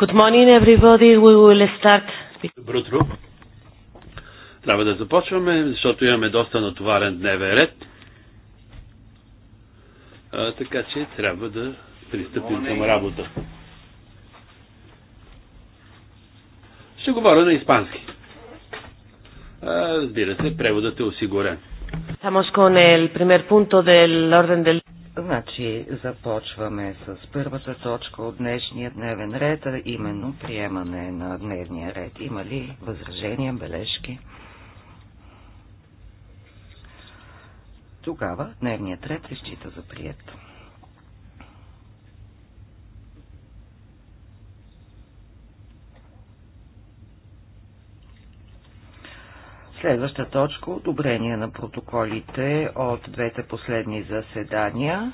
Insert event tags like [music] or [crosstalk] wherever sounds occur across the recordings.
Good morning everybody, we will start. Добро утро. Трябва да започваме, защото имаме доста натоварен дневен ред. А, така че трябва да пристъпим към работа. Ще говоря на испански. А, разбира се, преводът е осигурен. Estamos con el primer punto del orden del Значи започваме с първата точка от днешния дневен ред, а именно приемане на дневния ред. Има ли възражения, бележки? Тогава дневният ред се счита за прието. Следваща точка – одобрение на протоколите от двете последни заседания.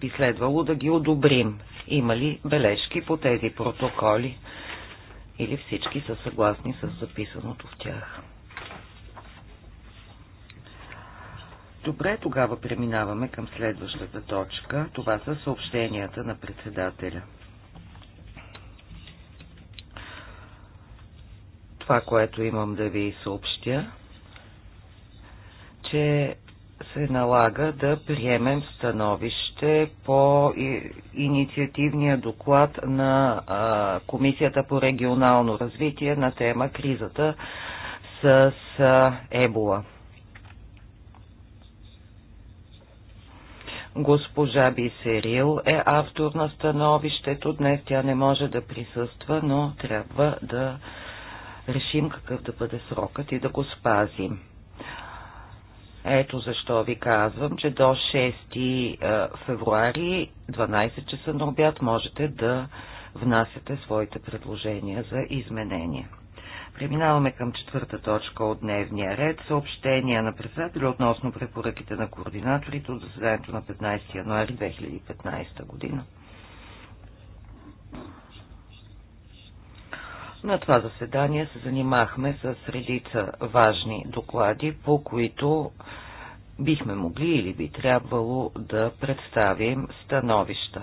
Би следвало да ги одобрим. Има ли бележки по тези протоколи? Или всички са съгласни с записаното в тях? Добре, тогава преминаваме към следващата точка. Това са съобщенията на председателя. Това, което имам да ви съобщя, че се налага да приемем становище по инициативния доклад на Комисията по регионално развитие на тема кризата с Ебола. Госпожа Бисерил е автор на становището. Днес тя не може да присъства, но трябва да решим какъв да бъде срокът и да го спазим. Ето защо ви казвам, че до 6 е, февруари, 12 часа на обяд, можете да внасяте своите предложения за изменения. Преминаваме към четвърта точка от дневния ред. Съобщения на председателя относно препоръките на координаторите от заседанието на 15 януари 2015 година. На това заседание се занимахме с редица важни доклади, по които бихме могли или би трябвало да представим становища.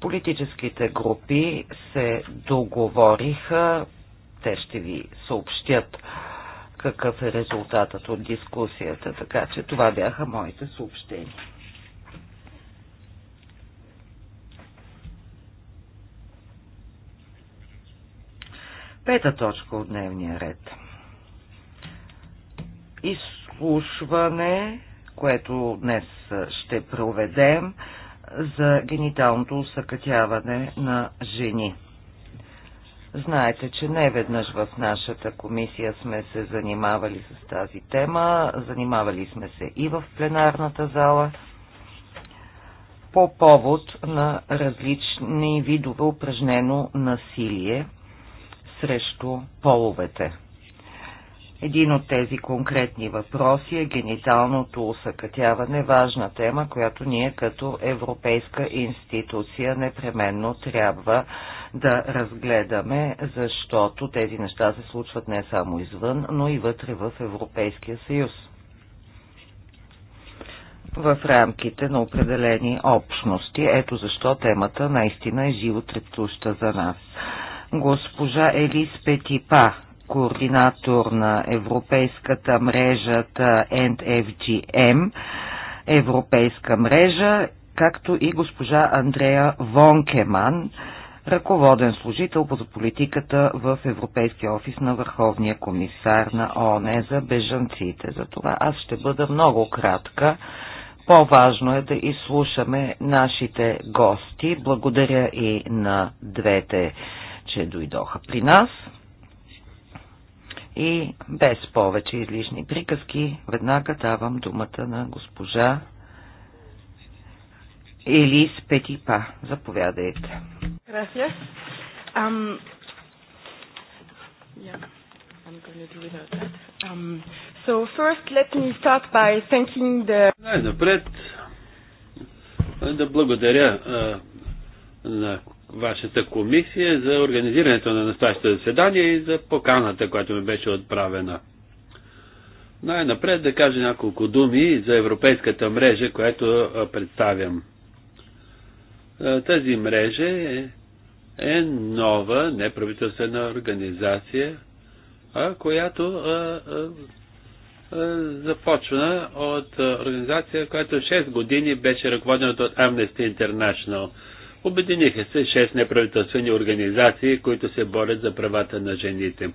Политическите групи се договориха, те ще ви съобщят какъв е резултатът от дискусията, така че това бяха моите съобщения. Пета точка от дневния ред. Изслушване, което днес ще проведем за гениталното усъкътяване на жени. Знаете, че не веднъж в нашата комисия сме се занимавали с тази тема, занимавали сме се и в пленарната зала по повод на различни видове упражнено насилие срещу половете. Един от тези конкретни въпроси е гениталното усъкътяване, важна тема, която ние като европейска институция непременно трябва да разгледаме, защото тези неща се случват не само извън, но и вътре в Европейския съюз. В рамките на определени общности. Ето защо темата наистина е живо за нас госпожа Елис Петипа, координатор на европейската мрежата NFGM, европейска мрежа, както и госпожа Андрея Вонкеман, ръководен служител по политиката в Европейския офис на Върховния комисар на ООН за бежанците. За това аз ще бъда много кратка. По-важно е да изслушаме нашите гости. Благодаря и на двете че дойдоха при нас и без повече излишни приказки веднага давам думата на госпожа Елис Петипа. Заповядайте. Gracias. Um, yeah, I'm going to do without that. Um, so first, let me start by thanking the... Най-напред да благодаря uh, на вашата комисия за организирането на настоящето заседание и за поканата, която ми беше отправена. Най-напред да кажа няколко думи за европейската мрежа, която представям. Тази мрежа е, е, нова неправителствена организация, която започна от организация, която 6 години беше ръководена от Amnesty International – Обединиха се 6 неправителствени организации, които се борят за правата на жените.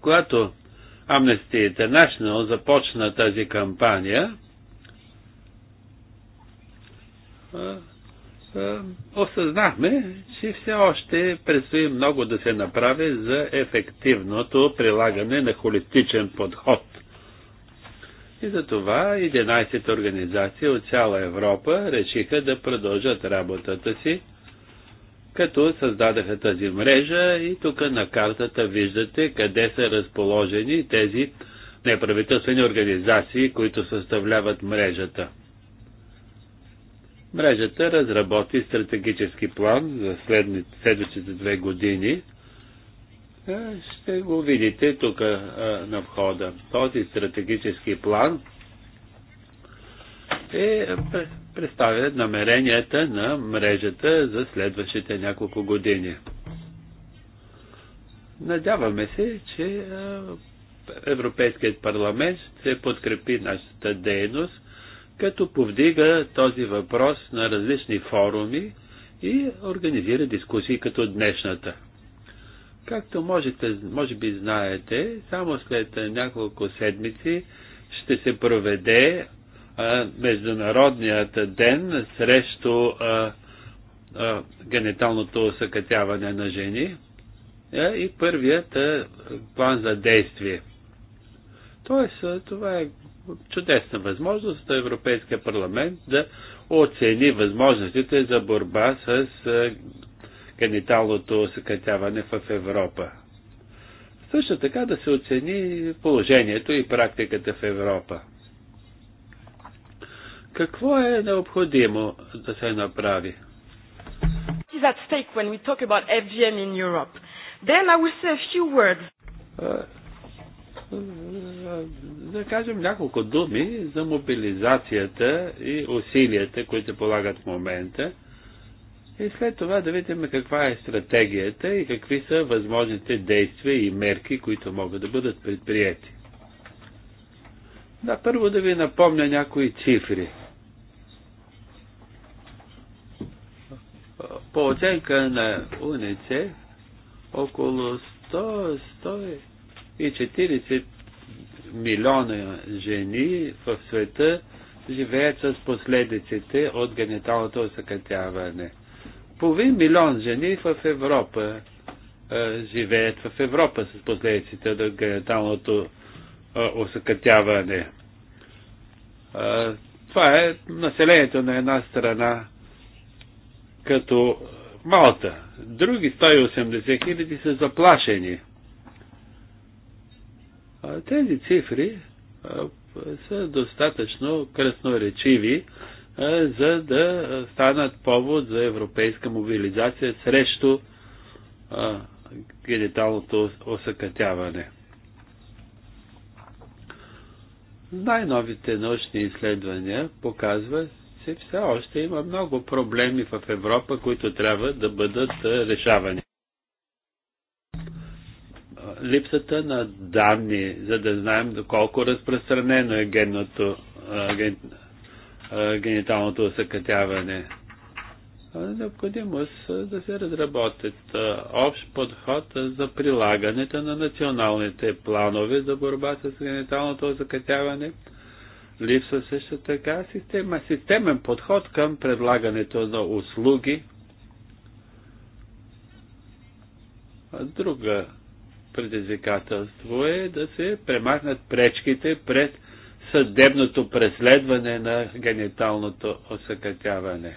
Когато Amnesty International започна тази кампания, осъзнахме, че все още предстои много да се направи за ефективното прилагане на холистичен подход – и затова 11 организации от цяла Европа решиха да продължат работата си, като създадаха тази мрежа и тук на картата виждате къде са разположени тези неправителствени организации, които съставляват мрежата. Мрежата разработи стратегически план за следните, следващите две години е, ще го видите тук е, на входа. Този стратегически план е представя намеренията на мрежата за следващите няколко години. Надяваме се, че е, Европейският парламент ще подкрепи нашата дейност, като повдига този въпрос на различни форуми и организира дискусии като днешната. Както можете, може би знаете, само след няколко седмици ще се проведе а, Международният ден срещу а, а, генеталното съкътяване на жени а, и първият а, план за действие. Тоест, а, това е чудесна възможност за Европейския парламент да оцени възможностите за борба с гениталното съкътяване в Европа. Също така да се оцени положението и практиката в Европа. Какво е необходимо да се направи? Е, да кажем няколко думи за мобилизацията и усилията, които полагат в момента и след това да видим каква е стратегията и какви са възможните действия и мерки, които могат да бъдат предприяти. Да, първо да ви напомня някои цифри. По оценка на УНЕЦЕ, около 100-140 милиона жени в света живеят с последиците от гениталното осъкътяване – Половин милион жени в Европа живеят в Европа с последиците на генеталното осъкътяване. Това е населението на една страна като Малта. Други 180 хиляди са заплашени. Тези цифри са достатъчно красноречиви за да станат повод за европейска мобилизация срещу гениталното осъкътяване. Най-новите научни изследвания показват, че все още има много проблеми в Европа, които трябва да бъдат решавани. Липсата на данни, за да знаем доколко разпространено е генното, ген, гениталното осъкътяване. Необходимост е да се разработят общ подход за прилагането на националните планове за борба с гениталното осъкътяване. Липсва също така система, системен подход към предлагането на услуги. Друга предизвикателство е да се премахнат пречките пред съдебното преследване на гениталното осъкътяване.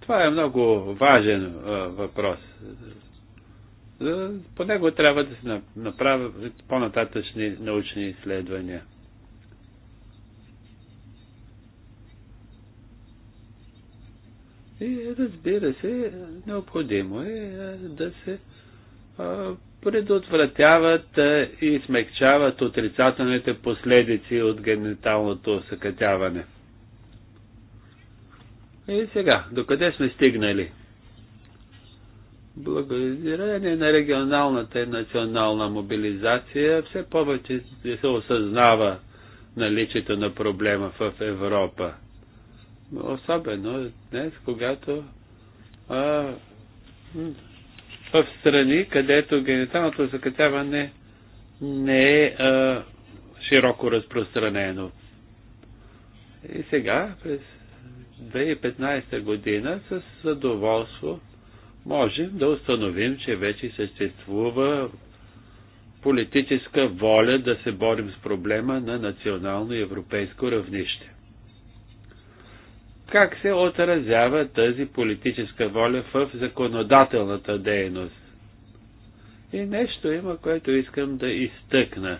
Това е много важен а, въпрос. По него трябва да се направят по-нататъчни научни изследвания. И разбира се, необходимо е да се а, предотвратяват и смягчават отрицателните последици от гениталното осъкътяване. И сега, докъде сме стигнали? Благодарение на регионалната и национална мобилизация все повече се осъзнава наличието на проблема в Европа. Особено днес, когато а, в страни, където гениталното закътяване не е а, широко разпространено. И сега, през 2015 година, с задоволство можем да установим, че вече съществува политическа воля да се борим с проблема на национално и европейско равнище как се отразява тази политическа воля в законодателната дейност. И нещо има, което искам да изтъкна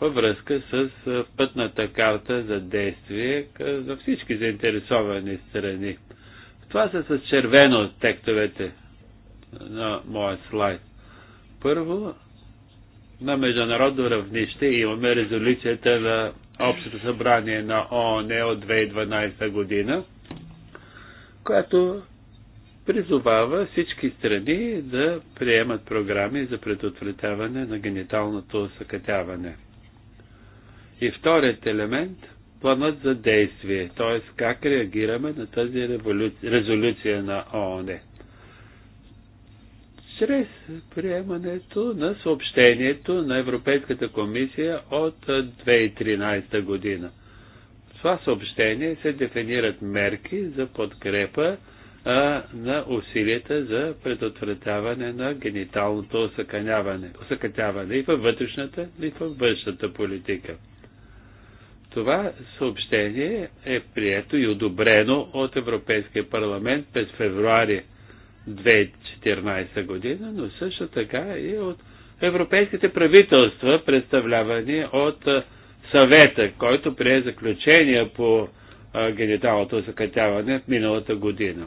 във връзка с пътната карта за действие за всички заинтересовани страни. Това са с червено текстовете на моят слайд. Първо, на международно равнище имаме резолюцията на Общото събрание на ООН от 2012 година, която призовава всички страни да приемат програми за предотвратяване на гениталното съкътяване. И вторият елемент – планът за действие, т.е. как реагираме на тази резолюция на ООН. Чрез приемането на съобщението на Европейската комисия от 2013 година – това съобщение се дефинират мерки за подкрепа а, на усилията за предотвратяване на гениталното осъкътяване и във вътрешната, и във външната политика. Това съобщение е прието и одобрено от Европейския парламент през февруари 2014 година, но също така и от европейските правителства, представлявани от съвета, който прие заключения по гениталното закатяване в миналата година.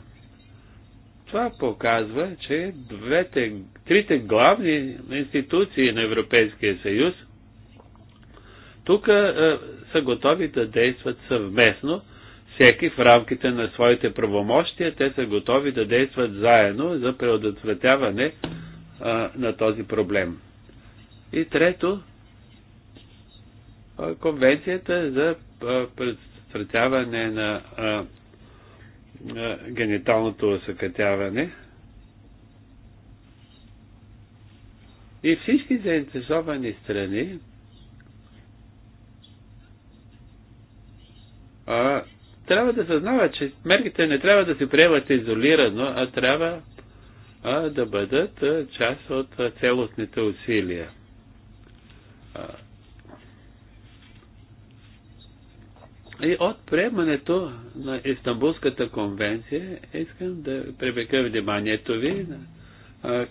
Това показва, че двете, трите главни институции на Европейския съюз тук са готови да действат съвместно, всеки в рамките на своите правомощия, те са готови да действат заедно за предотвратяване на този проблем. И трето, Конвенцията за предотвратяване на гениталното съкътяване И всички заинтересовани страни а, трябва да съзнават, че мерките не трябва да се приемат изолирано, а трябва а, да бъдат а, част от а, целостните усилия. А, И от приемането на Истанбулската конвенция искам да привлека вниманието ви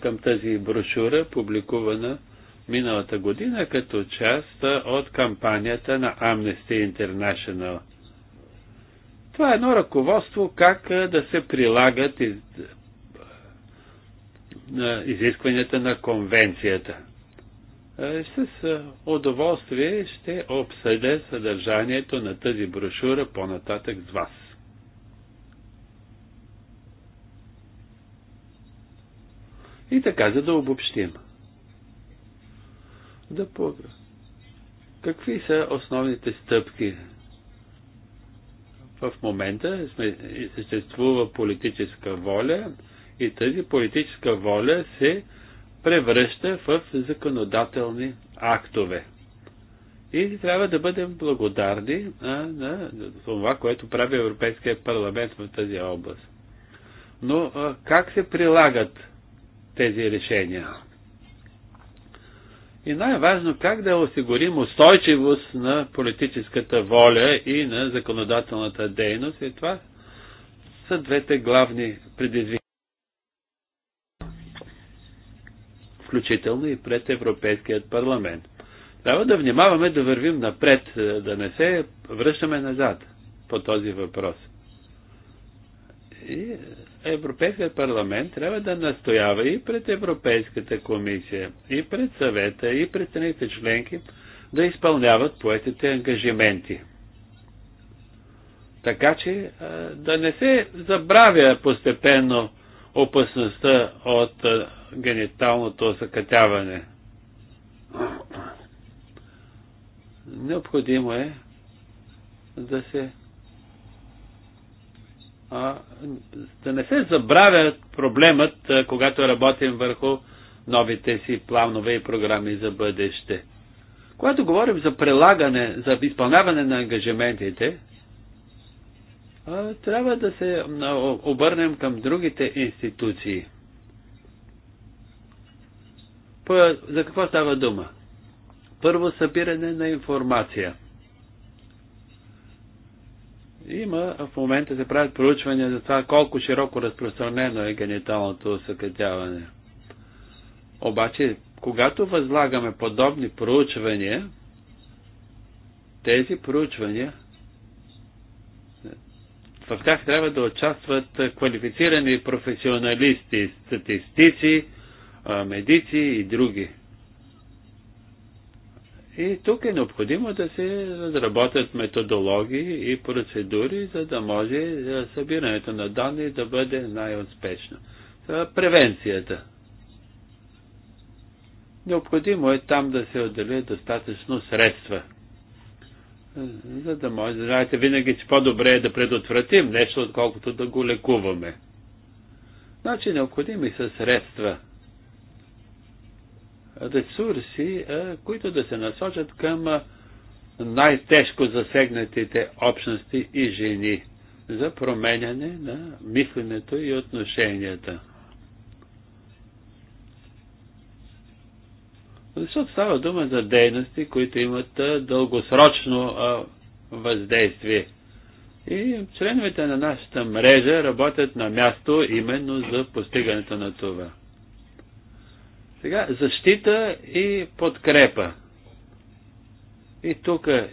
към тази брошура, публикувана миналата година като част от кампанията на Amnesty International. Това е едно ръководство как да се прилагат из... изискванията на конвенцията. Е, с е, удоволствие ще обсъдя съдържанието на тази брошура по-нататък с вас. И така, за да обобщим. Да пога. Какви са основните стъпки? В момента сме, съществува политическа воля и тази политическа воля се превръща в законодателни актове. И трябва да бъдем благодарни на, на това, което прави Европейския парламент в тази област. Но а, как се прилагат тези решения? И най-важно как да осигурим устойчивост на политическата воля и на законодателната дейност. И това са двете главни предизвикателства. включително и пред Европейският парламент. Трябва да внимаваме да вървим напред, е, да не се връщаме назад по този въпрос. И Европейският парламент трябва да настоява и пред Европейската комисия, и пред съвета, и пред страните членки да изпълняват поетите ангажименти. Така че е, да не се забравя постепенно опасността от гениталното осъкътяване. Необходимо е да се а, да не се забравя проблемът, когато работим върху новите си планове и програми за бъдеще. Когато говорим за прилагане, за изпълняване на ангажиментите, трябва да се обърнем към другите институции. За какво става дума? Първо събиране на информация. Има, в момента се правят проучвания за това колко широко разпространено е гениталното съкътяване. Обаче, когато възлагаме подобни проучвания, тези проучвания в тях трябва да участват квалифицирани професионалисти, статистици, медици и други. И тук е необходимо да се разработят методологии и процедури, за да може събирането на данни да бъде най-успешно. Е превенцията. Необходимо е там да се отделят достатъчно средства – за да може, знаете, винаги че по-добре е да предотвратим нещо, отколкото да го лекуваме. Значи необходими са средства, ресурси, които да се насочат към най-тежко засегнатите общности и жени за променяне на мисленето и отношенията. Защото става дума за дейности, които имат дългосрочно въздействие. И членовете на нашата мрежа работят на място именно за постигането на това. Сега, защита и подкрепа. И тук е,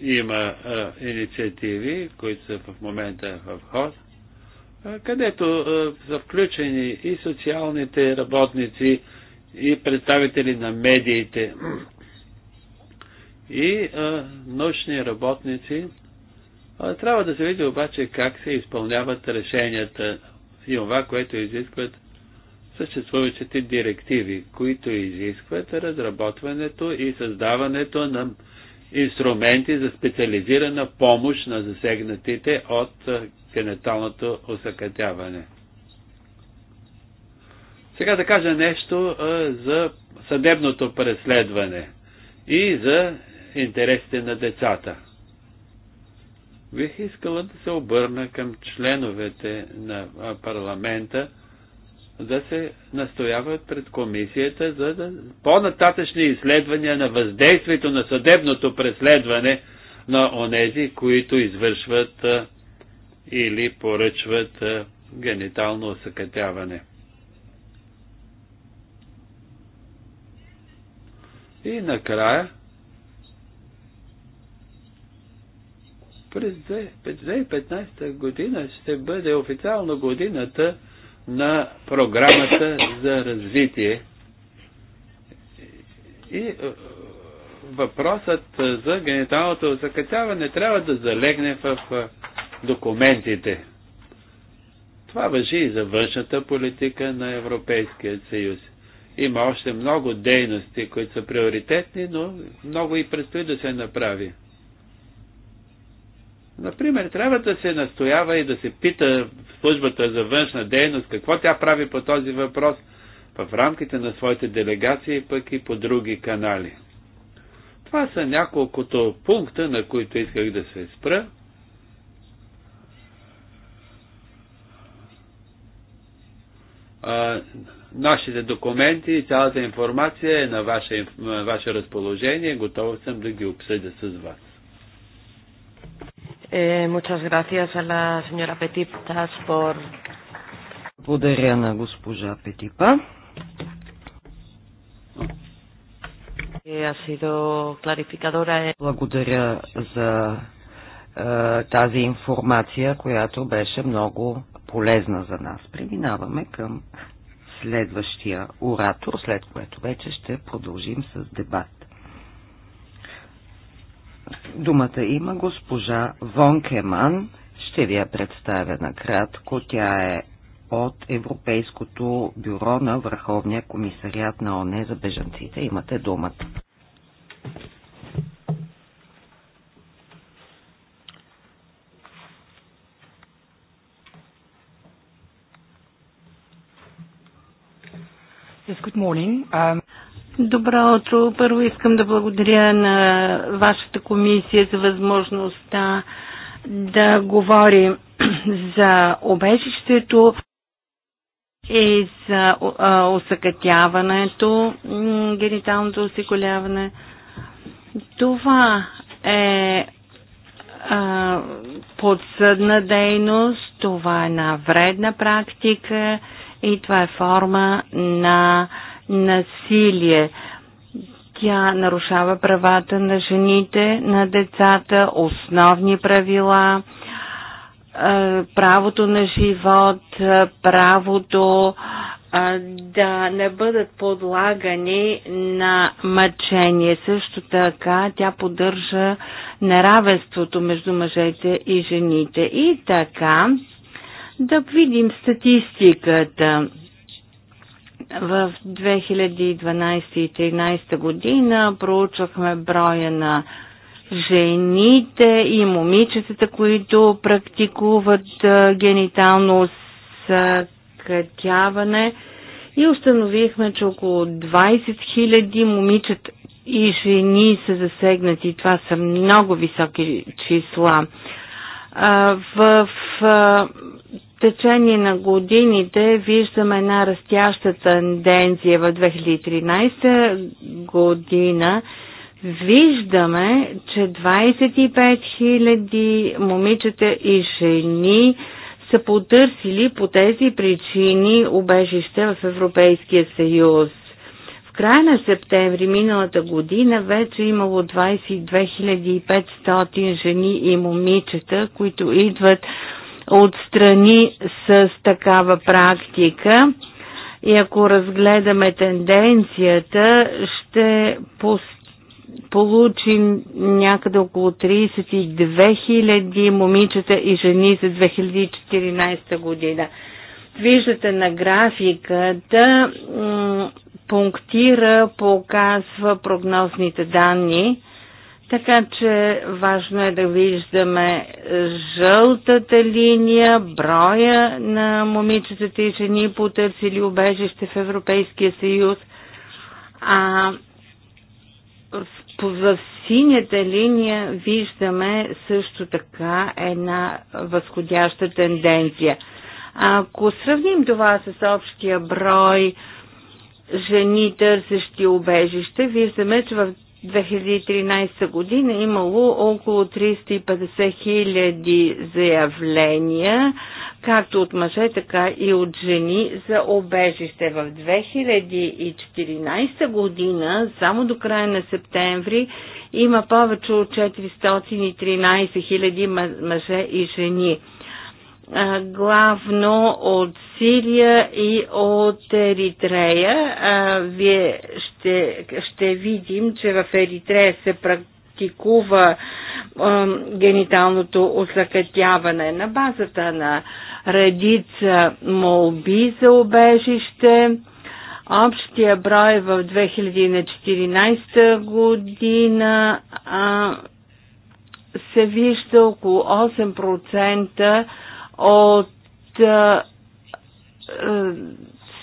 има а, инициативи, които са в момента в ход, а, където а, са включени и социалните работници, и представители на медиите и а, научни работници. А, трябва да се види обаче как се изпълняват решенията и това, което изискват съществуващите директиви, които изискват разработването и създаването на инструменти за специализирана помощ на засегнатите от генеталното осъкътяване. Сега да кажа нещо а, за съдебното преследване и за интересите на децата. Бих искала да се обърна към членовете на парламента да се настояват пред комисията за да, по-нататъчни изследвания на въздействието на съдебното преследване на онези, които извършват а, или поръчват а, генитално осъкътяване. И накрая, през 2015 година ще бъде официално годината на програмата за развитие. И е, въпросът за гениталното закачаване трябва да залегне в е, документите. Това въжи и за външната политика на Европейския съюз. Има още много дейности, които са приоритетни, но много и предстои да се направи. Например, трябва да се настоява и да се пита службата за външна дейност какво тя прави по този въпрос в рамките на своите делегации, пък и по други канали. Това са няколкото пункта, на които исках да се спра. А, Нашите документи и цялата информация е на ваше, ваше разположение. Готов съм да ги обсъдя с вас. Е, muchas gracias a la señora Petipas por... Благодаря на госпожа Петипа. Е, Благодаря за е, тази информация, която беше много полезна за нас. Преминаваме към следващия оратор, след което вече ще продължим с дебат. Думата има госпожа Вонкеман. Ще ви я представя накратко. Тя е от Европейското бюро на Върховния комисариат на ОНЕ за бежанците. Имате думата. Um, Добро утро. Първо искам да благодаря на вашата комисия за възможността да говорим [clears throat] за обежището и за осъкътяването, гениталното осеколяване. Това е подсъдна дейност, това е една вредна практика и това е форма на насилие. Тя нарушава правата на жените, на децата, основни правила, е, правото на живот, правото е, да не бъдат подлагани на мъчение. Също така тя поддържа неравенството между мъжете и жените. И така да видим статистиката. В 2012 и 2013 година проучвахме броя на жените и момичетата, които практикуват генитално съкътяване и установихме, че около 20 000 момичета и жени са засегнати. Това са много високи числа. В течение на годините виждаме една растяща тенденция в 2013 година. Виждаме, че 25 000 момичета и жени са потърсили по тези причини убежище в Европейския съюз. В края на септември миналата година вече е имало 22 500 жени и момичета, които идват отстрани с такава практика. И ако разгледаме тенденцията, ще получим някъде около 32 000 момичета и жени за 2014 година. Виждате на графиката, пунктира показва прогнозните данни така че важно е да виждаме жълтата линия, броя на момичетата и жени потърсили убежище в Европейския съюз, а в синята линия виждаме също така една възходяща тенденция. Ако сравним това с общия брой жени, търсещи убежище, виждаме, че в 2013 година имало около 350 хиляди заявления, както от мъже, така и от жени за обежище. В 2014 година, само до края на септември, има повече от 413 хиляди мъже и жени главно от Сирия и от Еритрея. Вие ще, ще видим, че в Еритрея се практикува гениталното осъкътяване на базата на редица молби за обежище. Общия брой в 2014 година а, се вижда около 8% от а, а,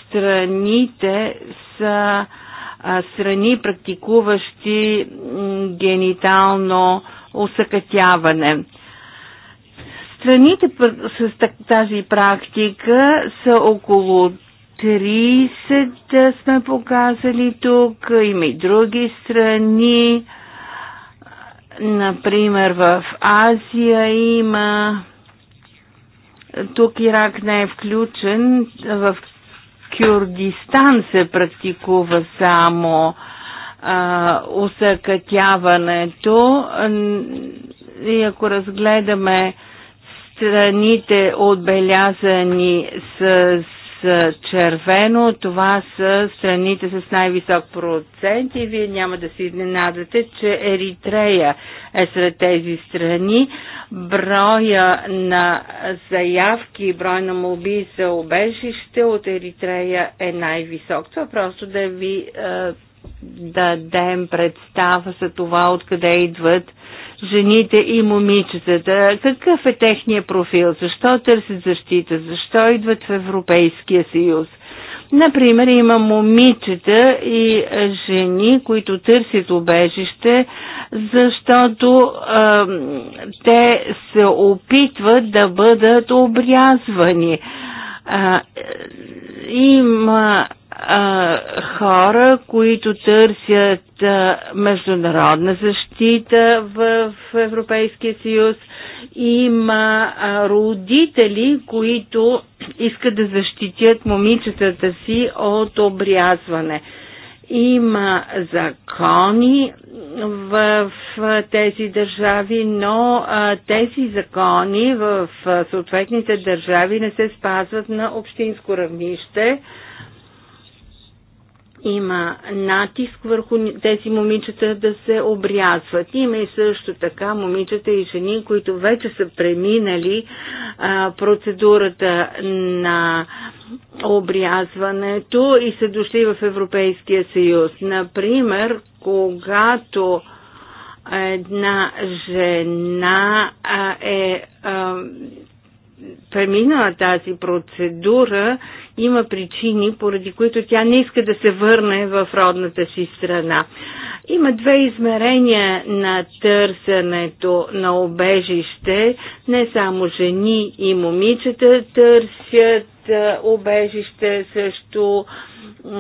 страните са а, страни, практикуващи генитално усъкътяване. Страните с тази практика са около 30 сме показали тук, има и други страни, например в Азия има тук Ирак не е включен. В Кюрдистан се практикува само а, усъкътяването. И ако разгледаме страните, отбелязани с червено, това са страните с най-висок процент и вие няма да се изненадате, че Еритрея е сред тези страни. Броя на заявки и брой на молби за обежище от Еритрея е най-висок. Това просто да ви е, дадем представа за това откъде идват жените и момичетата. Какъв е техния профил? Защо търсят защита? Защо идват в Европейския съюз? Например, има момичета и жени, които търсят убежище, защото а, те се опитват да бъдат обрязвани. А, има хора, които търсят международна защита в, Европейския съюз. Има родители, които искат да защитят момичетата си от обрязване. Има закони в, тези държави, но тези закони в съответните държави не се спазват на общинско равнище. Има натиск върху тези момичета да се обрязват. Има и също така момичета и жени, които вече са преминали а, процедурата на обрязването и са дошли в Европейския съюз. Например, когато една жена а, е а, преминала тази процедура, има причини, поради които тя не иска да се върне в родната си страна. Има две измерения на търсенето на обежище. Не само жени и момичета търсят е, обежище, също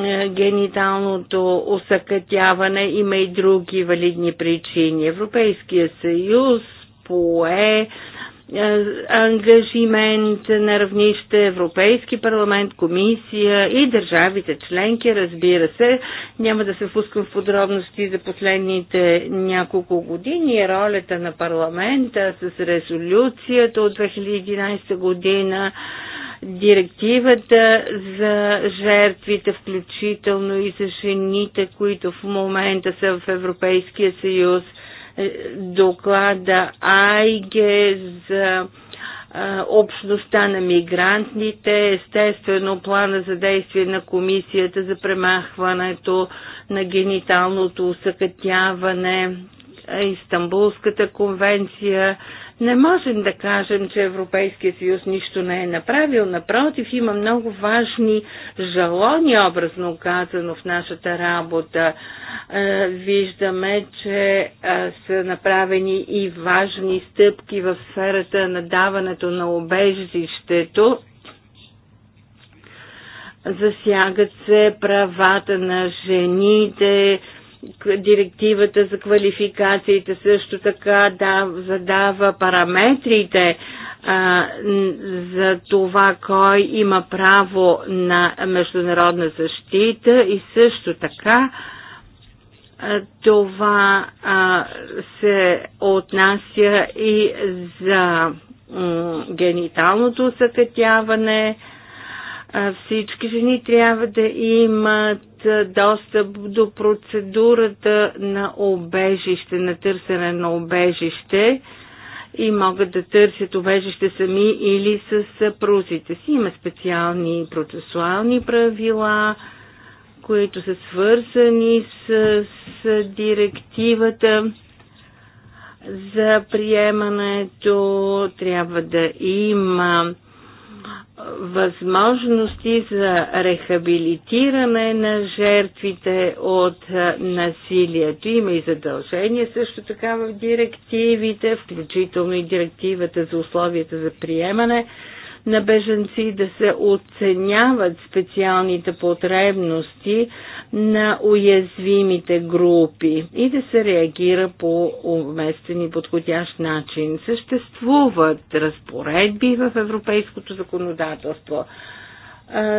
е, гениталното усъкътяване. Има и други валидни причини. Европейския съюз пое е, ангажимент на равнище Европейски парламент, комисия и държавите членки, разбира се. Няма да се впускам в подробности за последните няколко години. Ролята на парламента с резолюцията от 2011 година директивата за жертвите, включително и за жените, които в момента са в Европейския съюз – е, доклада Айге за е, общността на мигрантните, естествено плана за действие на комисията за премахването на гениталното усъкътяване, Истанбулската конвенция, не можем да кажем, че Европейския съюз нищо не е направил. Напротив, има много важни жалони, образно казано, в нашата работа. Е, виждаме, че е, са направени и важни стъпки в сферата на даването на обежището Засягат се правата на жените, Директивата за квалификациите също така да, задава параметрите а, за това кой има право на международна защита и също така това а, се отнася и за гениталното съкътяване, всички жени трябва да имат достъп до процедурата на обежище, на търсене на обежище и могат да търсят обежище сами или с съпрузите си. Има специални процесуални правила, които са свързани с, с директивата за приемането. Трябва да има възможности за рехабилитиране на жертвите от насилието. Има и задължения също така в директивите, включително и директивата за условията за приемане на беженци, да се оценяват специалните потребности на уязвимите групи и да се реагира по уместен и подходящ начин. Съществуват разпоредби в европейското законодателство.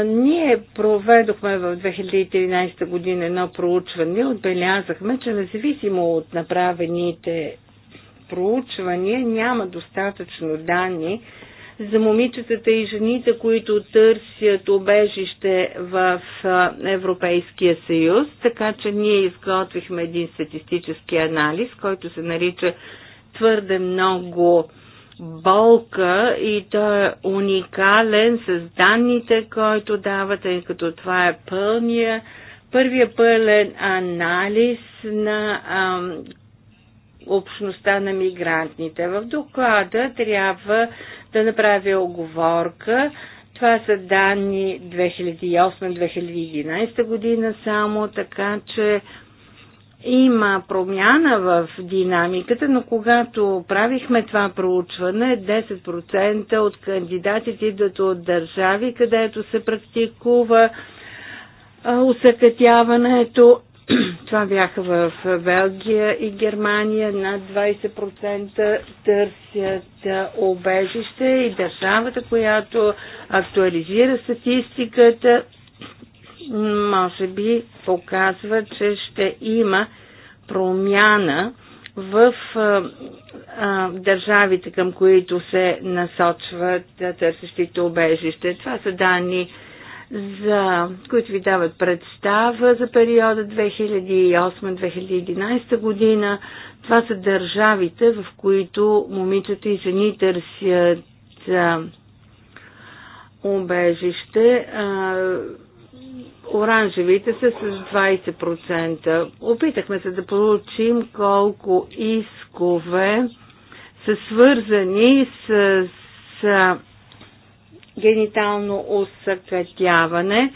Ние проведохме в 2013 година едно проучване. и Отбелязахме, че независимо от направените проучвания няма достатъчно данни за момичетата и жените, които търсят обежище в Европейския съюз, така че ние изготвихме един статистически анализ, който се нарича твърде много болка и той е уникален с данните, който давате, тъй като това е пълния, първия пълен анализ на ам, общността на мигрантите. В доклада трябва да е направя оговорка. Това са данни 2008-2011 година само, така че има промяна в динамиката, но когато правихме това проучване, 10% от кандидатите идват от държави, където се практикува усъкътяването [clears throat] Това бяха в Белгия и Германия. Над 20% търсят обежище и държавата, която актуализира статистиката, може би показва, че ще има промяна в а, а, държавите, към които се насочват търсещите обежище. Това са данни за, които ви дават представа за периода 2008-2011 година. Това са държавите, в които момичета и жени търсят а, убежище. А, оранжевите са с 20%. Опитахме се да получим колко искове са свързани с, с генитално усъкретяване.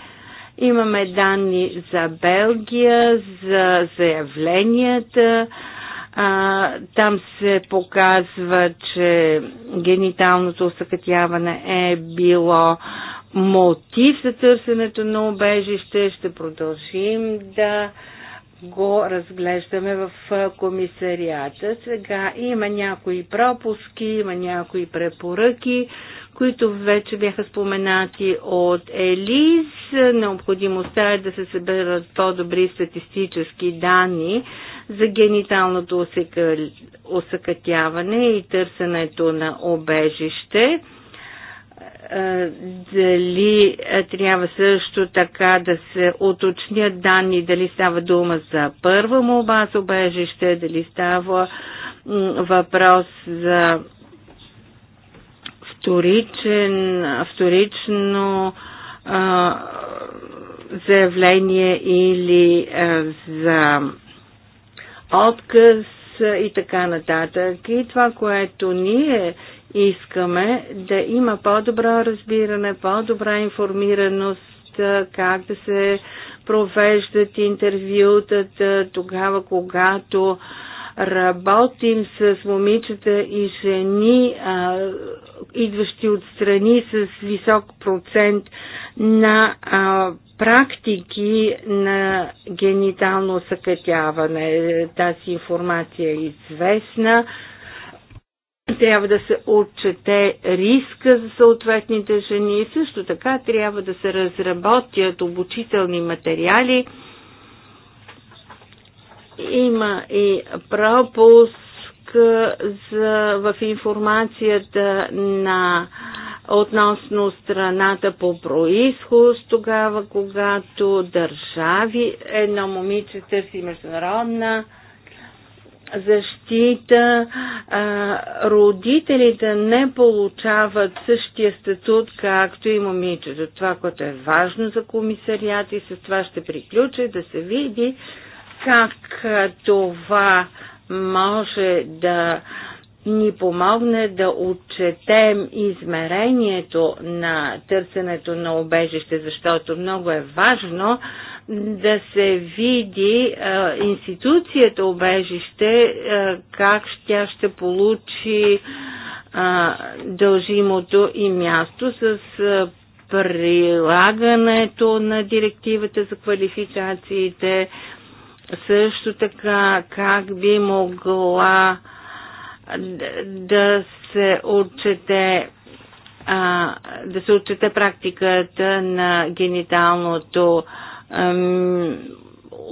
Имаме данни за Белгия, за заявленията. А, там се показва, че гениталното усъкътяване е било мотив за търсенето на убежище. Ще продължим да го разглеждаме в комисарията. Сега има някои пропуски, има някои препоръки, които вече бяха споменати от Елиз. Необходимостта е да се съберат по-добри статистически данни за гениталното осъкътяване и търсенето на обежище. Е, дали е, трябва също така да се уточнят данни, дали става дума за първа му за обежище, дали става въпрос за вторичен, вторично а, заявление или а, за отказ и така нататък. И това, което ние искаме да има по-добро разбиране, по-добра информираност, как да се провеждат интервютата тогава, когато работим с момичета и жени, идващи от страни с висок процент на а, практики на генитално съкътяване. Тази информация е известна. Трябва да се отчете риска за съответните жени и също така трябва да се разработят обучителни материали. Има и пропуск за, в информацията на относно страната по происход, тогава когато държави, едно момиче търси международна защита, а, родителите не получават същия статут, както и момичето. Това, което е важно за комисарията и с това ще приключа, да се види как това може да ни помогне да отчетем измерението на търсенето на обежище, защото много е важно да се види а, институцията обежище, а, как тя ще получи а, дължимото и място с а, прилагането на директивата за квалификациите, също така как би могла да се отчете а, да се отчете практиката на гениталното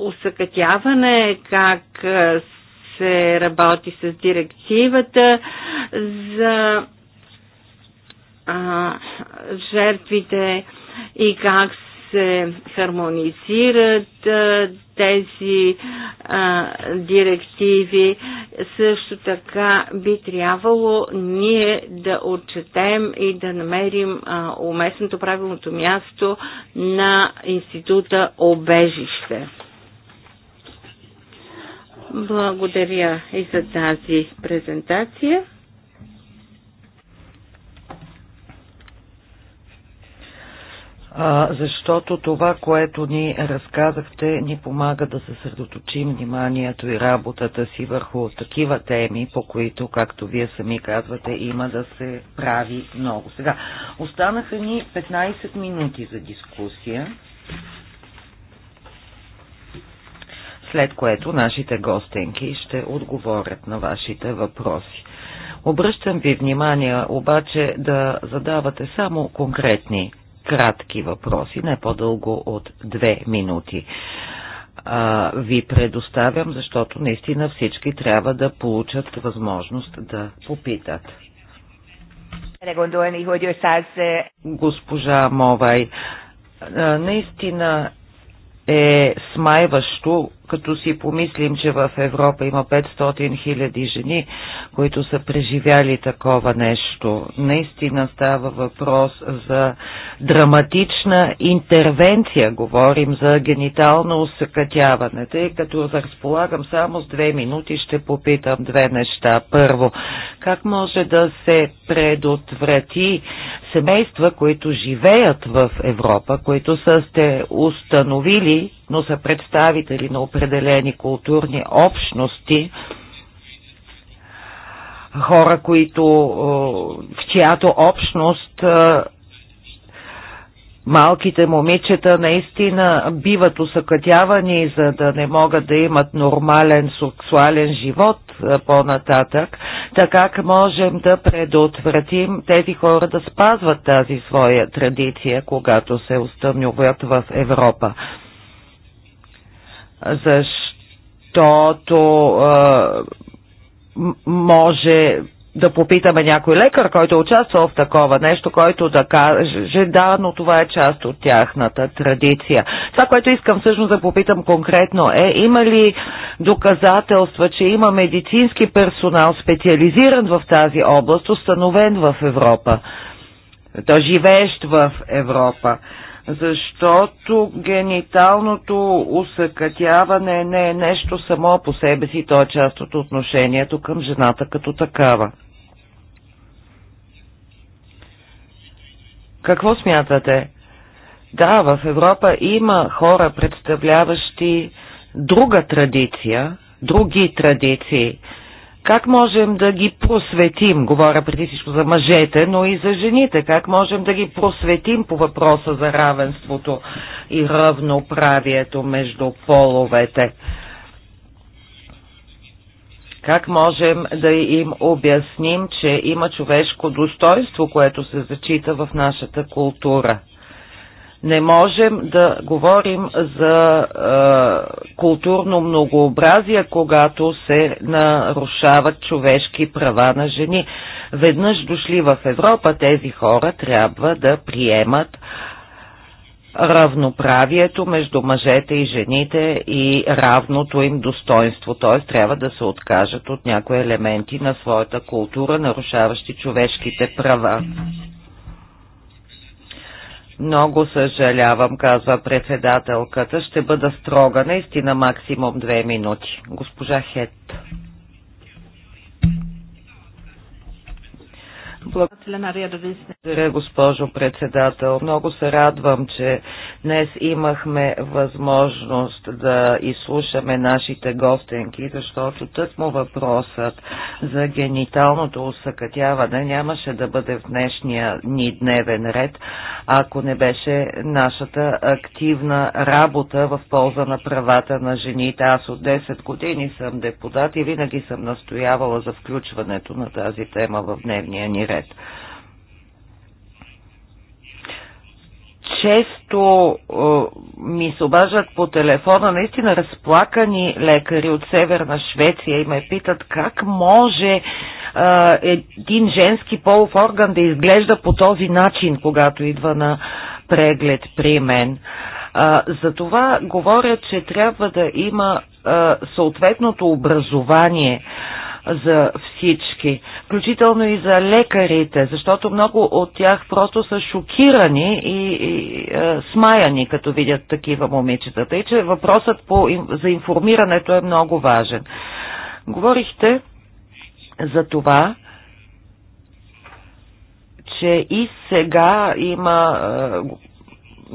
усъкътяване, как се работи с директивата за а, жертвите и как се хармонизират тези а, директиви. Също така би трябвало ние да отчетем и да намерим а, уместното правилното място на института обежище. Благодаря и за тази презентация. защото това, което ни разказахте, ни помага да съсредоточим вниманието и работата си върху такива теми, по които, както вие сами казвате, има да се прави много. Сега, останаха ни 15 минути за дискусия, след което нашите гостенки ще отговорят на вашите въпроси. Обръщам ви внимание обаче да задавате само конкретни кратки въпроси, не по-дълго от две минути а, ви предоставям, защото наистина всички трябва да получат възможност да попитат. Е, Госпожа Мовай, наистина е смайващо като си помислим, че в Европа има 500 хиляди жени, които са преживяли такова нещо. Наистина става въпрос за драматична интервенция. Говорим за генитално усъкътяване. Тъй като разполагам само с две минути, ще попитам две неща. Първо, как може да се предотврати семейства, които живеят в Европа, които са сте установили но са представители на определени културни общности, хора, които, в чиято общност малките момичета наистина биват усъкътявани, за да не могат да имат нормален сексуален живот е, по-нататък, така можем да предотвратим тези хора да спазват тази своя традиция, когато се установят в Европа защото може да попитаме някой лекар, който участва в такова нещо, който да каже, да, но това е част от тяхната традиция. Това, което искам всъщност да попитам конкретно е, има ли доказателства, че има медицински персонал, специализиран в тази област, установен в Европа, да живеещ в Европа? защото гениталното усъкътяване не е нещо само по себе си, то е част от отношението към жената като такава. Какво смятате? Да, в Европа има хора, представляващи друга традиция, други традиции, как можем да ги просветим, говоря преди всичко за мъжете, но и за жените, как можем да ги просветим по въпроса за равенството и равноправието между половете? Как можем да им обясним, че има човешко достоинство, което се зачита в нашата култура? Не можем да говорим за е, културно многообразие, когато се нарушават човешки права на жени. Веднъж дошли в Европа, тези хора трябва да приемат равноправието между мъжете и жените и равното им достоинство, т.е. трябва да се откажат от някои елементи на своята култура, нарушаващи човешките права. Много съжалявам, казва председателката. Ще бъда строга, наистина максимум две минути. Госпожа Хет. Благодаря, госпожо председател. Много се радвам, че днес имахме възможност да изслушаме нашите гостенки, защото тъкмо въпросът за гениталното усъкътяване нямаше да бъде в днешния ни дневен ред, ако не беше нашата активна работа в полза на правата на жените. Аз от 10 години съм депутат и винаги съм настоявала за включването на тази тема в дневния ни ред бюджет. често е, ми се обаждат по телефона наистина разплакани лекари от Северна Швеция и ме питат как може е, един женски полов орган да изглежда по този начин, когато идва на преглед при мен. Е, за това говоря, че трябва да има е, съответното образование за всички всички, включително и за лекарите, защото много от тях просто са шокирани и, и е, смаяни, като видят такива момичета. Тъй, че въпросът по, за информирането е много важен. Говорихте за това, че и сега има е,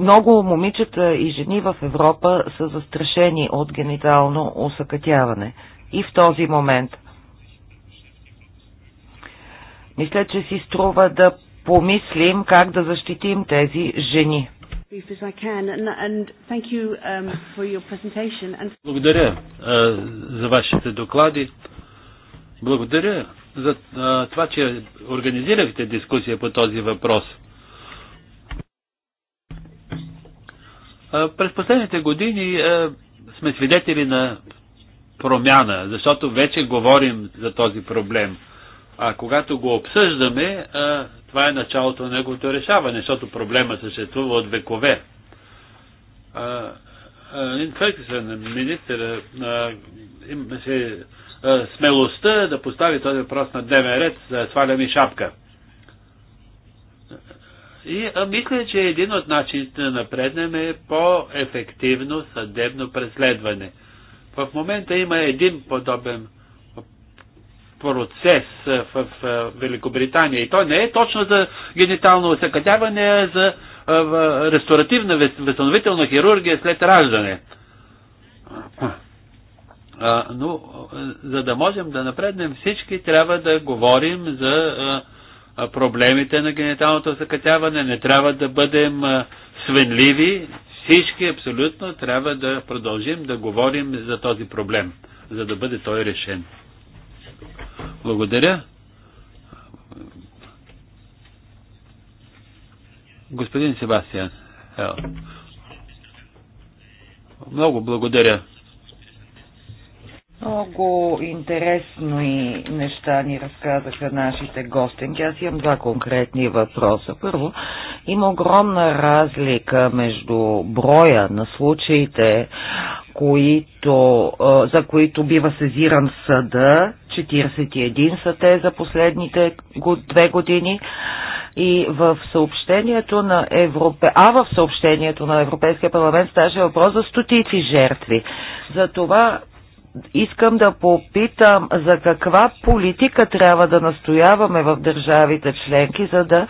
много момичета и жени в Европа са застрашени от генитално усъкътяване. И в този момент – мисля, че си струва да помислим как да защитим тези жени. Um, Благодаря за вашите доклади. Благодаря за това, че организирахте дискусия по този въпрос. През последните години сме свидетели на промяна, защото вече говорим за този проблем – а когато го обсъждаме, а, това е началото на неговото решаване, защото проблема съществува от векове. А, Лин Фърксън, министър, имаше смелостта да постави този въпрос на дневен ред, да сваля ми шапка. И а, мисля, че един от начините да напреднем е по-ефективно съдебно преследване. В момента има един подобен процес в Великобритания. И то не е точно за генитално осъкътяване, а за ресторативна възстановителна хирургия след раждане. Но за да можем да напреднем всички, трябва да говорим за проблемите на гениталното закатяване, Не трябва да бъдем свенливи. Всички абсолютно трябва да продължим да говорим за този проблем, за да бъде той решен. Благодаря. Господин Себастиан, е, много благодаря. Много интересно и неща ни разказаха нашите гостенки. Аз имам два конкретни въпроса. Първо, има огромна разлика между броя на случаите, които, за които бива сезиран съда. 41 са те за последните две години. И в съобщението на Европе... А в съобщението на Европейския парламент ставаше въпрос за стотици жертви. За това искам да попитам за каква политика трябва да настояваме в държавите членки, за да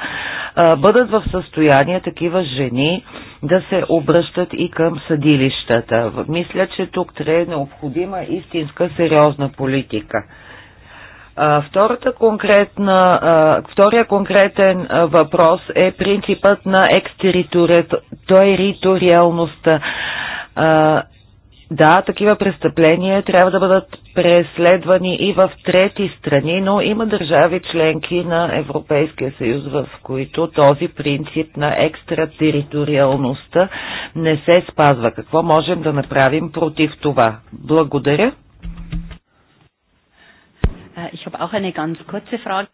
а, бъдат в състояние такива жени да се обръщат и към съдилищата. Мисля, че тук трябва е необходима истинска сериозна политика. Втората конкретна, втория конкретен въпрос е принципът на екстериториалността. Да, такива престъпления трябва да бъдат преследвани и в трети страни, но има държави членки на Европейския съюз, в които този принцип на екстратериториалността не се спазва. Какво можем да направим против това? Благодаря. Ich habe auch eine ganz kurze Frage.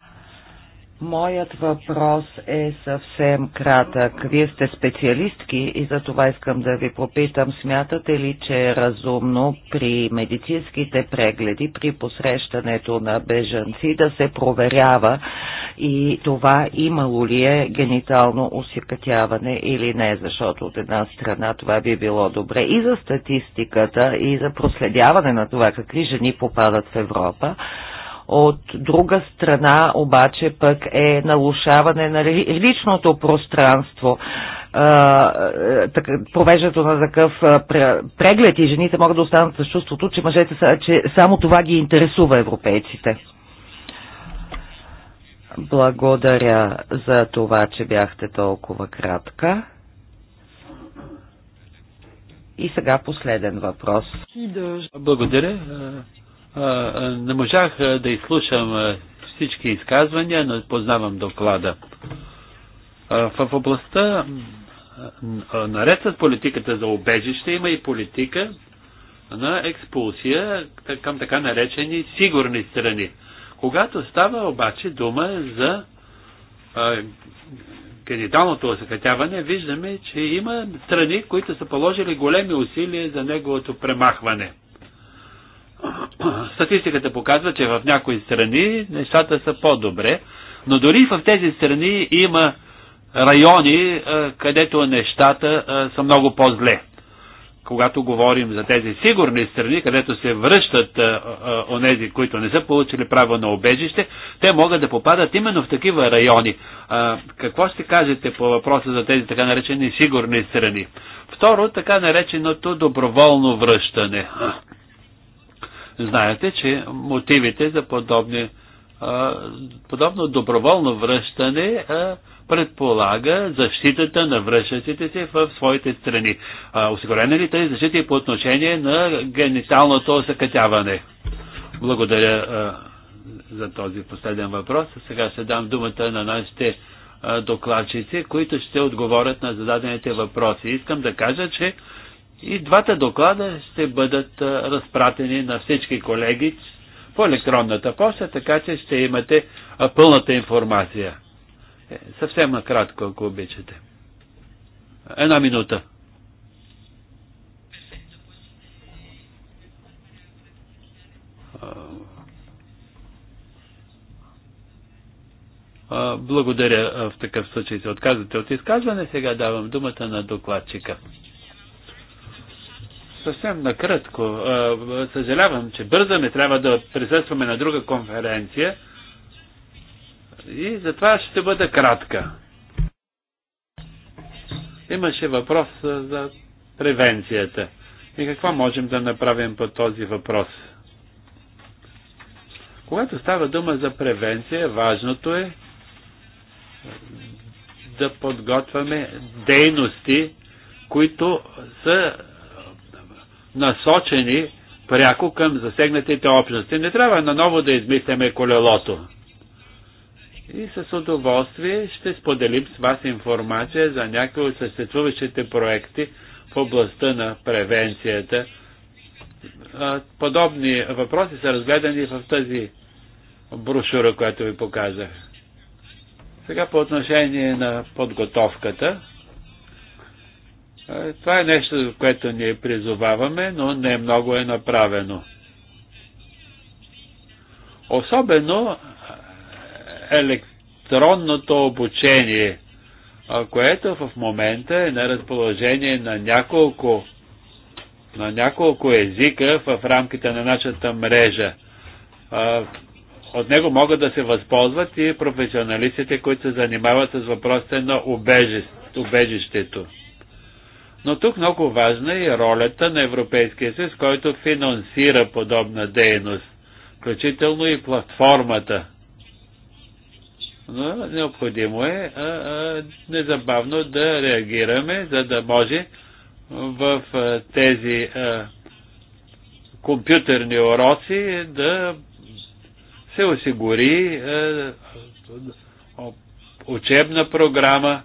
Моят въпрос е съвсем кратък. Вие сте специалистки и за това искам да ви попитам. Смятате ли, че е разумно при медицинските прегледи, при посрещането на бежанци да се проверява и това имало ли е генитално усикатяване или не, защото от една страна това би било добре и за статистиката, и за проследяване на това какви жени попадат в Европа, от друга страна обаче пък е нарушаване на личното пространство. Е, провеждането на такъв преглед и жените могат да останат с чувството, че мъжете са, че само това ги интересува европейците. Благодаря за това, че бяхте толкова кратка. И сега последен въпрос. Благодаря. Не можах да изслушам всички изказвания, но познавам доклада. В областта, наред с политиката за обежище, има и политика на експулсия към така наречени сигурни страни. Когато става обаче дума за кредиталното осъкътяване, виждаме, че има страни, които са положили големи усилия за неговото премахване – Статистиката показва, че в някои страни нещата са по-добре, но дори в тези страни има райони, е, където нещата е, са много по-зле. Когато говорим за тези сигурни страни, където се връщат е, онези, които не са получили право на обежище, те могат да попадат именно в такива райони. А, какво ще кажете по въпроса за тези така наречени сигурни страни? Второ, така нареченото доброволно връщане. Знаете, че мотивите за подобни, подобно доброволно връщане предполага защитата на връщащите се в своите страни. Осигурена ли тази защита и по отношение на гениталното съкътяване? Благодаря за този последен въпрос. Сега ще дам думата на нашите докладчици, които ще отговорят на зададените въпроси. Искам да кажа, че и двата доклада ще бъдат разпратени на всички колеги по електронната почта, така че ще имате пълната информация. Е, съвсем накратко, ако обичате. Една минута. Благодаря в такъв случай се отказвате от изказване. Сега давам думата на докладчика. Съвсем накратко. Съжалявам, че бързаме, трябва да присъстваме на друга конференция. И затова ще бъда кратка. Имаше въпрос за превенцията. И какво можем да направим по този въпрос? Когато става дума за превенция, важното е да подготвяме дейности, които са насочени пряко към засегнатите общности. Не трябва наново да измисляме колелото. И с удоволствие ще споделим с вас информация за някои от съществуващите проекти в областта на превенцията. Подобни въпроси са разгледани в тази брошура, която ви показах. Сега по отношение на подготовката. Е, това е нещо, което ние призоваваме, но не много е направено. Особено е, електронното обучение, което в момента е на разположение на няколко, на няколко езика в рамките на нашата мрежа. От него могат да се възползват и професионалистите, които се занимават с въпросите на убежището. Но тук много важна е ролята на Европейския съюз, който финансира подобна дейност, включително и платформата. Но необходимо е а, а, незабавно да реагираме, за да може в а, тези а, компютърни уроци да се осигури а, учебна програма,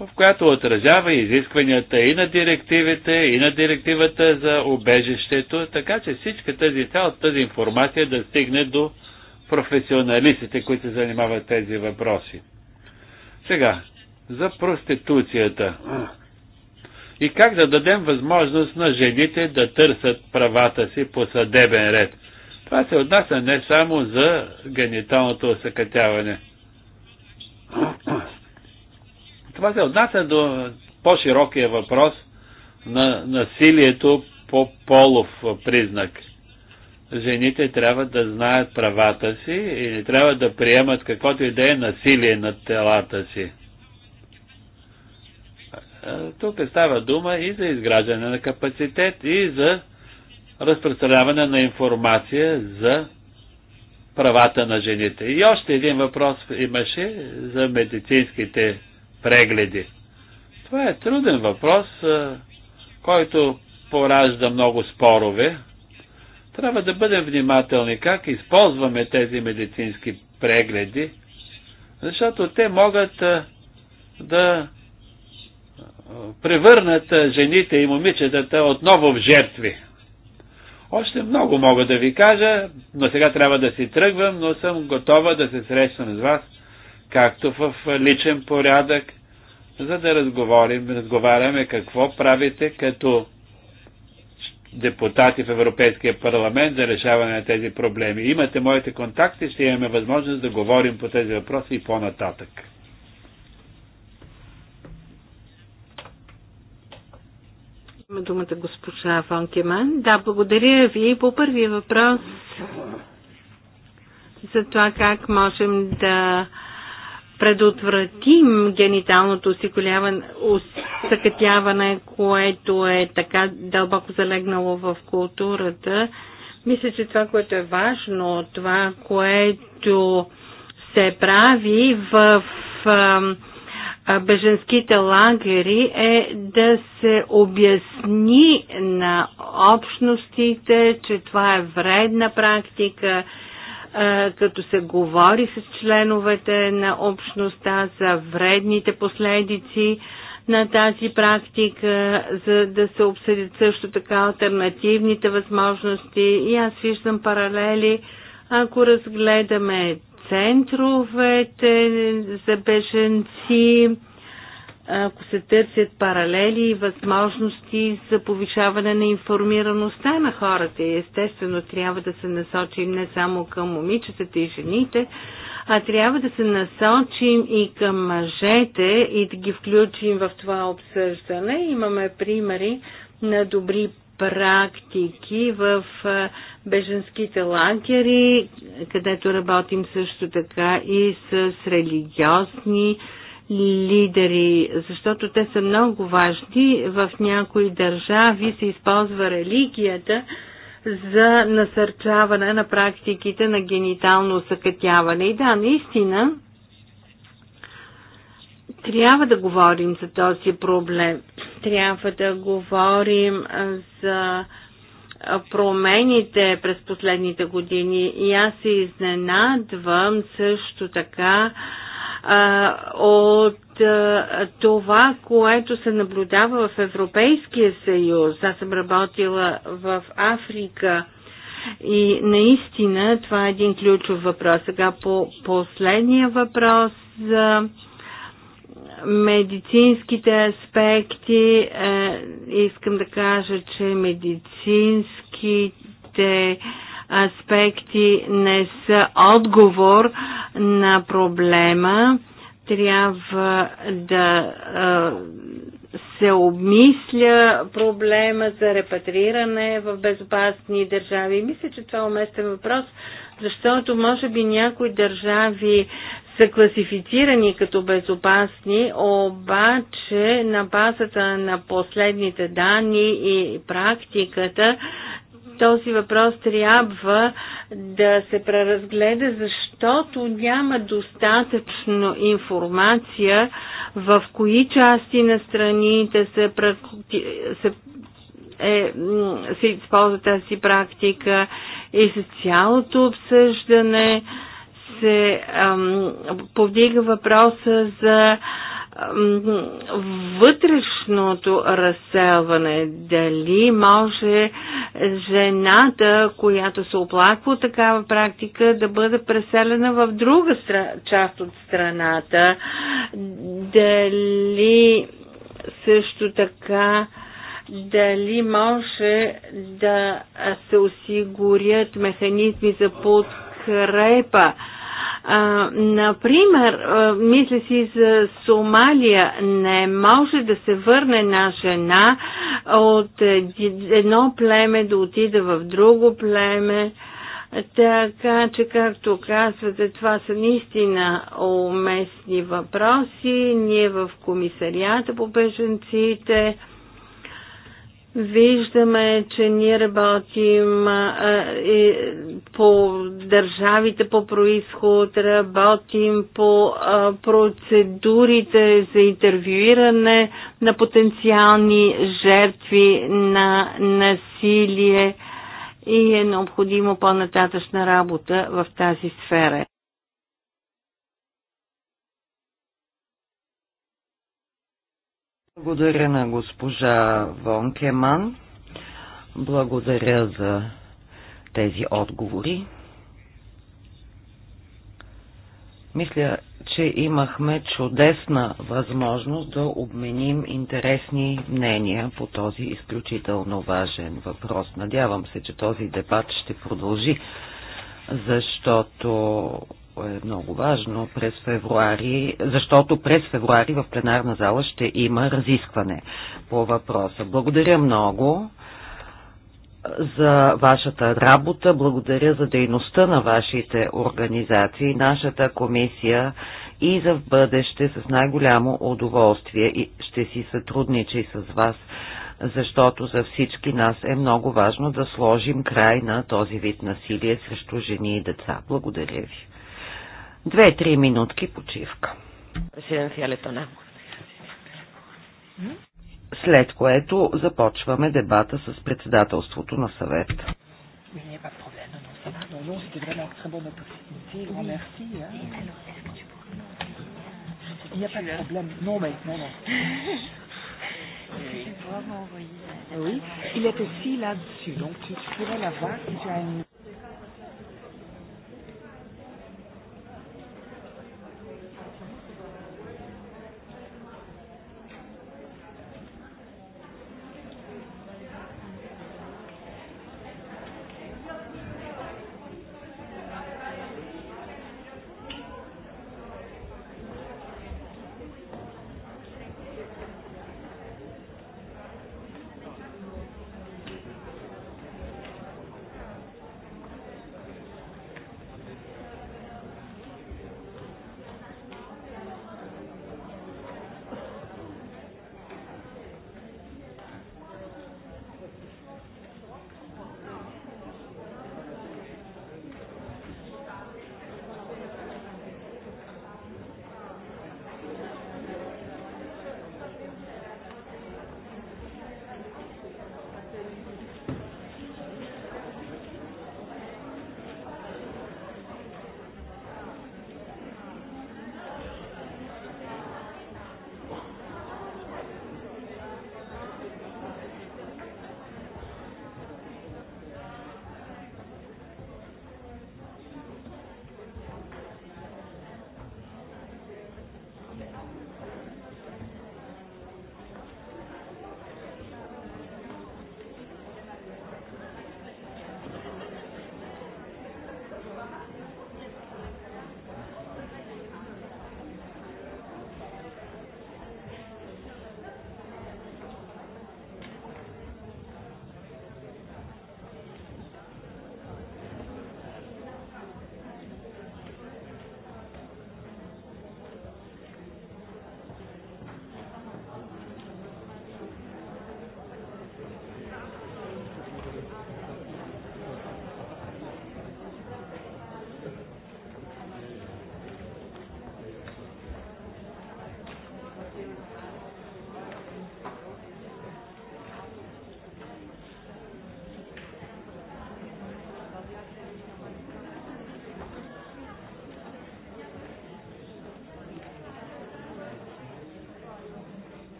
в която отразява изискванията и на директивите, и на директивата за обежището, така че всичка тази, цялата тази информация да стигне до професионалистите, които се занимават тези въпроси. Сега, за проституцията. И как да дадем възможност на жените да търсят правата си по съдебен ред. Това се отнася не само за гениталното осъкътяване. Това се отнася до по-широкия въпрос на насилието по полов признак. Жените трябва да знаят правата си и не трябва да приемат каквото и да е насилие над телата си. Тук става дума и за изграждане на капацитет, и за разпространяване на информация за правата на жените. И още един въпрос имаше за медицинските прегледи. Това е труден въпрос, който поражда много спорове. Трябва да бъдем внимателни как използваме тези медицински прегледи, защото те могат да превърнат жените и момичетата отново в жертви. Още много мога да ви кажа, но сега трябва да си тръгвам, но съм готова да се срещам с вас както в личен порядък, за да разговорим, разговаряме какво правите като депутати в Европейския парламент за решаване на тези проблеми. Имате моите контакти, ще имаме възможност да говорим по тези въпроси и по-нататък. Има думата госпожа Фонкеман. Да, благодаря ви. По първия въпрос за това как можем да предотвратим гениталното осъкътяване, което е така дълбоко залегнало в културата, мисля, че това, което е важно, това, което се прави в беженските лагери е да се обясни на общностите, че това е вредна практика, като се говори с членовете на общността за вредните последици на тази практика, за да се обсъдят също така альтернативните възможности. И аз виждам паралели, ако разгледаме центровете за беженци, ако се търсят паралели и възможности за повишаване на информираността на хората. И естествено трябва да се насочим не само към момичетата и жените, а трябва да се насочим и към мъжете и да ги включим в това обсъждане. Имаме примери на добри практики в беженските лагери, където работим също така и с религиозни лидери, защото те са много важни. В някои държави се използва религията за насърчаване на практиките на генитално съкътяване. И да, наистина, трябва да говорим за този проблем. Трябва да говорим за промените през последните години. И аз се изненадвам също така а, от а, това, което се наблюдава в Европейския съюз. Аз съм работила в Африка и наистина това е един ключов въпрос. Сега по последния въпрос за медицинските аспекти е, искам да кажа, че медицинските аспекти не са отговор на проблема. Трябва да се обмисля проблема за репатриране в безопасни държави. И мисля, че това е уместен въпрос, защото може би някои държави са класифицирани като безопасни, обаче на базата на последните данни и практиката този въпрос трябва да се преразгледа, защото няма достатъчно информация в кои части на страните се, се е, се използва тази практика и с цялото обсъждане се ам, повдига въпроса за вътрешното разселване. Дали може жената, която се оплаква от такава практика, да бъде преселена в друга част от страната? Дали също така дали може да се осигурят механизми за подкрепа а, например, а, мисля си за Сомалия, не може да се върне на жена от едно племе да отида в друго племе. Така че, както казвате, това са наистина уместни въпроси. Ние в комисарията по беженците Виждаме, че ние работим а, и, по държавите по происход, работим по а, процедурите за интервюиране на потенциални жертви на насилие и е необходимо по-нататъчна работа в тази сфера. Благодаря на госпожа Вон Кеман. Благодаря за тези отговори. Мисля, че имахме чудесна възможност да обменим интересни мнения по този изключително важен въпрос. Надявам се, че този дебат ще продължи, защото е много важно през февруари, защото през февруари в пленарна зала ще има разискване по въпроса. Благодаря много за вашата работа, благодаря за дейността на вашите организации, нашата комисия и за в бъдеще с най-голямо удоволствие и ще си сътрудничи с вас, защото за всички нас е много важно да сложим край на този вид насилие срещу жени и деца. Благодаря ви две-три минутки почивка. След което започваме дебата с председателството на съвет. Oui, il est aussi là-dessus, donc tu pourrais l'avoir si tu as une...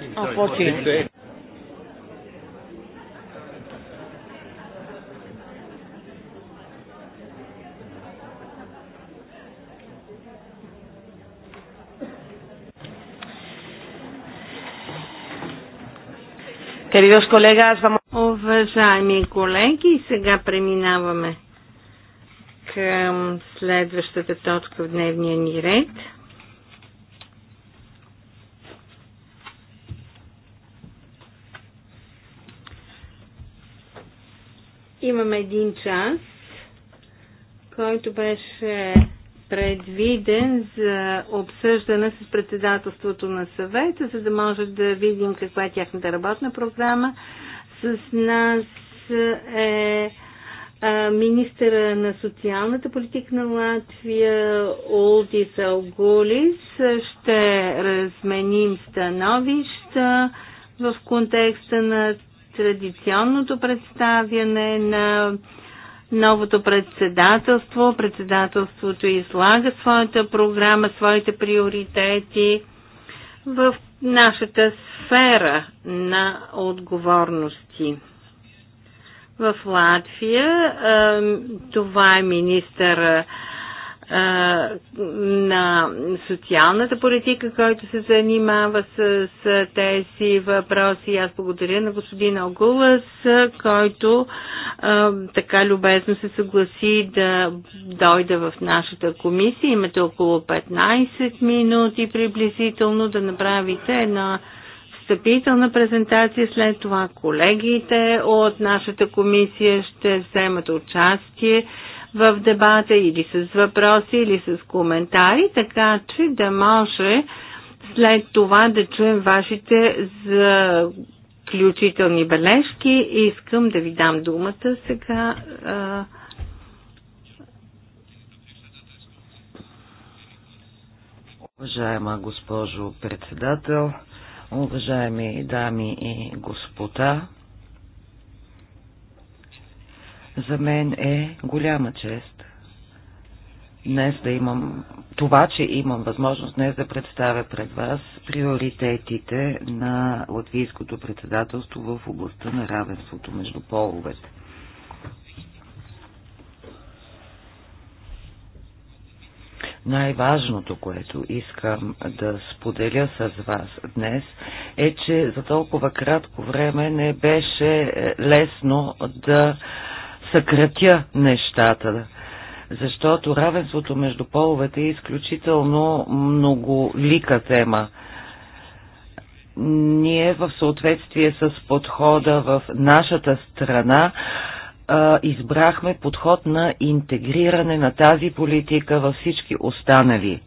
Unfortunately. Queridos colegas, vamos... Уважаеми колеги, сега преминаваме към следващата точка в дневния ни ред. който беше предвиден за обсъждане с председателството на съвета, за да може да видим каква е тяхната работна програма. С нас е министъра на социалната политика на Латвия Олдис Алгулис. Ще разменим становища в контекста на традиционното представяне на новото председателство. Председателството излага своята програма, своите приоритети в нашата сфера на отговорности. В Латвия това е министър на социалната политика, който се занимава с, с тези въпроси. Аз благодаря на господин Огулас, който а, така любезно се съгласи да дойде в нашата комисия. Имате около 15 минути приблизително да направите една встъпителна презентация. След това колегите от нашата комисия ще вземат участие в дебата или с въпроси, или с коментари, така че да може след това да чуем вашите заключителни бележки. Искам да ви дам думата сега. Уважаема госпожо председател, уважаеми дами и господа, за мен е голяма чест днес да имам това, че имам възможност днес да представя пред вас приоритетите на латвийското председателство в областта на равенството между половете. Най-важното, което искам да споделя с вас днес, е, че за толкова кратко време не беше е, лесно да съкратя нещата, защото равенството между половете е изключително многолика тема ние в съответствие с подхода в нашата страна а, избрахме подход на интегриране на тази политика във всички останали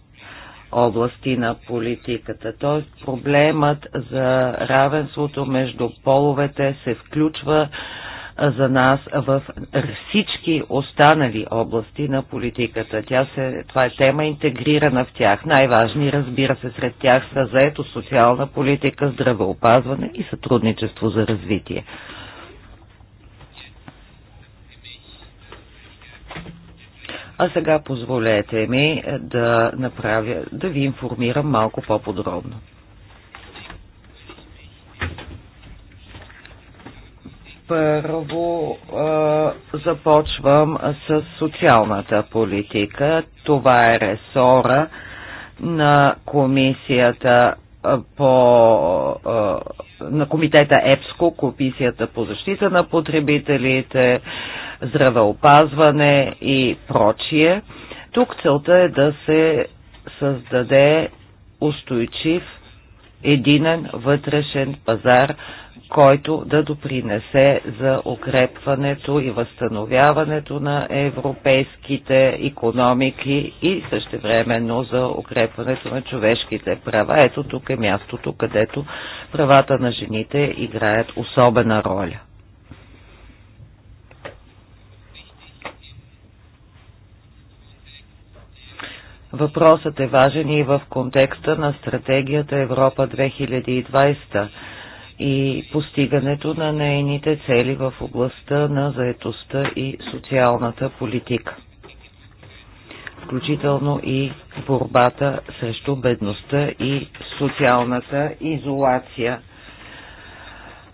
области на политиката. Тоест проблемът за равенството между половете се включва за нас в всички останали области на политиката. Тя се, това е тема интегрирана в тях. Най-важни, разбира се, сред тях са заето социална политика, здравеопазване и сътрудничество за развитие. А сега позволете ми да направя, да ви информирам малко по-подробно. Първо започвам с социалната политика. Това е ресора на комисията по, на комитета ЕПСКО, комисията по защита на потребителите, здравеопазване и прочие. Тук целта е да се създаде устойчив единен вътрешен пазар, който да допринесе за укрепването и възстановяването на европейските економики и същевременно за укрепването на човешките права. Ето тук е мястото, където правата на жените играят особена роля. Въпросът е важен и в контекста на стратегията Европа 2020 и постигането на нейните цели в областта на заетостта и социалната политика, включително и борбата срещу бедността и социалната изолация.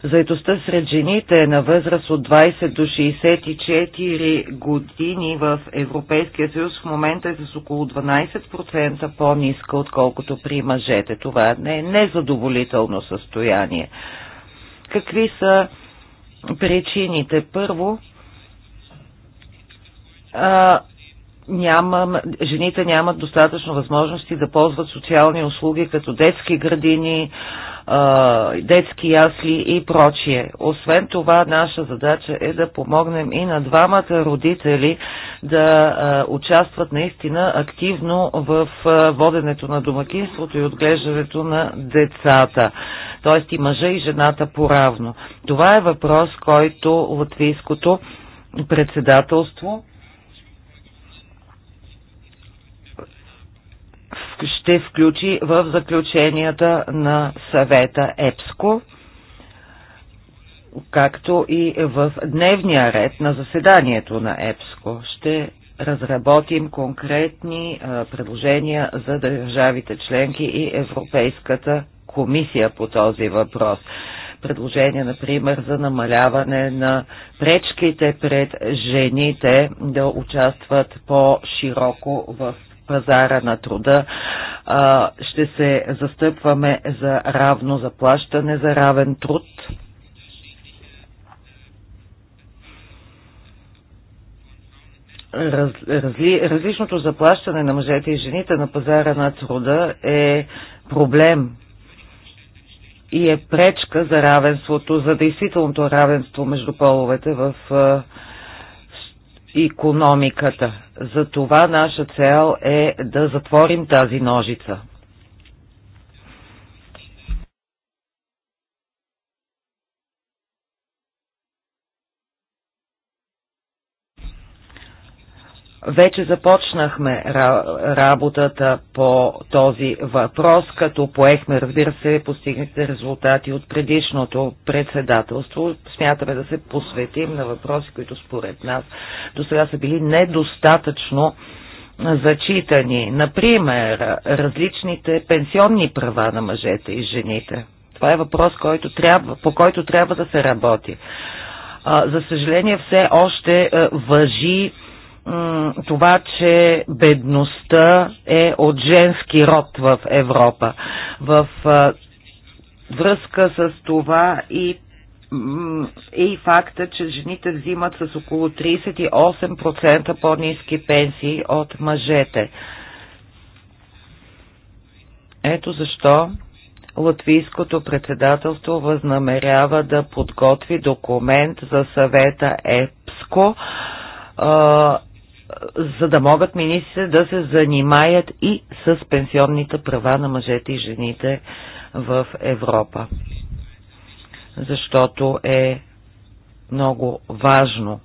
Заедостта сред жените е на възраст от 20 до 64 години в Европейския съюз в момента е с около 12% по-ниска, отколкото при мъжете. Това не е незадоволително състояние. Какви са причините? Първо, а, няма, жените нямат достатъчно възможности да ползват социални услуги, като детски градини, детски ясли и прочие. Освен това, наша задача е да помогнем и на двамата родители да участват наистина активно в воденето на домакинството и отглеждането на децата. Тоест и мъжа и жената поравно. Това е въпрос, който латвийското председателство ще включи в заключенията на съвета ЕПСКО, както и в дневния ред на заседанието на ЕПСКО. Ще разработим конкретни предложения за държавите членки и Европейската комисия по този въпрос. Предложения, например, за намаляване на пречките пред жените да участват по-широко в пазара на труда. Ще се застъпваме за равно заплащане, за равен труд. Раз, разли, различното заплащане на мъжете и жените на пазара на труда е проблем и е пречка за равенството, за действителното равенство между половете в економиката. За това наша цел е да затворим тази ножица. Вече започнахме работата по този въпрос, като поехме, разбира се, постигнахте резултати от предишното председателство. Смятаме да се посветим на въпроси, които според нас до сега са били недостатъчно зачитани. Например, различните пенсионни права на мъжете и жените. Това е въпрос, който трябва, по който трябва да се работи. За съжаление, все още въжи това, че бедността е от женски род в Европа. В връзка с това и е и факта, че жените взимат с около 38% по-низки пенсии от мъжете. Ето защо Латвийското председателство възнамерява да подготви документ за съвета ЕПСКО за да могат министрите да се занимаят и с пенсионните права на мъжете и жените в Европа. Защото е много важно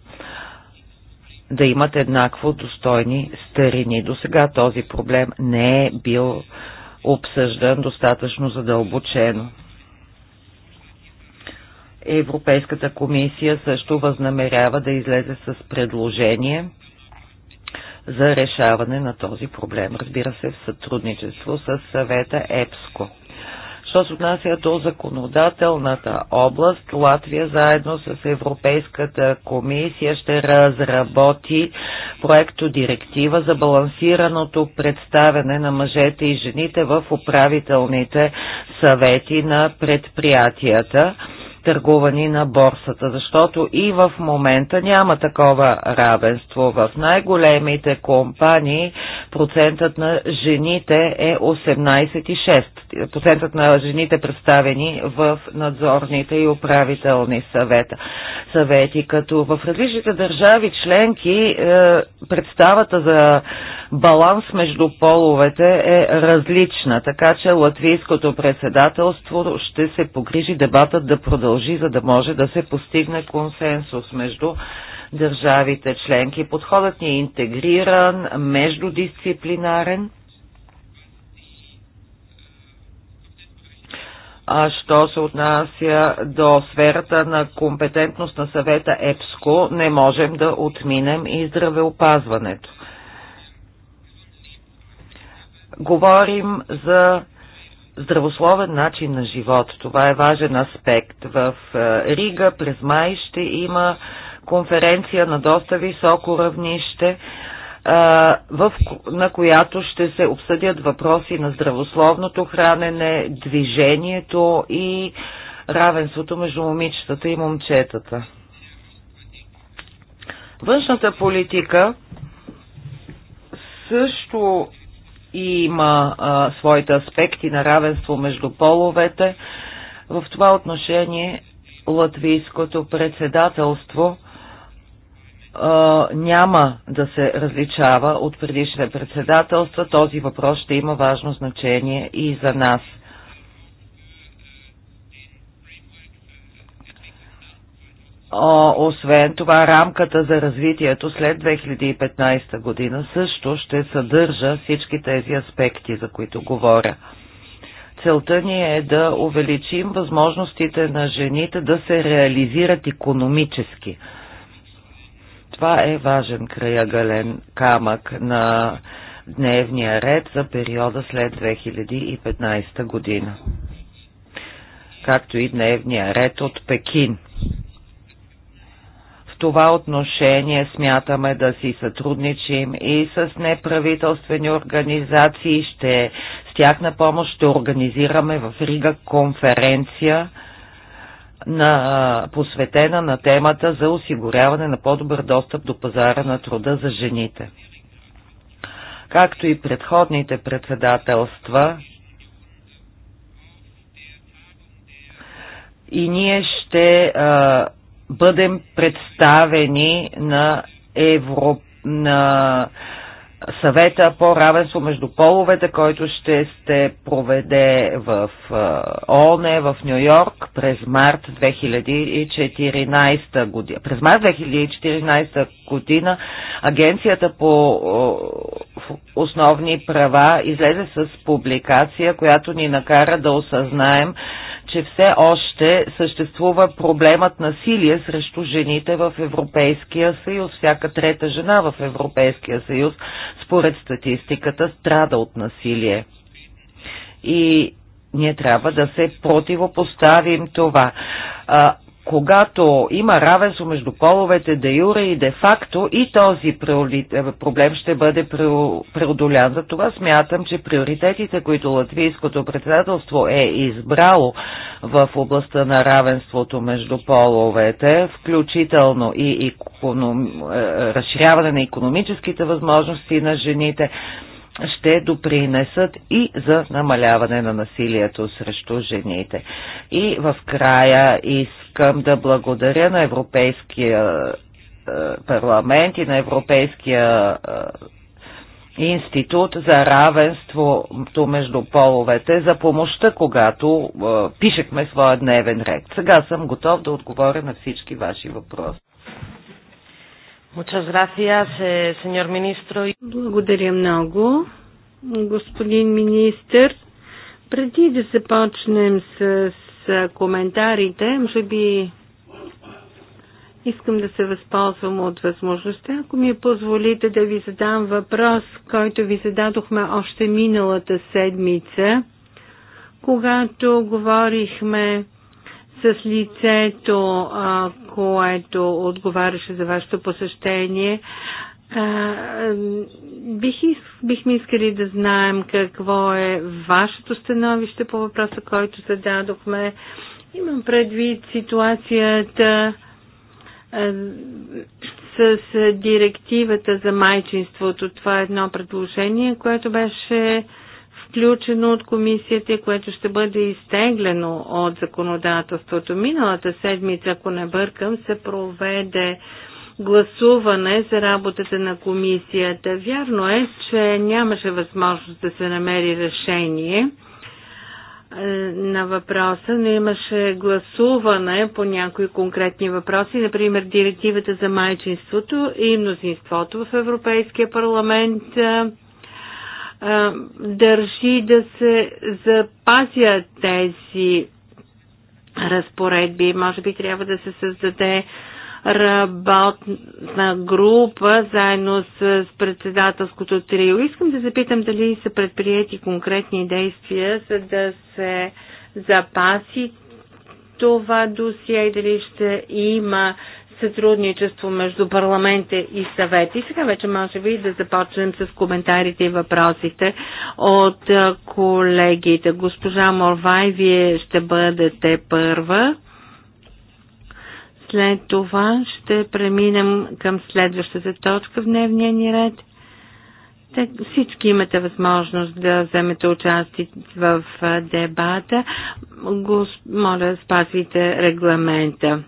да имат еднакво достойни старини. До сега този проблем не е бил обсъждан достатъчно задълбочено. Европейската комисия също възнамерява да излезе с предложение – за решаване на този проблем. Разбира се, в сътрудничество с съвета ЕПСКО. Що се отнася до законодателната област, Латвия заедно с Европейската комисия ще разработи проекто директива за балансираното представяне на мъжете и жените в управителните съвети на предприятията търгувани на борсата, защото и в момента няма такова равенство. В най-големите компании процентът на жените е 18,6. Процентът на жените представени в надзорните и управителни съвета. съвети, като в различните държави членки е, представата за баланс между половете е различна, така че латвийското председателство ще се погрижи дебатът да продължи, за да може да се постигне консенсус между държавите членки. Подходът ни е интегриран, междудисциплинарен. А що се отнася до сферата на компетентност на съвета ЕПСКО, не можем да отминем и здравеопазването говорим за здравословен начин на живот. Това е важен аспект. В е, Рига през май ще има конференция на доста високо равнище, е, в, на която ще се обсъдят въпроси на здравословното хранене, движението и равенството между момичетата и момчетата. Външната политика също има а, своите аспекти на равенство между половете. В това отношение латвийското председателство а, няма да се различава от предишните председателства. Този въпрос ще има важно значение и за нас. О, освен това, рамката за развитието след 2015 година също ще съдържа всички тези аспекти, за които говоря. Целта ни е да увеличим възможностите на жените да се реализират економически. Това е важен краягален камък на дневния ред за периода след 2015 година, както и дневния ред от Пекин това отношение смятаме да си сътрудничим и с неправителствени организации. Ще, с тях на помощ ще организираме в Рига конференция на, посветена на темата за осигуряване на по-добър достъп до пазара на труда за жените. Както и предходните председателства, и ние ще а, бъдем представени на, Евро... на съвета по равенство между половете, който ще се проведе в ОНЕ в Нью Йорк през март 2014 година. През март 2014 година Агенцията по основни права излезе с публикация, която ни накара да осъзнаем, че все още съществува проблемът насилие срещу жените в Европейския съюз. Всяка трета жена в Европейския съюз, според статистиката, страда от насилие. И ние трябва да се противопоставим това когато има равенство между половете де юре и де факто и този е, проблем ще бъде преодолян. За това смятам, че приоритетите, които латвийското председателство е избрало в областта на равенството между половете, включително и економ... Е, разширяване на економическите възможности на жените, ще допринесат и за намаляване на насилието срещу жените. И в края искам да благодаря на Европейския е, парламент и на Европейския е, институт за равенството между половете за помощта, когато е, пишехме своя дневен ред. Сега съм готов да отговоря на всички ваши въпроси. Eh, Благодаря много, господин министр. Преди да започнем с, с коментарите, може би искам да се възползвам от възможността, ако ми позволите да ви задам въпрос, който ви зададохме още миналата седмица, когато говорихме с лицето, а, което отговаряше за вашето посещение. А, бих, бихме искали да знаем какво е вашето становище по въпроса, който зададохме. Имам предвид ситуацията с директивата за майчинството. Това е едно предложение, което беше изключено от комисията, което ще бъде изтеглено от законодателството. Миналата седмица, ако не бъркам, се проведе гласуване за работата на комисията. Вярно е, че нямаше възможност да се намери решение е, на въпроса, но имаше гласуване по някои конкретни въпроси, например директивата за майчинството и мнозинството в Европейския парламент е, държи да се запазят тези разпоредби. Може би трябва да се създаде работна група заедно с председателското трио. Искам да запитам дали са предприяти конкретни действия, за да се запаси това досие и дали ще има сътрудничество между парламента и съвети. И сега вече може би да започнем с коментарите и въпросите от колегите. Госпожа Морвай, вие ще бъдете първа. След това ще преминем към следващата точка в дневния ни ред. Те, всички имате възможност да вземете участие в дебата. Моля, спазвайте регламента.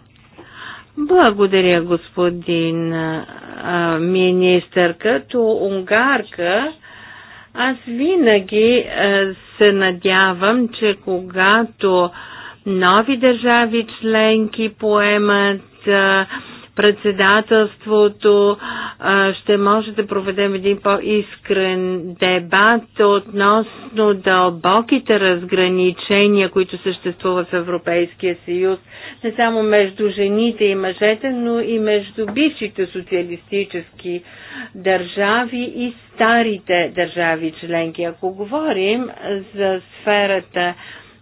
Благодаря, господин а, министър. Като унгарка, аз винаги а, се надявам, че когато нови държави членки поемат а, председателството ще може да проведем един по-искрен дебат относно дълбоките разграничения, които съществуват в Европейския съюз, не само между жените и мъжете, но и между бившите социалистически държави и старите държави членки. Ако говорим за сферата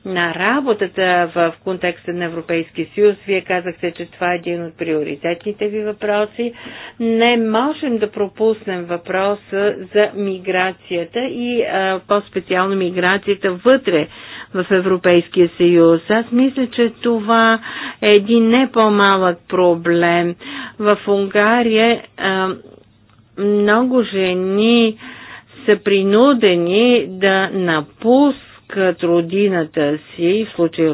на работата в контекста на Европейския съюз. Вие казахте, че това е един от приоритетните ви въпроси. Не можем да пропуснем въпроса за миграцията и по-специално миграцията вътре в Европейския съюз. Аз мисля, че това е един не по-малък проблем. В Унгария а, много жени са принудени да напуснат от родината си, в случай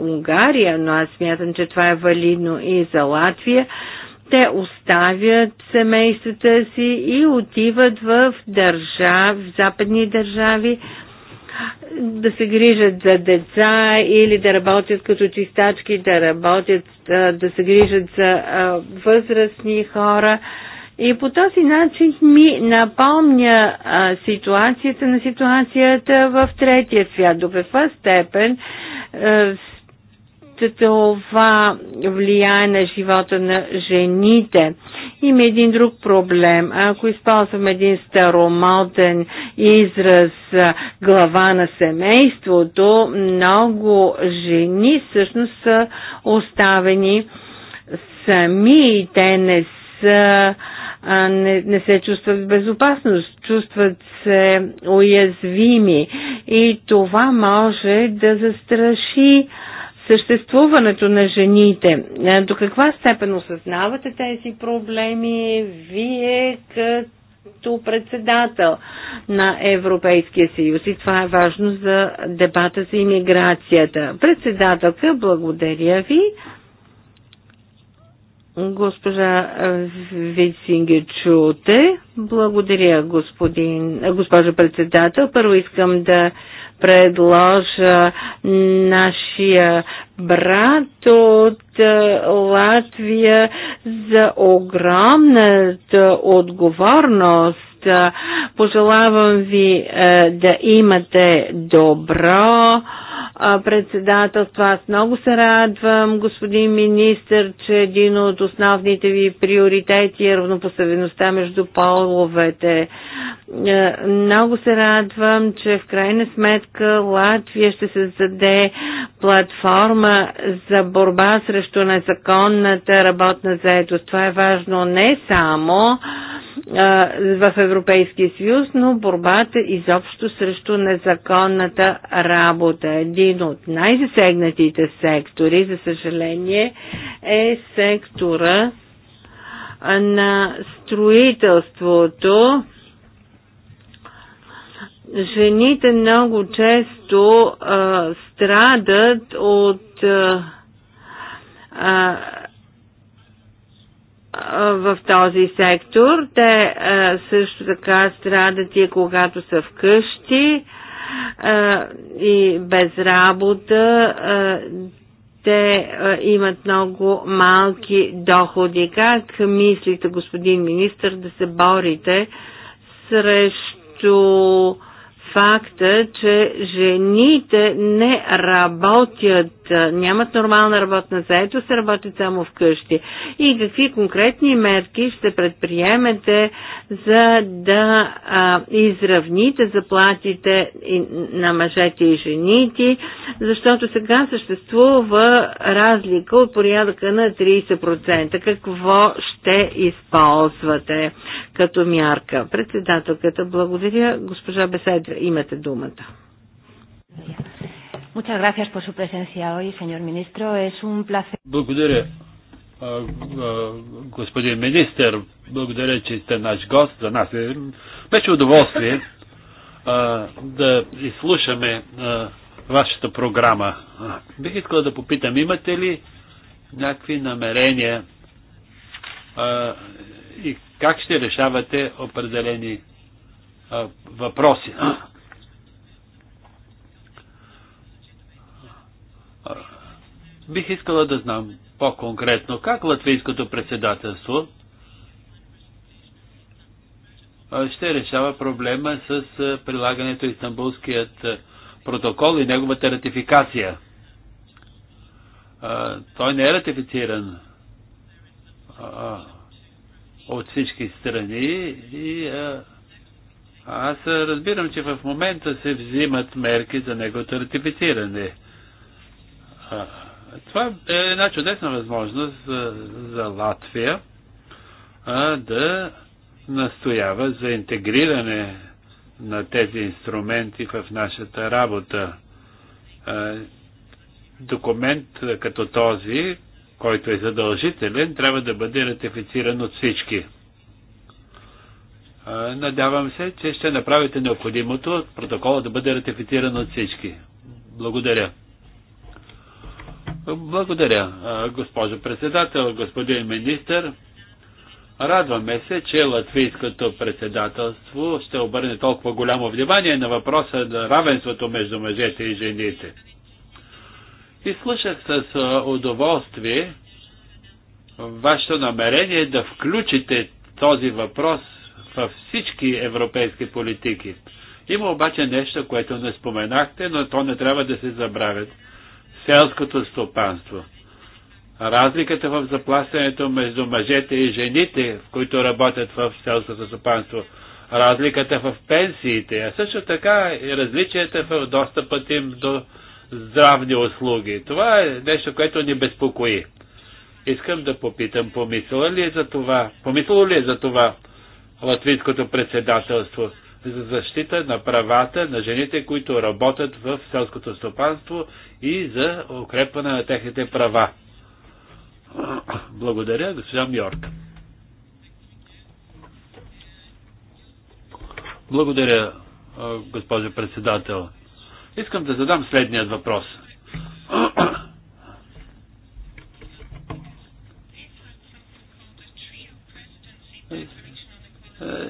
Унгария, но аз смятам, че това е валидно и за Латвия, те оставят семействата си и отиват в държави, в западни държави, да се грижат за деца или да работят като чистачки, да работят, да се грижат за възрастни хора. И по този начин ми напомня а, ситуацията на ситуацията в третия свят. До каква степен а, това влияе на живота на жените. Има един друг проблем. Ако използвам един старомотен израз глава на семейството, много жени всъщност са оставени сами и те не са, а, не, не се чувстват в безопасност, чувстват се уязвими и това може да застраши съществуването на жените. До каква степен осъзнавате тези проблеми вие като като председател на Европейския съюз и това е важно за дебата за иммиграцията. Председателка, благодаря ви. Госпожа Вицинге Чуте, благодаря господин, госпожа председател. Първо искам да предложа нашия брат от Латвия за огромната отговорност Пожелавам ви да имате добро председателство. Аз много се радвам, господин министр, че един от основните ви приоритети е равнопоставеността между половете. Много се радвам, че в крайна сметка Латвия ще се заде платформа за борба срещу незаконната работна заедост. Това е важно не само в Европейския съюз, но борбата изобщо срещу незаконната работа. Един от най-засегнатите сектори, за съжаление, е сектора на строителството. Жените много често а, страдат от а, а, в този сектор. Те също така страдат и когато са вкъщи и без работа. Те имат много малки доходи. Как мислите, господин министр, да се борите срещу факта, че жените не работят нямат нормална работна заедост, работят само вкъщи. И какви конкретни мерки ще предприемете, за да а, изравните заплатите на мъжете и жените, защото сега съществува разлика от порядъка на 30%. Какво ще използвате като мярка? Председателката, благодаря. Госпожа Беседра, имате думата. Muchas gracias por su presencia hoy, señor ministro. Es un placer. Благодаря, господин министр. Благодаря, че сте наш гост. За нас е беше удоволствие да изслушаме вашата програма. Бих искал да попитам, имате ли някакви намерения и как ще решавате определени въпроси? Бих искала да знам по-конкретно как латвийското председателство ще решава проблема с прилагането Истанбулският протокол и неговата ратификация. Той не е ратифициран от всички страни и аз разбирам, че в момента се взимат мерки за неговото ратифициране. Това е една чудесна възможност за, за Латвия а, да настоява за интегриране на тези инструменти в нашата работа. А, документ като този, който е задължителен, трябва да бъде ратифициран от всички. Надявам се, че ще направите необходимото протокола да бъде ратифициран от всички. Благодаря. Благодаря, госпожо председател, господин министр. Радваме се, че латвийското председателство ще обърне толкова голямо внимание на въпроса за равенството между мъжете и жените. И слушах с удоволствие вашето намерение да включите този въпрос във всички европейски политики. Има обаче нещо, което не споменахте, но то не трябва да се забравят селското стопанство. Разликата в заплащането между мъжете и жените, които работят в селското стопанство, разликата в пенсиите, а също така и различията в достъпът им до здравни услуги. Това е нещо, което ни безпокои. Искам да попитам, помислило ли е за това, помислило ли е за това латвийското председателство? за защита на правата на жените, които работят в селското стопанство и за укрепване на техните права. Благодаря, госпожа Мьорк. Благодаря, госпожо председател. Искам да задам следният въпрос.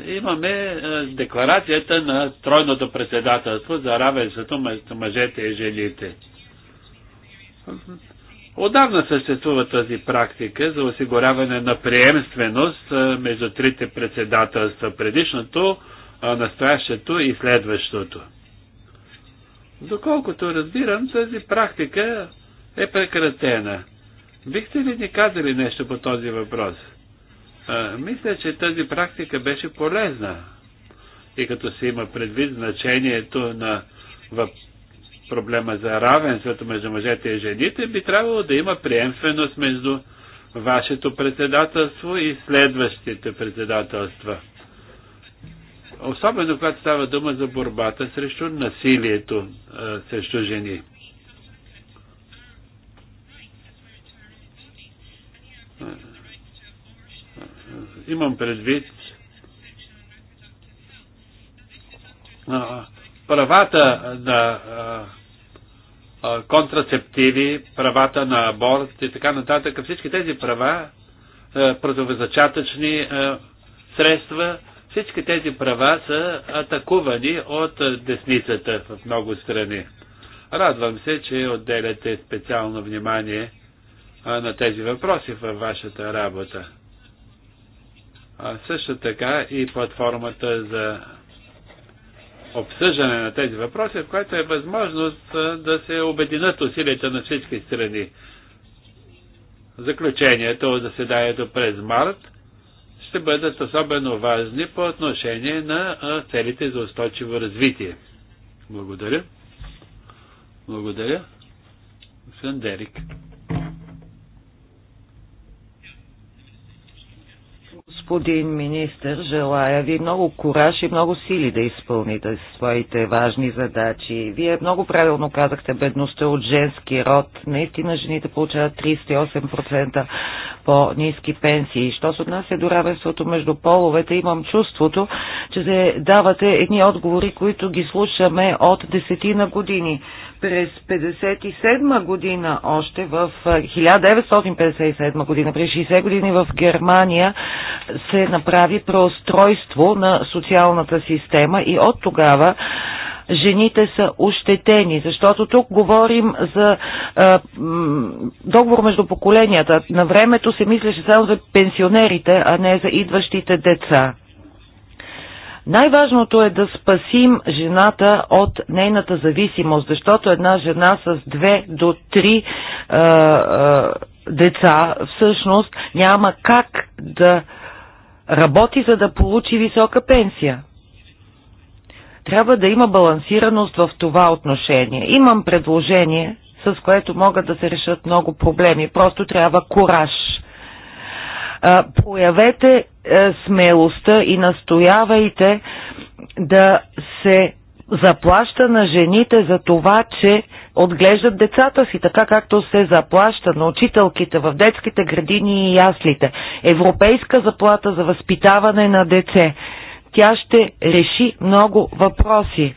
имаме декларацията на тройното председателство за равенството между мъжете и жените. Отдавна съществува тази практика за осигуряване на приемственост между трите председателства предишното, настоящето и следващото. Доколкото разбирам, тази практика е прекратена. Бихте ли ни казали нещо по този въпрос? Мисля, че тази практика беше полезна. И като се има предвид значението на проблема за равенството между мъжете и жените, би трябвало да има приемственост между вашето председателство и следващите председателства. Особено когато става дума за борбата срещу насилието а, срещу жени. Имам предвид правата на контрацептиви, правата на аборт и така нататък. Всички тези права, противозачатъчни средства, всички тези права са атакувани от десницата в много страни. Радвам се, че отделяте специално внимание на тези въпроси във вашата работа. А, също така и платформата за обсъждане на тези въпроси, в която е възможност да се обединят усилията на всички страни. Заключението от заседанието през март ще бъдат особено важни по отношение на целите за устойчиво развитие. Благодаря. Благодаря. Господин Дерик. господин министр, желая ви много кураж и много сили да изпълните своите важни задачи. Вие много правилно казахте, бедността от женски род. Наистина жените получават 38% по-низки пенсии. Що се отнася до равенството между половете, имам чувството, че давате едни отговори, които ги слушаме от десетина години. През 1957 година, още в 1957 година, през 60 години в Германия се направи проустройство на социалната система и от тогава жените са ощетени, защото тук говорим за а, м, договор между поколенията. На времето се мислеше само за пенсионерите, а не за идващите деца. Най-важното е да спасим жената от нейната зависимост, защото една жена с две до три е, е, деца всъщност няма как да работи, за да получи висока пенсия трябва да има балансираност в това отношение. Имам предложение, с което могат да се решат много проблеми. Просто трябва кораж. Е, проявете е, смелостта и настоявайте да се заплаща на жените за това, че отглеждат децата си, така както се заплаща на учителките в детските градини и яслите. Европейска заплата за възпитаване на деце. Тя ще реши много въпроси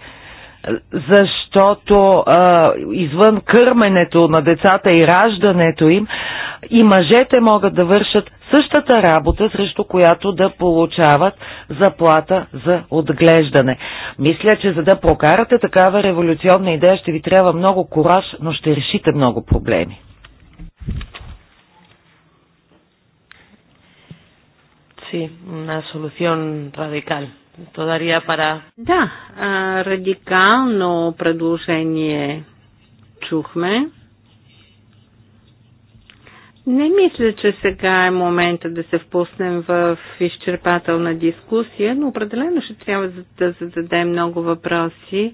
защото а, извън кърменето на децата и раждането им, и мъжете могат да вършат същата работа, срещу която да получават заплата за отглеждане. Мисля, че за да прокарате такава революционна идея, ще ви трябва много кораж, но ще решите много проблеми. Sí, una solución radical. Тодария пара. Да, а, радикално предложение чухме. Не мисля, че сега е момента да се впуснем в изчерпателна дискусия, но определено ще трябва да зададем много въпроси,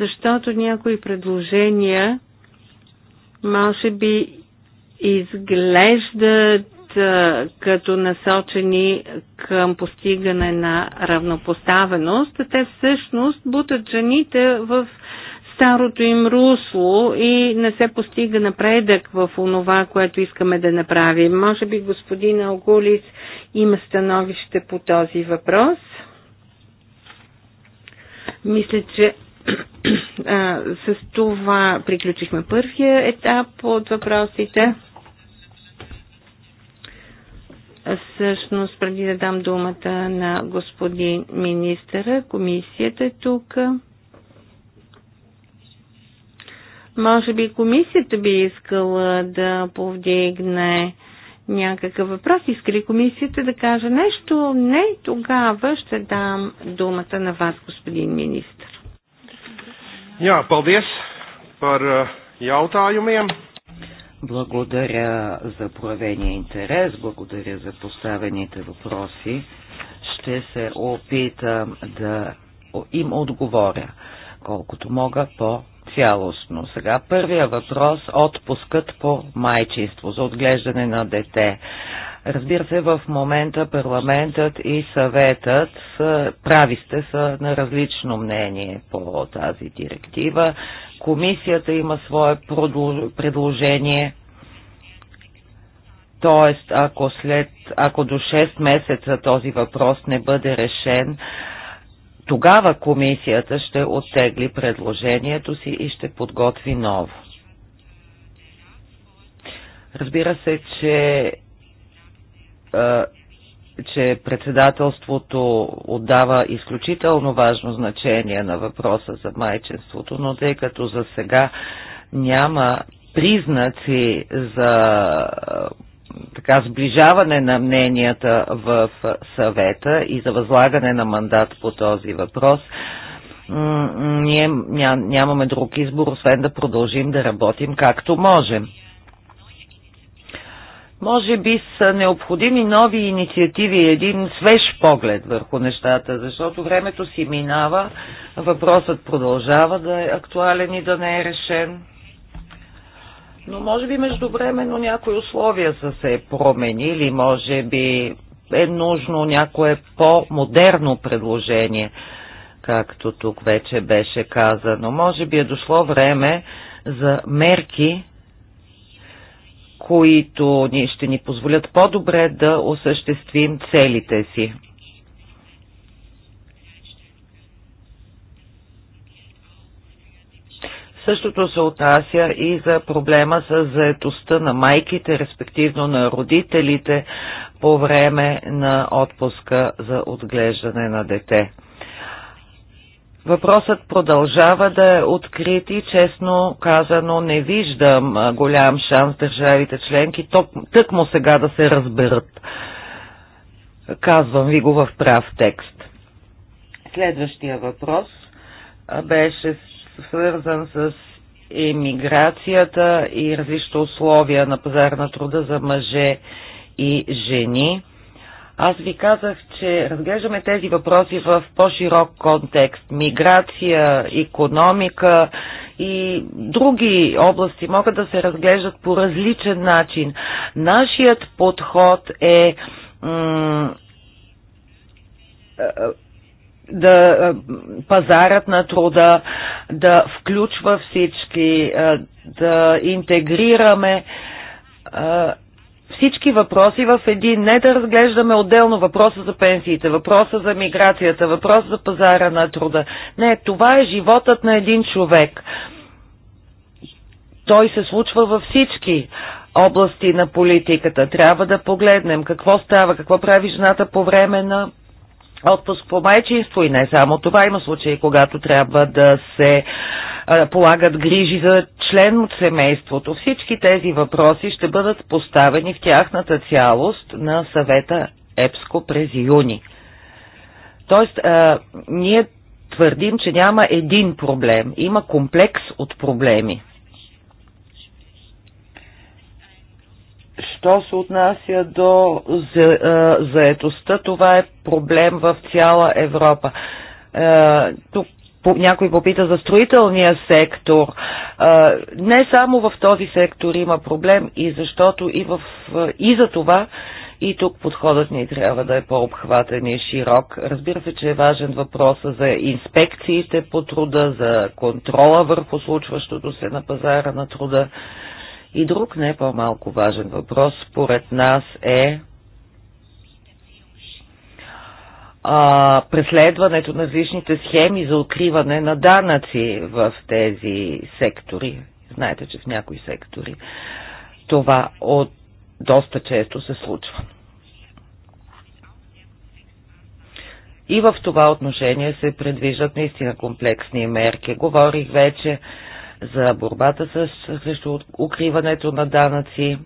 защото някои предложения може би изглеждат са като насочени към постигане на равнопоставеност, те всъщност бутат жените в старото им русло и не се постига напредък в онова, което искаме да направим. Може би господин Алголис има становище по този въпрос. Мисля, че [clears throat] а, с това приключихме първия етап от въпросите. Всъщност, преди да дам думата на господин министъра, комисията е тук. Може би комисията би искала да повдигне някакъв въпрос. Иска ли комисията да каже нещо? Не, тогава ще дам думата на вас, господин министър. Jā, paldies par е, jautājumiem. Благодаря за проявения интерес, благодаря за поставените въпроси. Ще се опитам да им отговоря колкото мога по цялостно. Сега първия въпрос – отпускът по майчинство за отглеждане на дете. Разбира се, в момента парламентът и съветът са, прави сте са на различно мнение по тази директива. Комисията има свое предложение. Тоест, ако, след, ако до 6 месеца този въпрос не бъде решен, тогава комисията ще оттегли предложението си и ще подготви ново. Разбира се, че че председателството отдава изключително важно значение на въпроса за майчинството, но тъй като за сега няма признаци за така сближаване на мненията в съвета и за възлагане на мандат по този въпрос, ние нямаме друг избор, освен да продължим да работим както можем. Може би са необходими нови инициативи, един свеж поглед върху нещата, защото времето си минава, въпросът продължава да е актуален и да не е решен. Но може би междувременно някои условия са се променили, може би е нужно някое по-модерно предложение, както тук вече беше казано. Може би е дошло време за мерки, които ни, ще ни позволят по-добре да осъществим целите си. Същото се отнася и за проблема с заетостта на майките, респективно на родителите по време на отпуска за отглеждане на дете. Въпросът продължава да е открит и честно казано не виждам голям шанс държавите членки тък му сега да се разберат. Казвам ви го в прав текст. Следващия въпрос беше свързан с иммиграцията и различните условия на пазар на труда за мъже и жени. Аз ви казах, че разглеждаме тези въпроси в по-широк контекст. Миграция, економика и други области могат да се разглеждат по различен начин. Нашият подход е, е, е да е, пазарът на труда да включва всички, да интегрираме всички въпроси в един. Не да разглеждаме отделно въпроса за пенсиите, въпроса за миграцията, въпроса за пазара на труда. Не, това е животът на един човек. Той се случва във всички области на политиката. Трябва да погледнем какво става, какво прави жената по време на отпуск по майчинство и не само това. Има случаи, когато трябва да се полагат грижи за член от семейството. Всички тези въпроси ще бъдат поставени в тяхната цялост на съвета ЕПСКО през юни. Тоест, а, ние твърдим, че няма един проблем, има комплекс от проблеми. Що се отнася до заетостта, това е проблем в цяла Европа. Тук някой попита за строителния сектор. Не само в този сектор има проблем и защото и, в, и за това и тук подходът ни трябва да е по-обхватен и широк. Разбира се, че е важен въпрос за инспекциите по труда, за контрола върху случващото се на пазара на труда. И друг не е по-малко важен въпрос, според нас, е а, преследването на различните схеми за откриване на данъци в тези сектори. Знаете, че в някои сектори това от доста често се случва. И в това отношение се предвиждат наистина комплексни мерки. Говорих вече за борбата с, срещу укриването на данъци,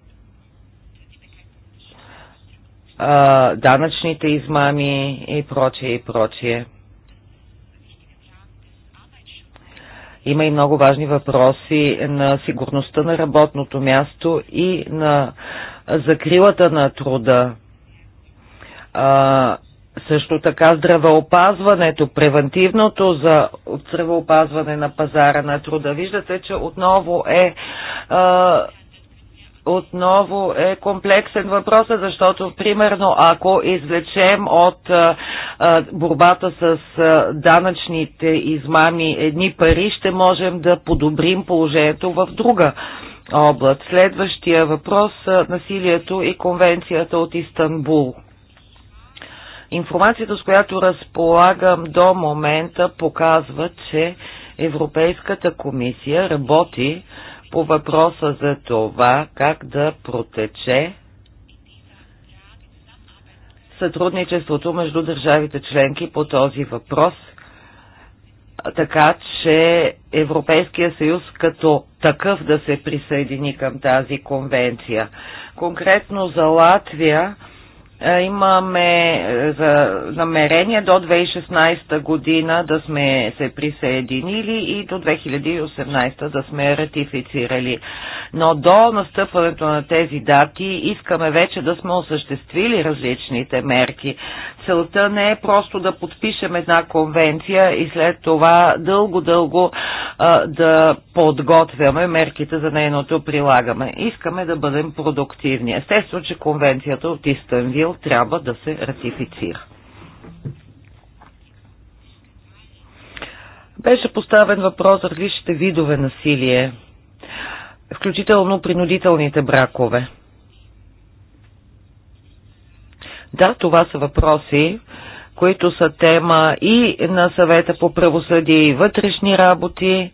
данъчните измами и прочие и прочие. Има и много важни въпроси на сигурността на работното място и на закрилата на труда. А, също така здравеопазването, превентивното за здравеопазване на пазара на труда. Виждате, че отново е а, отново е комплексен въпрос, защото, примерно, ако извлечем от борбата с данъчните измами едни пари, ще можем да подобрим положението в друга област. Следващия въпрос – насилието и конвенцията от Истанбул. Информацията, с която разполагам до момента, показва, че Европейската комисия работи по въпроса за това как да протече сътрудничеството между държавите членки по този въпрос, така че Европейския съюз като такъв да се присъедини към тази конвенция. Конкретно за Латвия е, имаме е, за намерение до 2016 година да сме се присъединили и до 2018 да сме ратифицирали. Но до настъпването на тези дати искаме вече да сме осъществили различните мерки. Целта не е просто да подпишем една конвенция и след това дълго-дълго е, да подготвяме мерките за нейното прилагаме. Искаме да бъдем продуктивни. Естествено, че конвенцията от Истанвил цел трябва да се ратифицира. Беше поставен въпрос за различните видове насилие, включително принудителните бракове. Да, това са въпроси, които са тема и на съвета по правосъдие и вътрешни работи,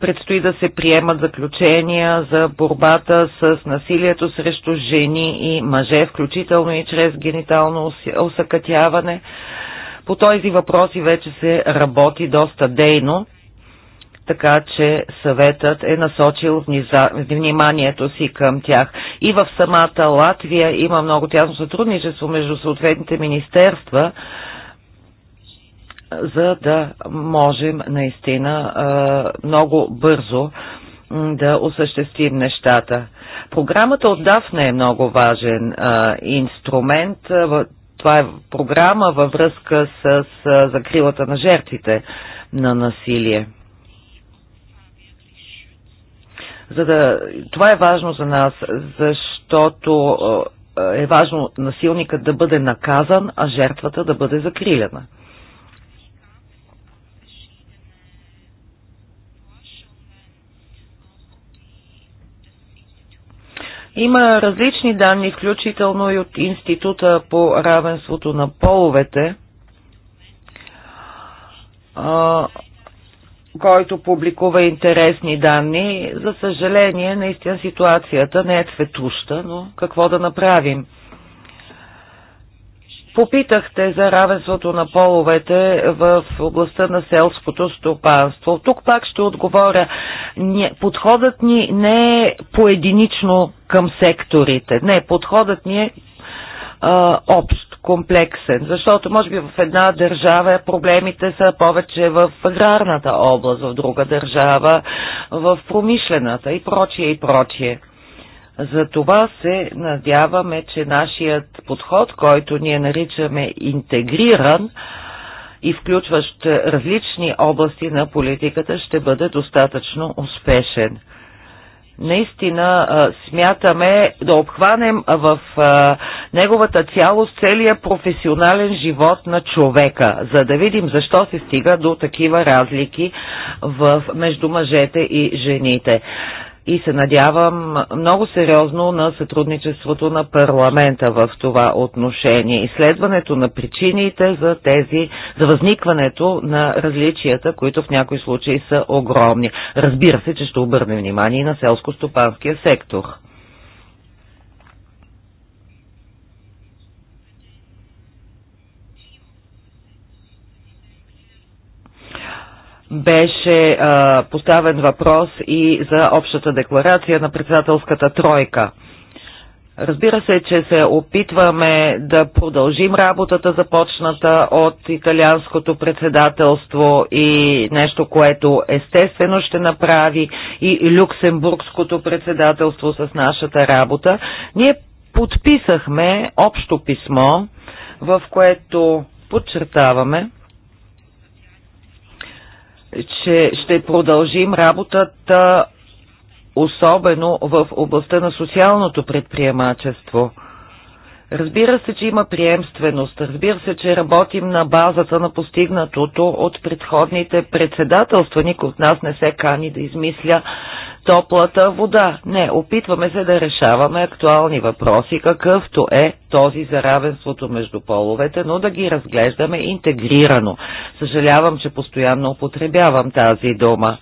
Предстои да се приемат заключения за борбата с насилието срещу жени и мъже, включително и чрез генитално осъкътяване. По този въпроси вече се работи доста дейно, така че съветът е насочил вниманието си към тях. И в самата Латвия има много тясно сътрудничество между съответните министерства, за да можем наистина много бързо да осъществим нещата. Програмата от Дафна е много важен инструмент. Това е програма във връзка с, с закрилата на жертвите на насилие. За да, това е важно за нас, защото е важно насилникът да бъде наказан, а жертвата да бъде закрилена. Има различни данни, включително и от Института по равенството на половете, който публикува интересни данни. За съжаление, наистина ситуацията не е цветуща, но какво да направим? Попитахте за равенството на половете в областта на селското стопанство. Тук пак ще отговоря. Подходът ни не е поединично към секторите. Не, подходът ни е а, общ, комплексен, защото може би в една държава проблемите са повече в аграрната област, в друга държава, в промишлената и прочие и прочие. За това се надяваме, че нашият подход, който ние наричаме интегриран и включващ различни области на политиката, ще бъде достатъчно успешен наистина смятаме да обхванем в неговата цялост целия професионален живот на човека, за да видим защо се стига до такива разлики в, между мъжете и жените и се надявам много сериозно на сътрудничеството на парламента в това отношение. Изследването на причините за тези, за възникването на различията, които в някои случаи са огромни. Разбира се, че ще обърнем внимание и на селско-стопанския сектор. беше а, поставен въпрос и за общата декларация на председателската тройка. Разбира се, че се опитваме да продължим работата, започната от италианското председателство и нещо, което естествено ще направи и люксембургското председателство с нашата работа. Ние подписахме общо писмо, в което подчертаваме, че ще продължим работата особено в областта на социалното предприемачество – Разбира се, че има приемственост. Разбира се, че работим на базата на постигнатото от предходните председателства. Никой от нас не се кани да измисля топлата вода. Не, опитваме се да решаваме актуални въпроси, какъвто е този за равенството между половете, но да ги разглеждаме интегрирано. Съжалявам, че постоянно употребявам тази дума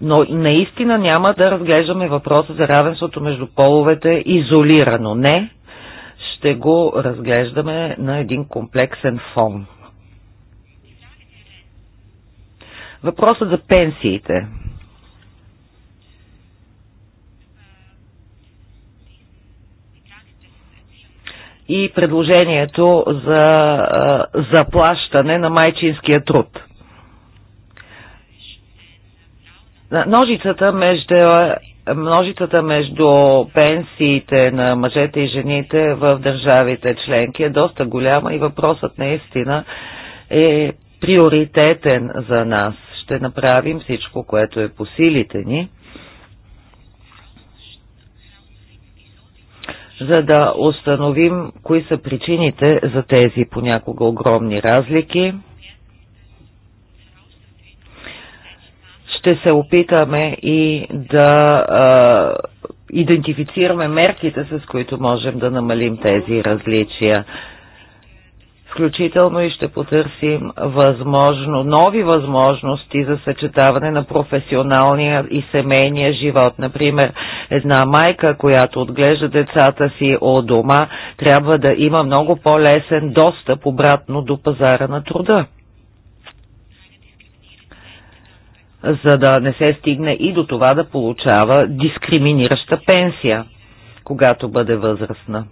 но наистина няма да разглеждаме въпроса за равенството между половете изолирано. Не, ще го разглеждаме на един комплексен фон. Въпросът за пенсиите. И предложението за заплащане на майчинския труд. Ножицата между, множицата между пенсиите на мъжете и жените в държавите членки е доста голяма и въпросът наистина е приоритетен за нас. Ще направим всичко, което е по силите ни, за да установим кои са причините за тези понякога огромни разлики – ще се опитаме и да а, идентифицираме мерките, с които можем да намалим тези различия. Включително и ще потърсим възможно, нови възможности за съчетаване на професионалния и семейния живот. Например, една майка, която отглежда децата си от дома, трябва да има много по-лесен достъп обратно до пазара на труда. за да не се стигне и до това да получава дискриминираща пенсия, когато бъде възрастна.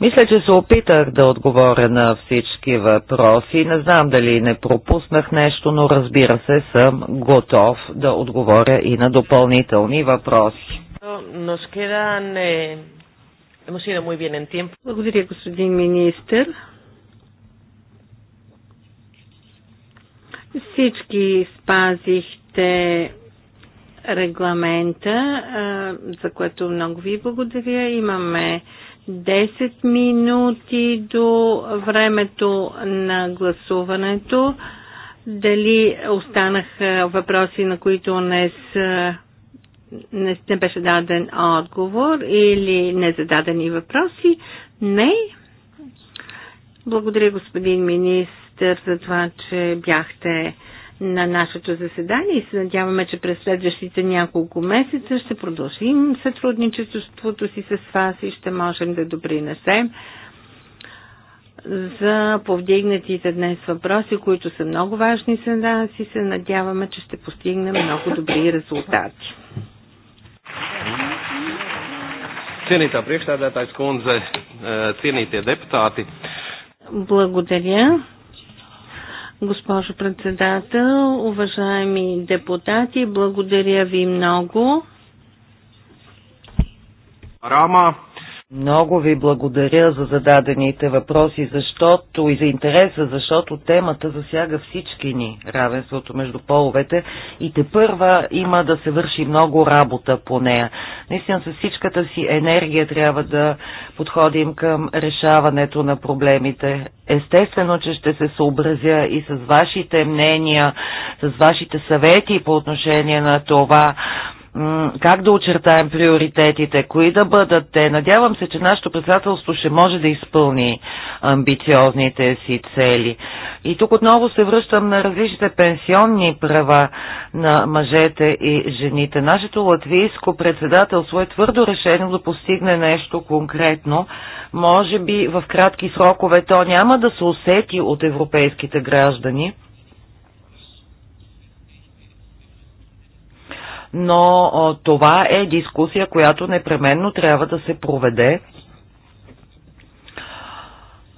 Мисля, че се опитах да отговоря на всички въпроси. Не знам дали не пропуснах нещо, но разбира се, съм готов да отговоря и на допълнителни въпроси. Eh, Благодаря, господин министр. Всички спазихте регламента, за което много ви благодаря. Имаме 10 минути до времето на гласуването. Дали останаха въпроси, на които не, са, не, не беше даден отговор или незададени въпроси? Не. Благодаря, господин министр министър, за това, че бяхте на нашето заседание и се надяваме, че през следващите няколко месеца ще продължим сътрудничеството си с вас и ще можем да допринесем за повдигнатите днес въпроси, които са много важни за нас и се надяваме, че ще постигнем много добри резултати. Cienītā priekšstādātājs kundze, цените deputāti. Благодаря. Госпожо председател, уважаеми депутати, благодаря ви много. Рама много ви благодаря за зададените въпроси, защото и за интереса, защото темата засяга всички ни, равенството между половете и те първа има да се върши много работа по нея. Наистина с всичката си енергия трябва да подходим към решаването на проблемите. Естествено, че ще се съобразя и с вашите мнения, с вашите съвети по отношение на това, как да очертаем приоритетите, кои да бъдат те. Надявам се, че нашето председателство ще може да изпълни амбициозните си цели. И тук отново се връщам на различните пенсионни права на мъжете и жените. Нашето латвийско председателство е твърдо решено да постигне нещо конкретно. Може би в кратки срокове то няма да се усети от европейските граждани, но а, това е дискусия, която непременно трябва да се проведе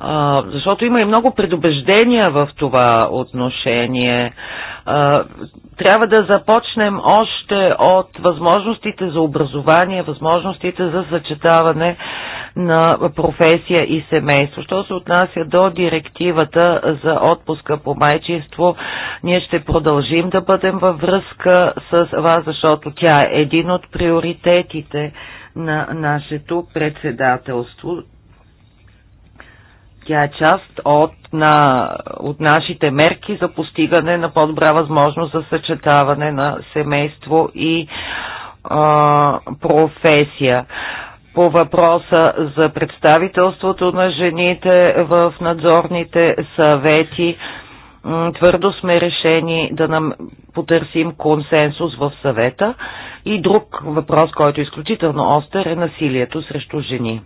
а, защото има и много предубеждения в това отношение. А, трябва да започнем още от възможностите за образование, възможностите за съчетаване на професия и семейство. Що се отнася до директивата за отпуска по майчинство, ние ще продължим да бъдем във връзка с вас, защото тя е един от приоритетите на нашето председателство тя е част от, на, от нашите мерки за постигане на по-добра възможност за съчетаване на семейство и а, професия по въпроса за представителството на жените в надзорните съвети. Твърдо сме решени да нам потърсим консенсус в съвета. И друг въпрос, който е изключително остър е насилието срещу жени.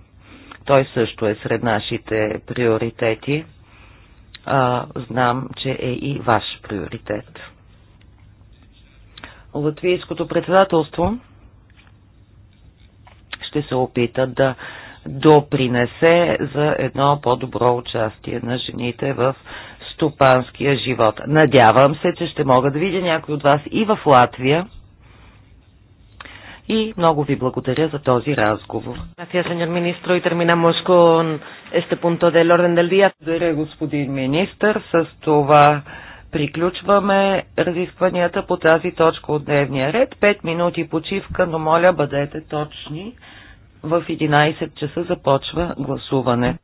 Той също е сред нашите приоритети. А, знам, че е и ваш приоритет. Латвийското председателство ще се опита да допринесе за едно по-добро участие на жените в стопанския живот. Надявам се, че ще мога да видя някой от вас и в Латвия. И много ви благодаря за този разговор. Благодаря, господин министр. С това Приключваме разискванията по тази точка от дневния ред. Пет минути почивка, но моля бъдете точни. В 11 часа започва гласуване.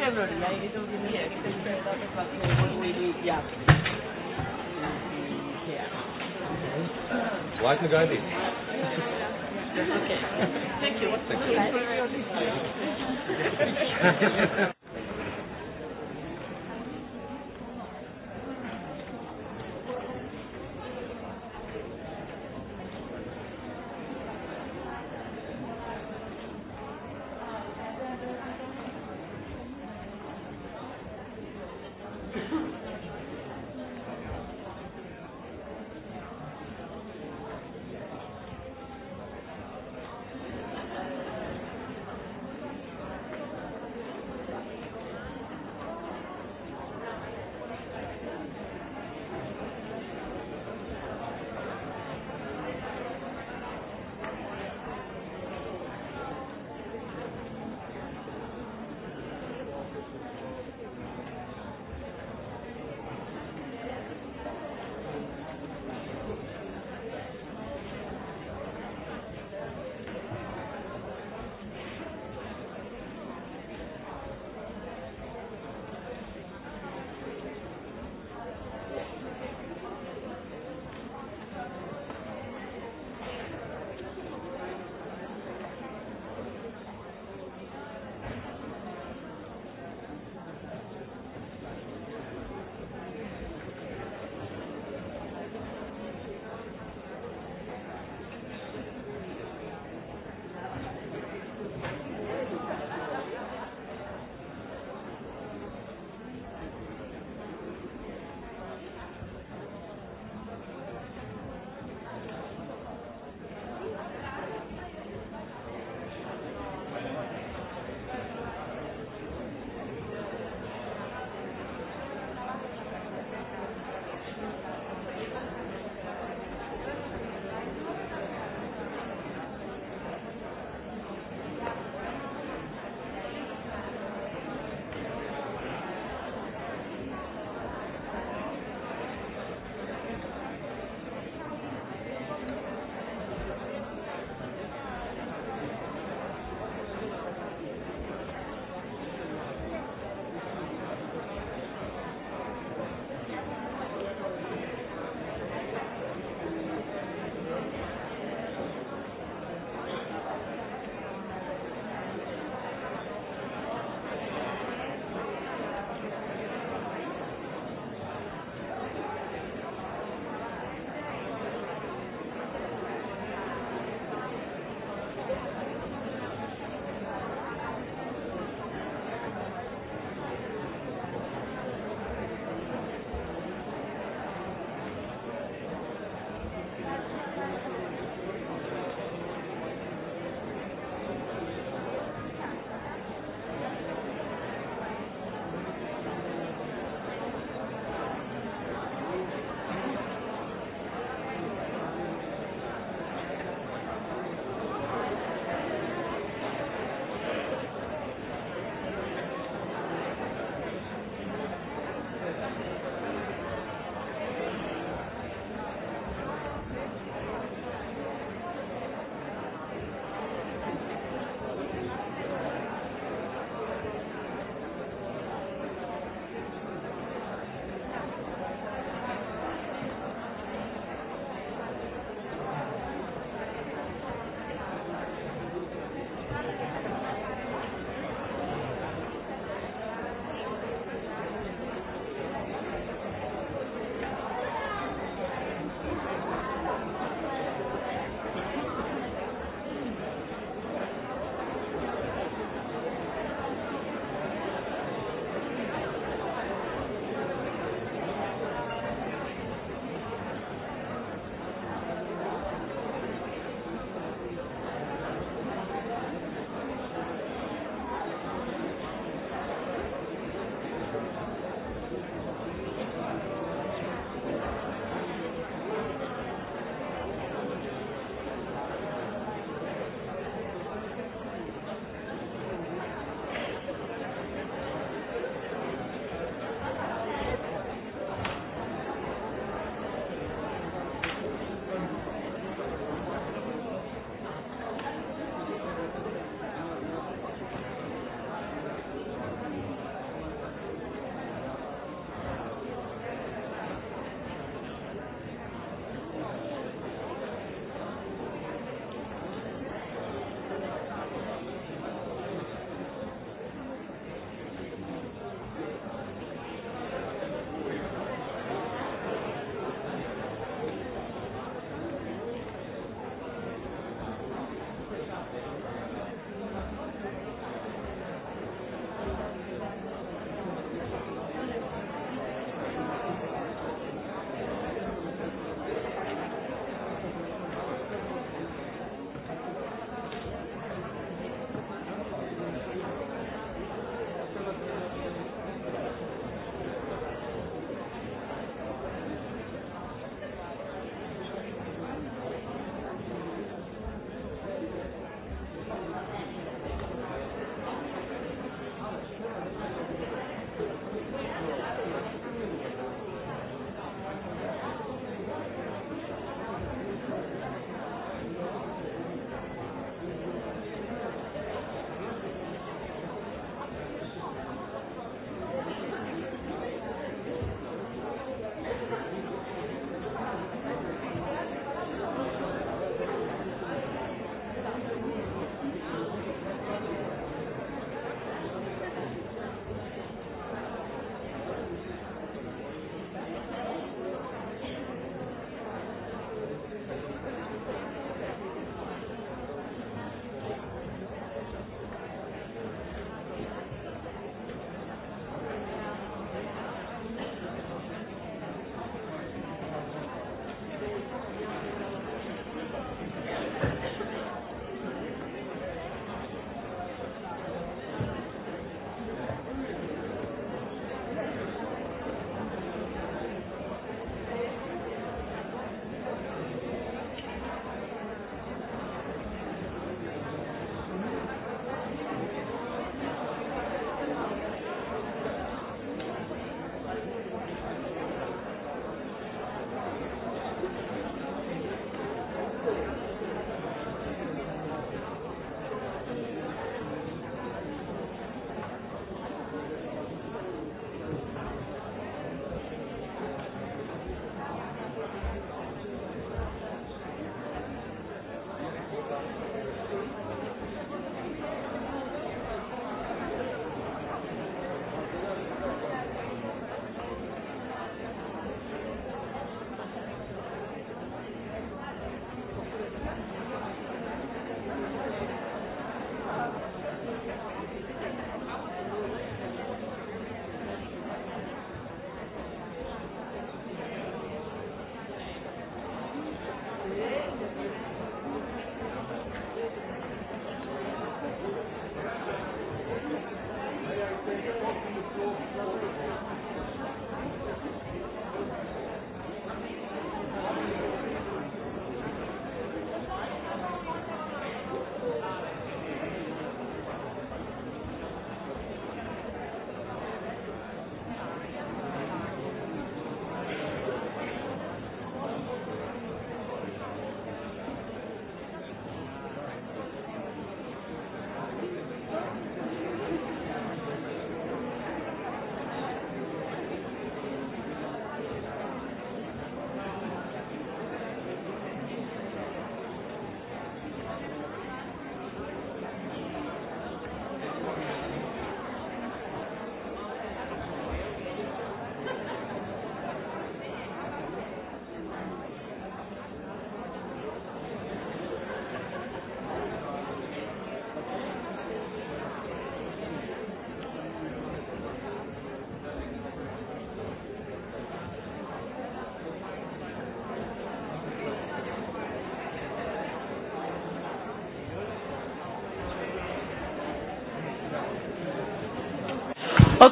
February. I don't Yeah. Yeah. Like the guy did. Okay. Thank you. Thank you.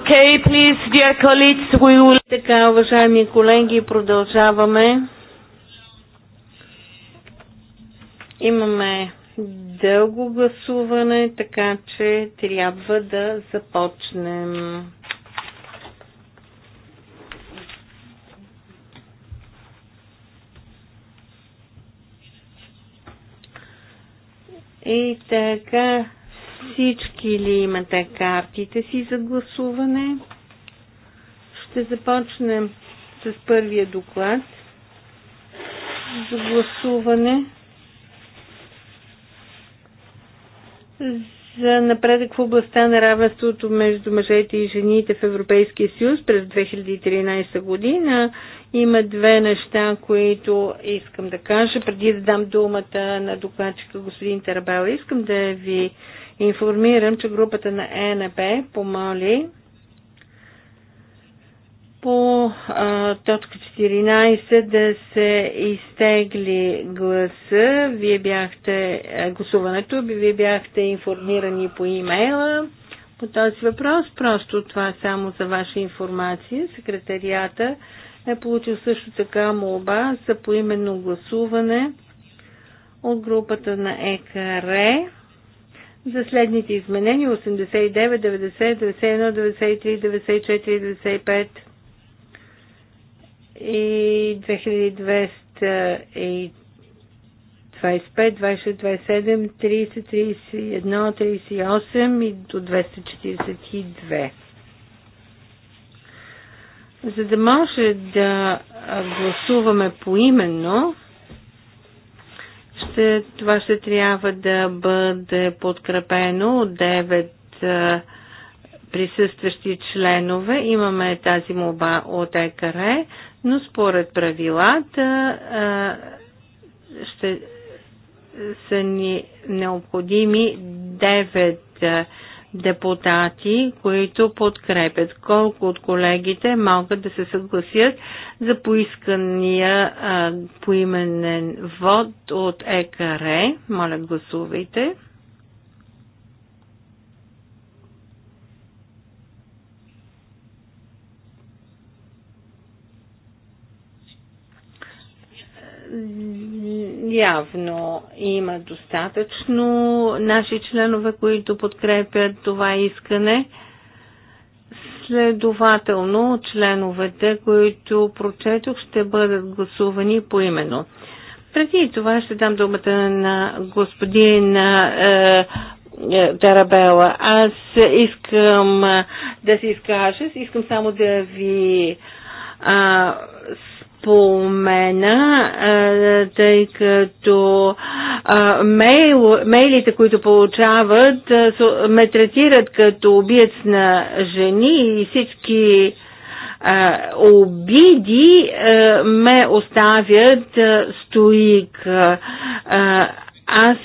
Okay, please, dear colleagues, we will... Така, уважаеми колеги, продължаваме. Имаме дълго гласуване, така че трябва да започнем. И така, всички ли имате картите си за гласуване? Ще започнем с първия доклад за гласуване за напредък в областта на равенството между мъжете и жените в Европейския съюз през 2013 година. Има две неща, които искам да кажа. Преди да дам думата на докладчика господин Тарабела, искам да ви информирам, че групата на ЕНП помоли по а, точка 14 да се изтегли гласа. Вие бяхте, гласуването, вие бяхте информирани по имейла по този въпрос. Просто това е само за ваша информация. Секретарията е получил също така молба за поименно гласуване от групата на ЕКР за следните изменения 89, 90, 91, 93, 94, 95 и 2225, 26, 27, 30, 31, 38 и до 242. За да може да гласуваме поименно, ще, това ще трябва да бъде подкрепено от 9 присъстващи членове. Имаме тази моба от ЕКР, но според правилата ще са ни необходими 9 депутати, които подкрепят. Колко от колегите могат да се съгласят за поискания а, поименен вод от ЕКР? Моля, гласувайте. явно има достатъчно наши членове, които подкрепят това искане. Следователно, членовете, които прочетох, ще бъдат гласувани по именно. Преди това ще дам думата на господин е, е Тарабела. Аз искам е, да се изкажа, искам само да ви а, спомена, тъй като мейл, мейлите, които получават, ме третират като убиец на жени и всички обиди ме оставят стоик. Аз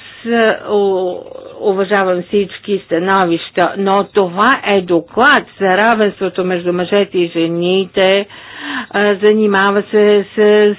уважавам всички становища, но това е доклад за равенството между мъжете и жените занимава се с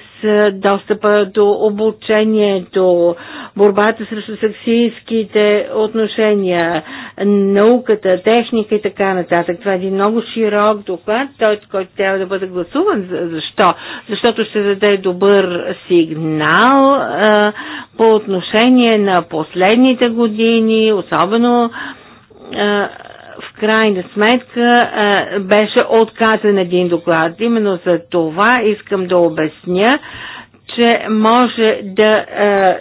достъпа до обучението, борбата срещу сексистските отношения, науката, техника и така нататък. Това е един много широк доклад, той, който трябва да бъде гласуван. Защо? Защото ще даде добър сигнал а, по отношение на последните години, особено а, в крайна сметка е, беше отказан един доклад. Именно за това искам да обясня, че може да е,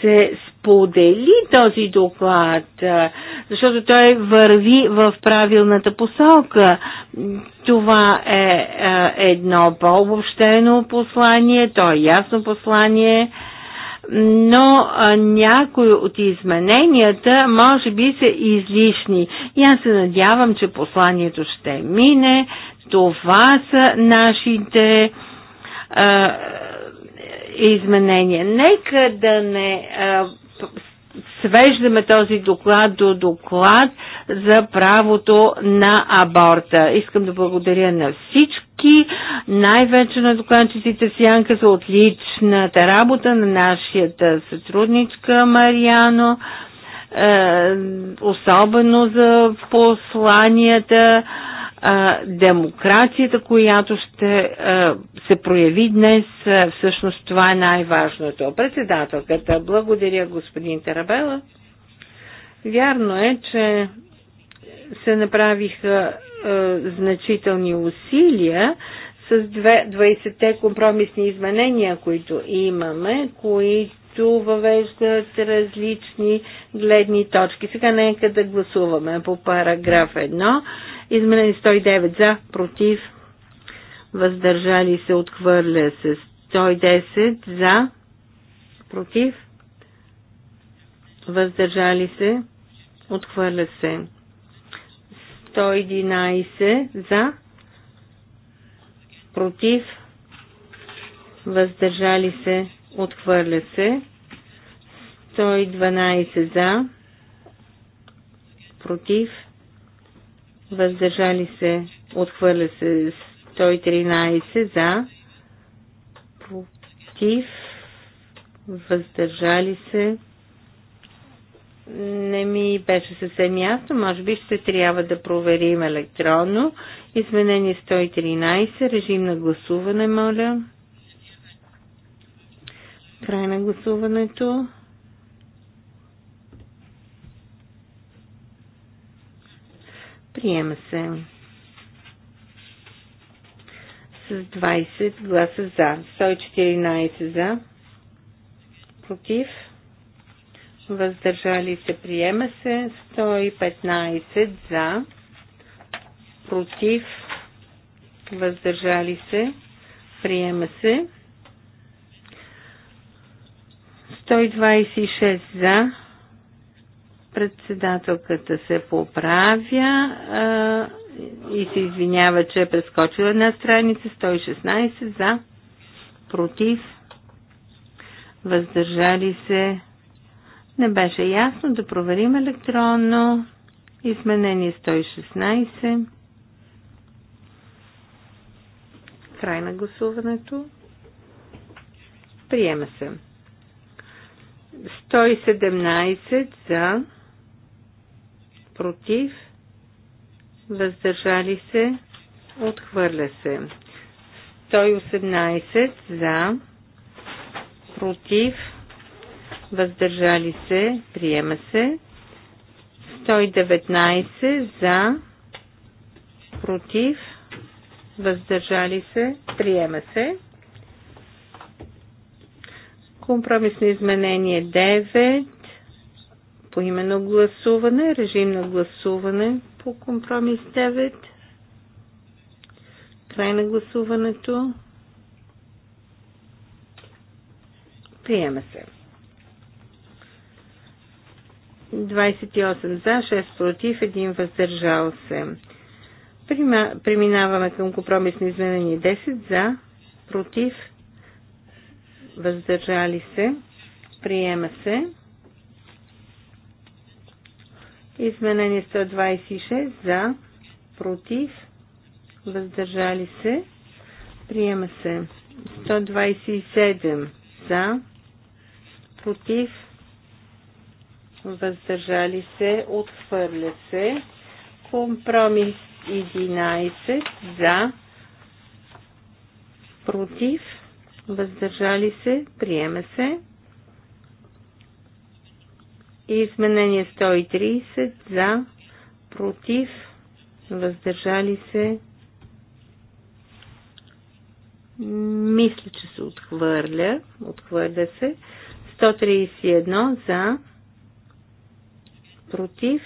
се сподели този доклад, е, защото той върви в правилната посока. Това е едно по-обобщено послание, то е ясно послание но някои от измененията може би са излишни. И аз се надявам, че посланието ще мине. Това са нашите а, изменения. Нека да не а, свеждаме този доклад до доклад за правото на аборта. Искам да благодаря на всички, най-вече на докладчиците Сянка за отличната работа на нашата сътрудничка Мариано, е, особено за посланията а демокрацията, която ще се прояви днес, всъщност това е най-важното. Председателката, благодаря господин Тарабела. Вярно е, че се направиха значителни усилия с 20-те компромисни изменения, които имаме, които които въвеждат различни гледни точки. Сега нека да гласуваме по параграф 1 изменени 109 за, против, въздържали се, отхвърля се 110 за, против, въздържали се, отхвърля се 111 за, против, въздържали се, отхвърля се 112 за, против, въздържали се, отхвърля се 113 за, против, въздържали се. Не ми беше съвсем ясно, може би ще трябва да проверим електронно. Изменение 113, режим на гласуване, моля. Край на гласуването. Приема се. С 20 гласа за. 114 за. Против. Въздържали се. Приема се. 115 за. Против. Въздържали се. Приема се. 126 за Председателката се поправя а, и се извинява, че е прескочила една страница. 116 за, против, въздържали се. Не беше ясно да проверим електронно. Изменение 116. Край на гласуването. Приема се. 117 за против, въздържали се, отхвърля се. 118 за, против, въздържали се, приема се. 119 за, против, въздържали се, приема се. Компромисно изменение 9 по именно гласуване, режим на гласуване по компромис 9. Край на гласуването. Приема се. 28 за, 6 против, 1 въздържал се. Преминаваме към компромисно изменение 10 за, против, въздържали се, приема се. Изменение 126 за, против, въздържали се, приема се. 127 за, против, въздържали се, отхвърля се. Компромис 11 за, против, въздържали се, приема се. Изменение 130 за, против, въздържали се. Мисля, че се отхвърля. Отхвърля се. 131 за, против,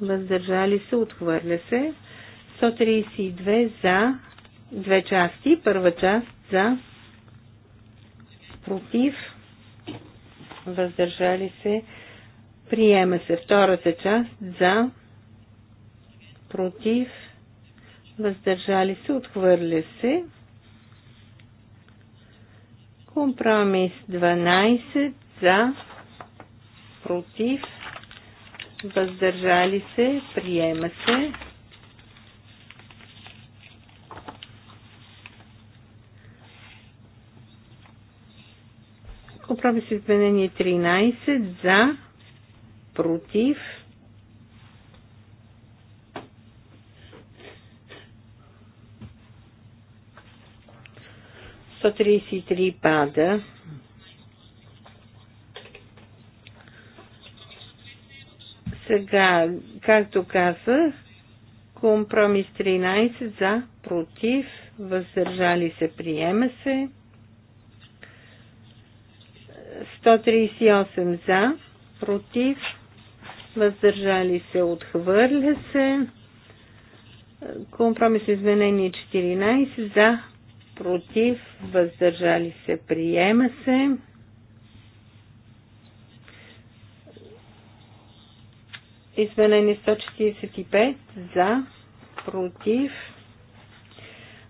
въздържали се, отхвърля се. 132 за, две части, първа част за, против, въздържали се, приема се. Втората част за, против, въздържали се, отхвърля се. Компромис 12 за, против, въздържали се, приема се. Компромис изменение 13 за, против, Сто тридесет и пада. Сега, както казах, компромис 13 за, против, въздържали се, приема се. 138 за, против, въздържали се, отхвърля се. Компромис изменение 14 за, против, въздържали се, приема се. Изменение 145 за, против,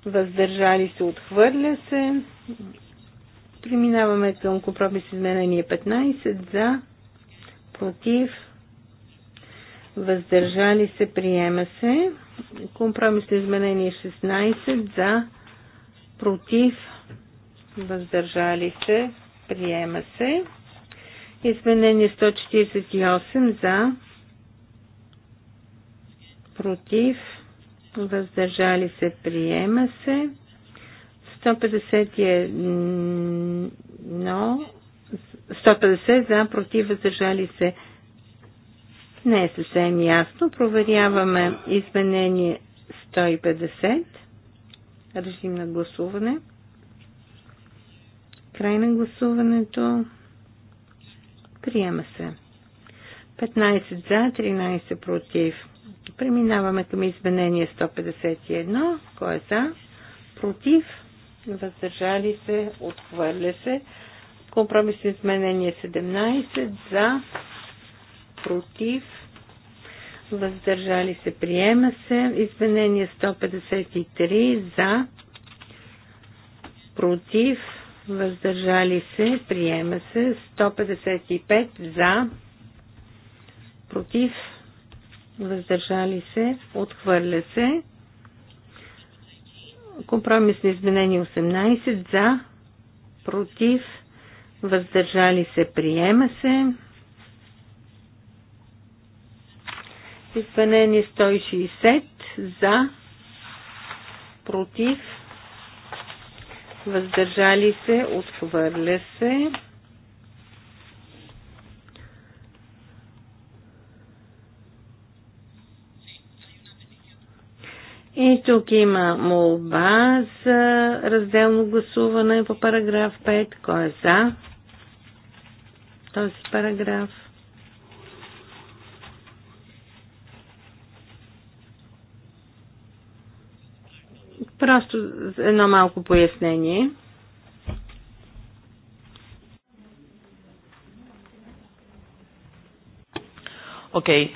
въздържали се, отхвърля се. Преминаваме към компромис изменение 15 за, против, въздържали се, приема се. Компромис изменение 16 за, против, въздържали се, приема се. Изменение 148 за, против, въздържали се, приема се. 150 за, против, въздържали се. Не е съвсем ясно. Проверяваме изменение 150. Режим на гласуване. Край на гласуването. Приема се. 15 за, 13 против. Преминаваме към изменение 151. Кой е за? Против? въздържали се, отхвърля се. Компромисно изменение 17 за, против, въздържали се, приема се. Изменение 153 за, против, въздържали се, приема се. 155 за, против, въздържали се, отхвърля се. Компромисни изменение 18 за, против, въздържали се, приема се. Изменение 160 за, против, въздържали се, отхвърля се. И тук има молба за разделно гласуване по параграф 5. Кой е за този параграф? Просто едно малко пояснение. Окей. Okay.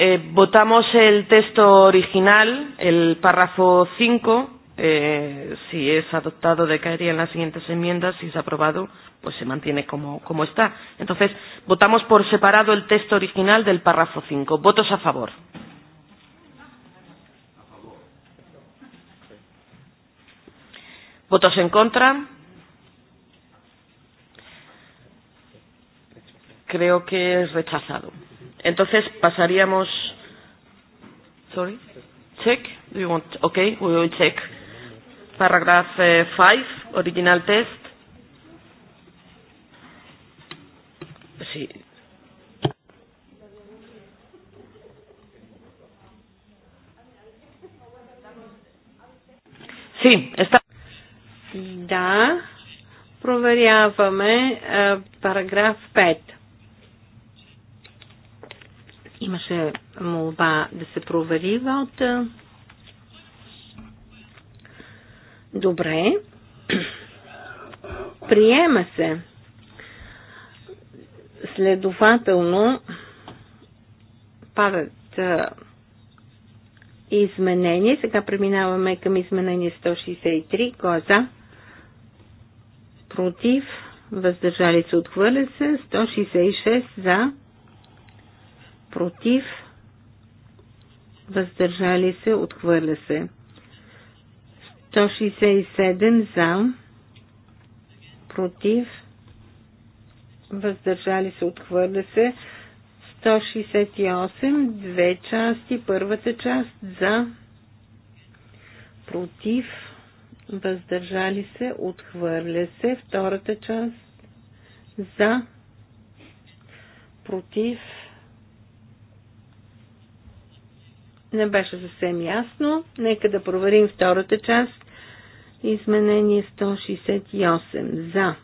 Eh, votamos el texto original, el párrafo 5. Eh, si es adoptado, decaerían las siguientes enmiendas. Si es aprobado, pues se mantiene como, como está. Entonces, votamos por separado el texto original del párrafo 5. ¿Votos a favor? ¿Votos en contra? Creo que es rechazado. Entonces pasaríamos. Sorry? Check? Do you want? Okay, we will check. Paragraph uh, 5, original test. Sí, Sí, está. Да, проверяваме uh, параграф 5. Имаше молба да се провери валта. Добре. Приема се. Следователно падат изменения. Сега преминаваме към изменение 163. Кой е за? Против. Въздържали се отхвърля се. 166 за против, въздържали се, отхвърля се. 167 за, против, въздържали се, отхвърля се. 168, две части, първата част за, против, въздържали се, отхвърля се, втората част за, против, Не беше съвсем ясно. Нека да проверим втората част. Изменение 168. За.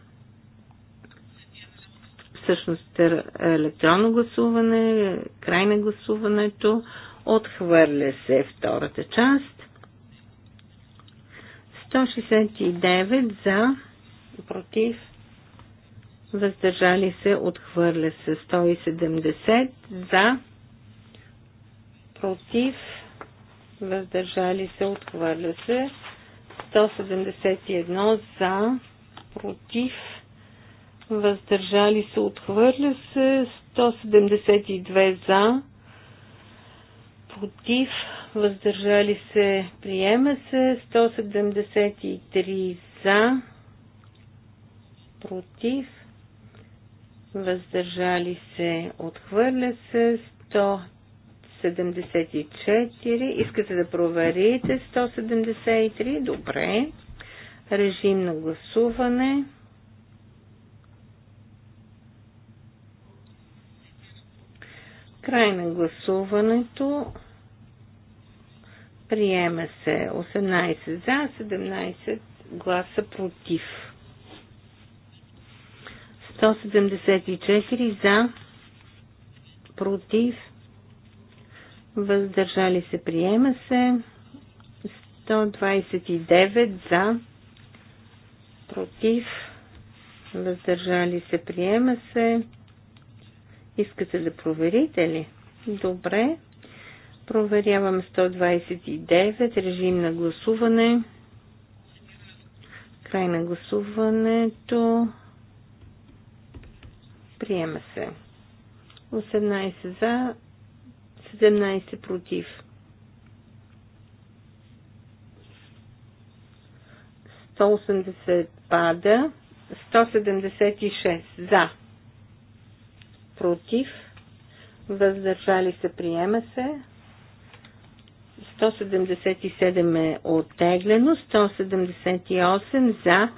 Всъщност е електронно гласуване, край на гласуването. Отхвърля се втората част. 169 за, против, въздържали се, отхвърля се 170 за, против, въздържали се, отхвърля се. 171 за, против, въздържали се, отхвърля се. 172 за, против, въздържали се, приема се. 173 за, против, въздържали се, отхвърля се. 100 174. Искате да проверите 173. Добре. Режим на гласуване. Край на гласуването. Приема се 18 за, 17 гласа против. 174 за, против въздържали се, приема се. 129 за, против, въздържали се, приема се. Искате да проверите ли? Добре. Проверявам 129, режим на гласуване. Край на гласуването. Приема се. 18 за, 17 против. 180 пада. 176 за. Против. Въздържали се, приема се. 177 е оттеглено. 178 за.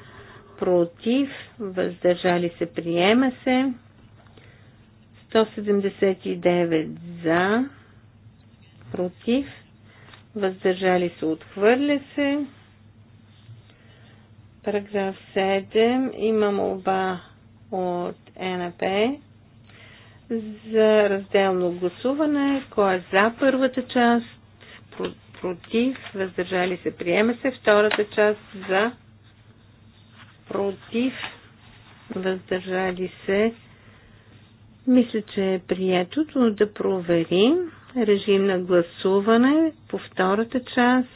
Против. Въздържали се, приема се. 179 за против, въздържали се, отхвърля се. Параграф 7 има молба от НП за разделно гласуване. Кой е за първата част? Против, въздържали се, приема се. Втората част за против, въздържали се. Мисля, че е прието, но да проверим режим на гласуване по втората част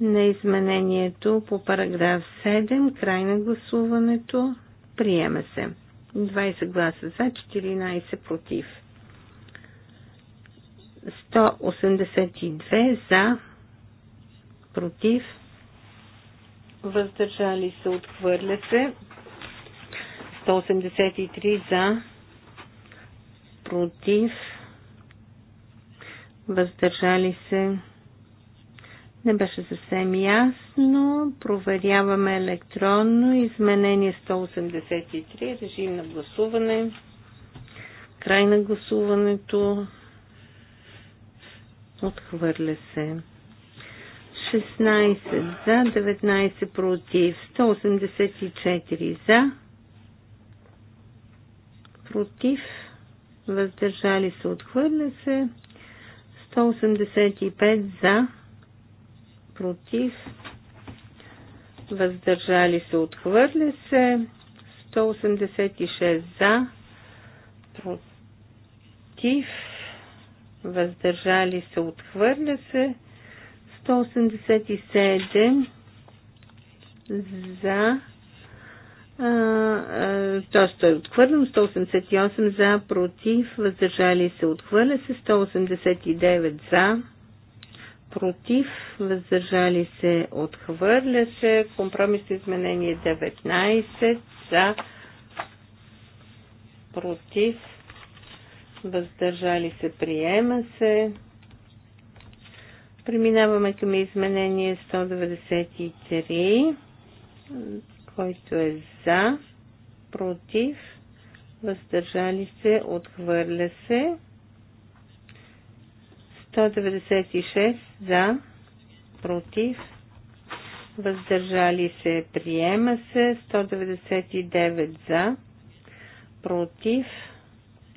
на изменението по параграф 7, край на гласуването, приема се. 20 гласа за, 14 против. 182 за, против, въздържали се, отхвърля се. 183 за, против, въздържали се. Не беше съвсем ясно. Проверяваме електронно изменение 183, режим на гласуване, край на гласуването, отхвърля се. 16 за, 19 против, 184 за, против, въздържали се, отхвърля се. 185 за, против, въздържали се, отхвърля се. 186 за, против, въздържали се, отхвърля се. 187 за, Тоест той е отхвърлен, 188 за, против, въздържали се, отхвърля се, 189 за, против, въздържали се, отхвърля се, компромисно изменение 19 за, против, въздържали се, приема се. Преминаваме към изменение 193 който е за, против, въздържали се, отхвърля се. 196 за, против, въздържали се, приема се. 199 за, против,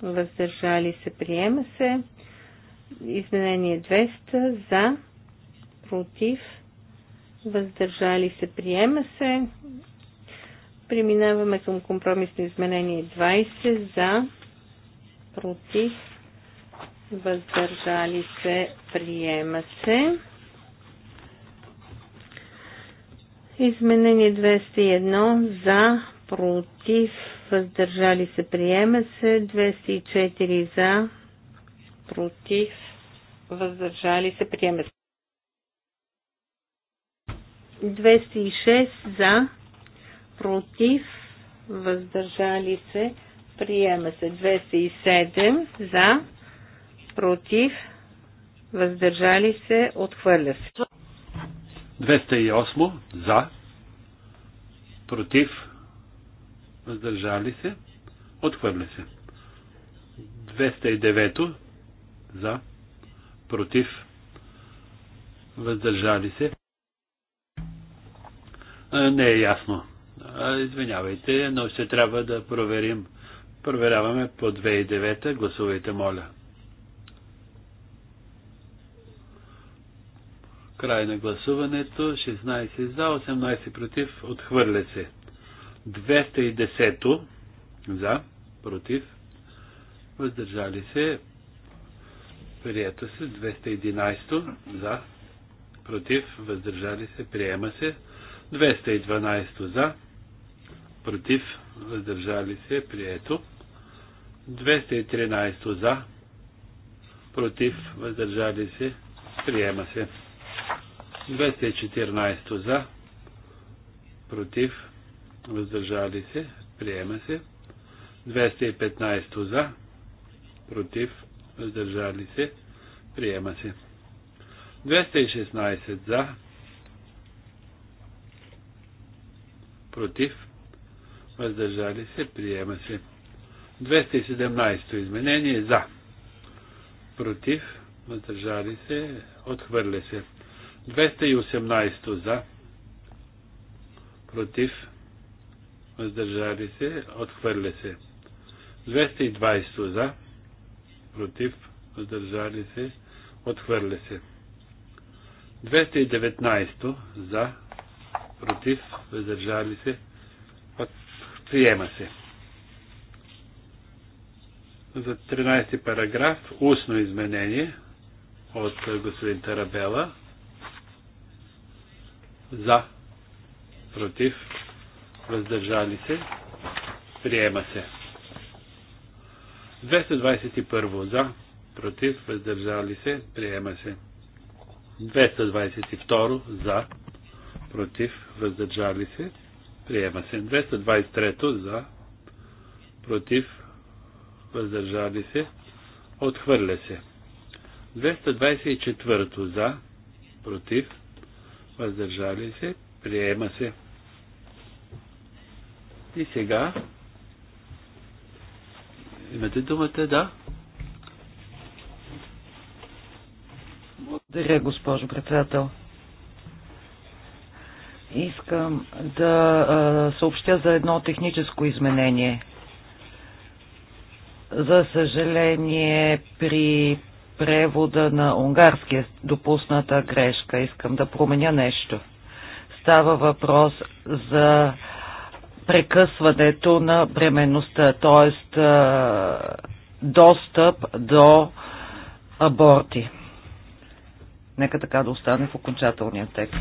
въздържали се, приема се. Изменение 200 за, против, въздържали се, приема се. Преминаваме към компромисно изменение 20 за, против, въздържали се, приема се. Изменение 201 за, против, въздържали се, приема се. 204 за, против, въздържали се, приема се. 206 за, против, въздържали се, приема се 207 за, против, въздържали се, отхвърля се. 208 за, против, въздържали се, отхвърля се. 209 за, против, въздържали се. Е, не е ясно. Извинявайте, но ще трябва да проверим. Проверяваме по 2009. Гласувайте, моля. Край на гласуването. 16 за, 18 против. Отхвърля се. 210 за, против. Въздържали се. Прието се. 211 за, против. Въздържали се. Приема се. 212 за, против, въздържали се, прието. 213 за, против, въздържали се, приема се. 214 за, против, въздържали се, приема се. 215 за, против, въздържали се, приема се. 216 за, против, въздържали се, приема се. 217 изменение за, против, въздържали се, отхвърля се. 218 за, против, въздържали се, отхвърля се. 220 за, против, въздържали се, отхвърля се. 219 за, против, въздържали се, се. Приема се. За 13 параграф устно изменение от господин Тарабела. За. Против. Въздържали се. Приема се. 221 за. Против. Въздържали се. Приема се. 222 за. Против. Въздържали се. Приема се. 223 за, против, въздържали се, отхвърля се. 224 за, против, въздържали се, приема се. И сега имате думата, да? Благодаря, госпожо председател. Искам да съобщя за едно техническо изменение. За съжаление, при превода на унгарски е допусната грешка. Искам да променя нещо. Става въпрос за прекъсването на бременността, т.е. достъп до аборти. Нека така да остане в окончателния текст.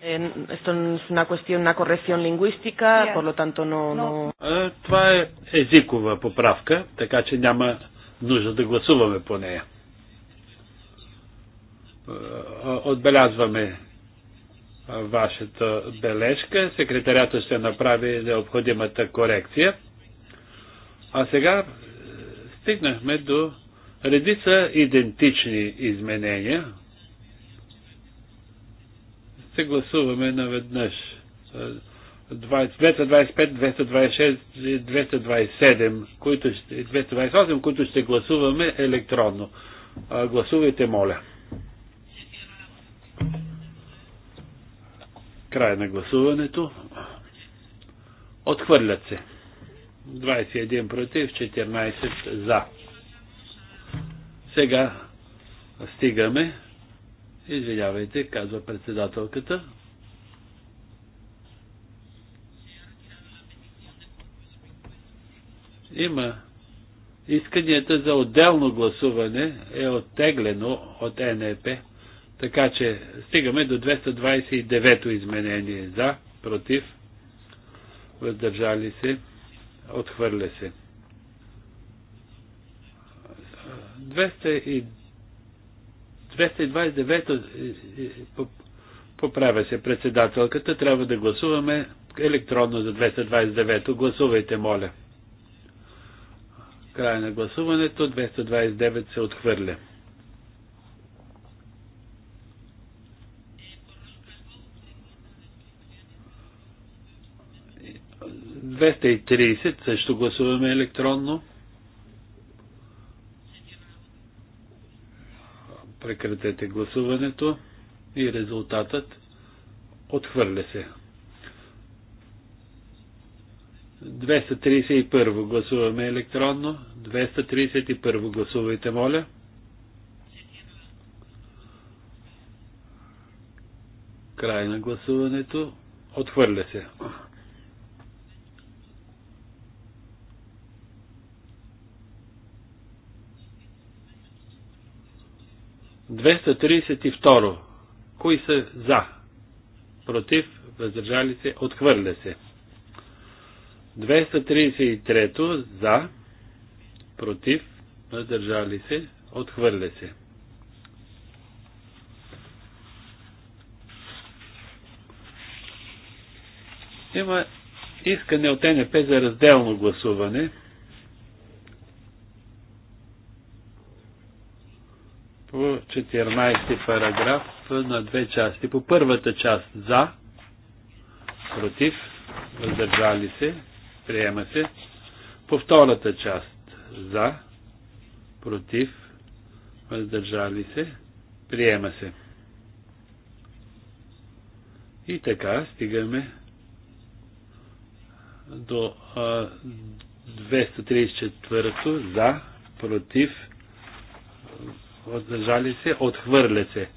En, esto es una cuestión, una corrección lingüística, yeah. por lo tanto no... no... Е, това е езикова поправка, така че няма нужда да гласуваме по нея. Е, отбелязваме е, вашата бележка. Секретарята ще направи необходимата корекция. А сега стигнахме до редица идентични изменения, ще гласуваме наведнъж. 225, 226, 227, които ще, 228, които ще гласуваме електронно. Гласувайте, моля. Край на гласуването. Отхвърлят се. 21 против, 14 за. Сега стигаме Извинявайте, казва председателката. Има исканията за отделно гласуване е оттеглено от НЕП, така че стигаме до 229-то изменение за, против, въздържали се, отхвърля се. 209 229 е, е, е, поправя се председателката. Трябва да гласуваме електронно за 229. Гласувайте, моля. Края на гласуването. 229 се отхвърля. Двеста също гласуваме електронно. Прекратете гласуването и резултатът отхвърля се. 231 гласуваме електронно. 231 гласувайте, моля. Край на гласуването. Отхвърля се. 232. Кои са за? Против? Въздържали се? Отхвърля се. 233. За? Против? Въздържали се? Отхвърля се. Има искане от НП за разделно гласуване в 14 параграф на две части. По първата част за, против, въздържали се, приема се. По втората част за, против, въздържали се, приема се. И така стигаме до 234 за, против, въздържали се, отхвърля се.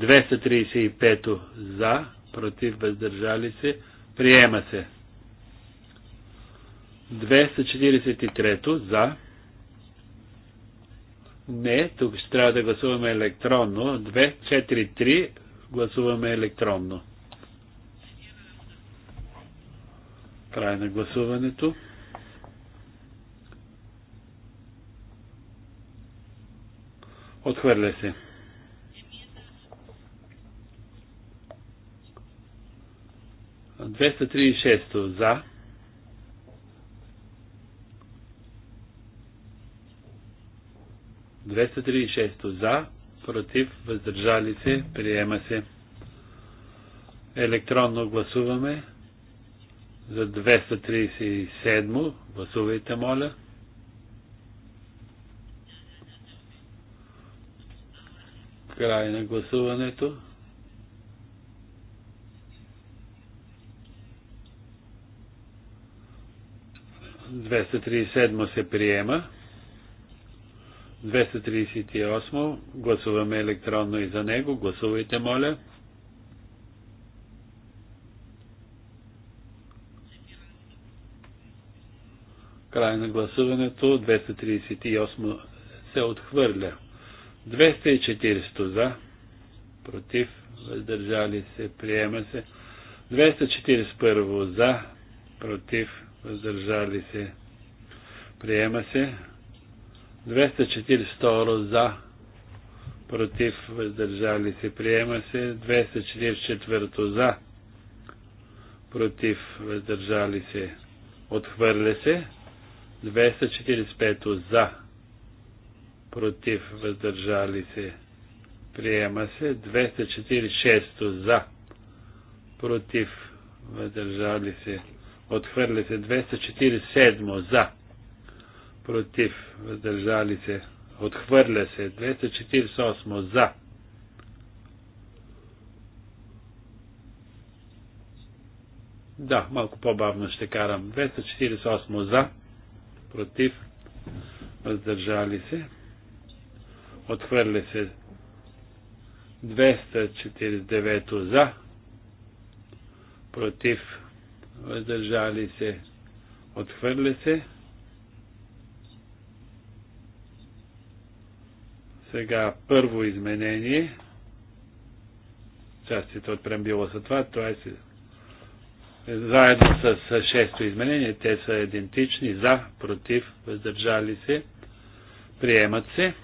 235 за, против, въздържали се, приема се. 243 за. Не, тук ще трябва да гласуваме електронно. 243 гласуваме електронно. Край на гласуването. Отхвърля се. Двеста за. Двеста за. Против. Въздържали се. Приема се. Електронно гласуваме за 237. Гласувайте, моля. Край на гласуването. Двеста се приема. 238. Гласуваме електронно и за него. Гласувайте, моля. Край на гласуването. 238 се отхвърля. 240 за, против, въздържали се, приема се. 241 за, против, въздържали се, приема се. 242 за, против, въздържали се, приема се. 244 за, против, въздържали се, отхвърля се. 245 за, против, въздържали се, приема се. 246 за, против, въздържали се, отхвърля се. 247 за, против, въздържали се, отхвърля се. 248 за, Да, малко по-бавно ще карам. 248 за, против, въздържали се, Отхвърля се 249 за, против, въздържали се, отхвърля се. Сега първо изменение. Частите от прембило са това, това е заедно с шесто изменение. Те са идентични за, против, въздържали се, приемат се.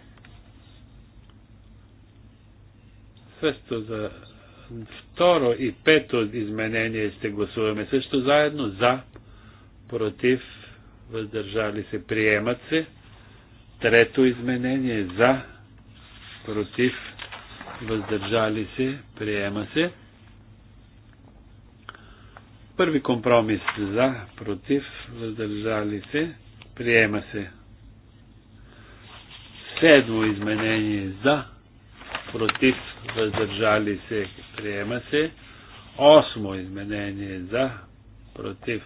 също за второ и пето изменение ще гласуваме също заедно. За, против, въздържали се, приемат се. Трето изменение за, против, въздържали се, приема се. Първи компромис за, против, въздържали се, приема се. Седмо изменение за, против, въздържали се, приема се. Осмо изменение за, против,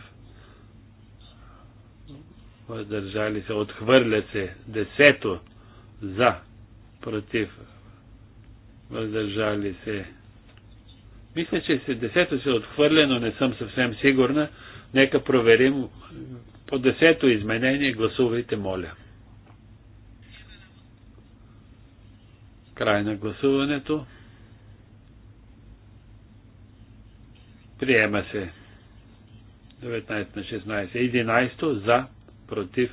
въздържали се, отхвърля се. Десето за, против, въздържали се. Мисля, че се, десето се отхвърля, но не съм съвсем сигурна. Нека проверим по десето изменение. Гласувайте, моля. Край на гласуването. Приема се. 19 на 16. 11 за, против,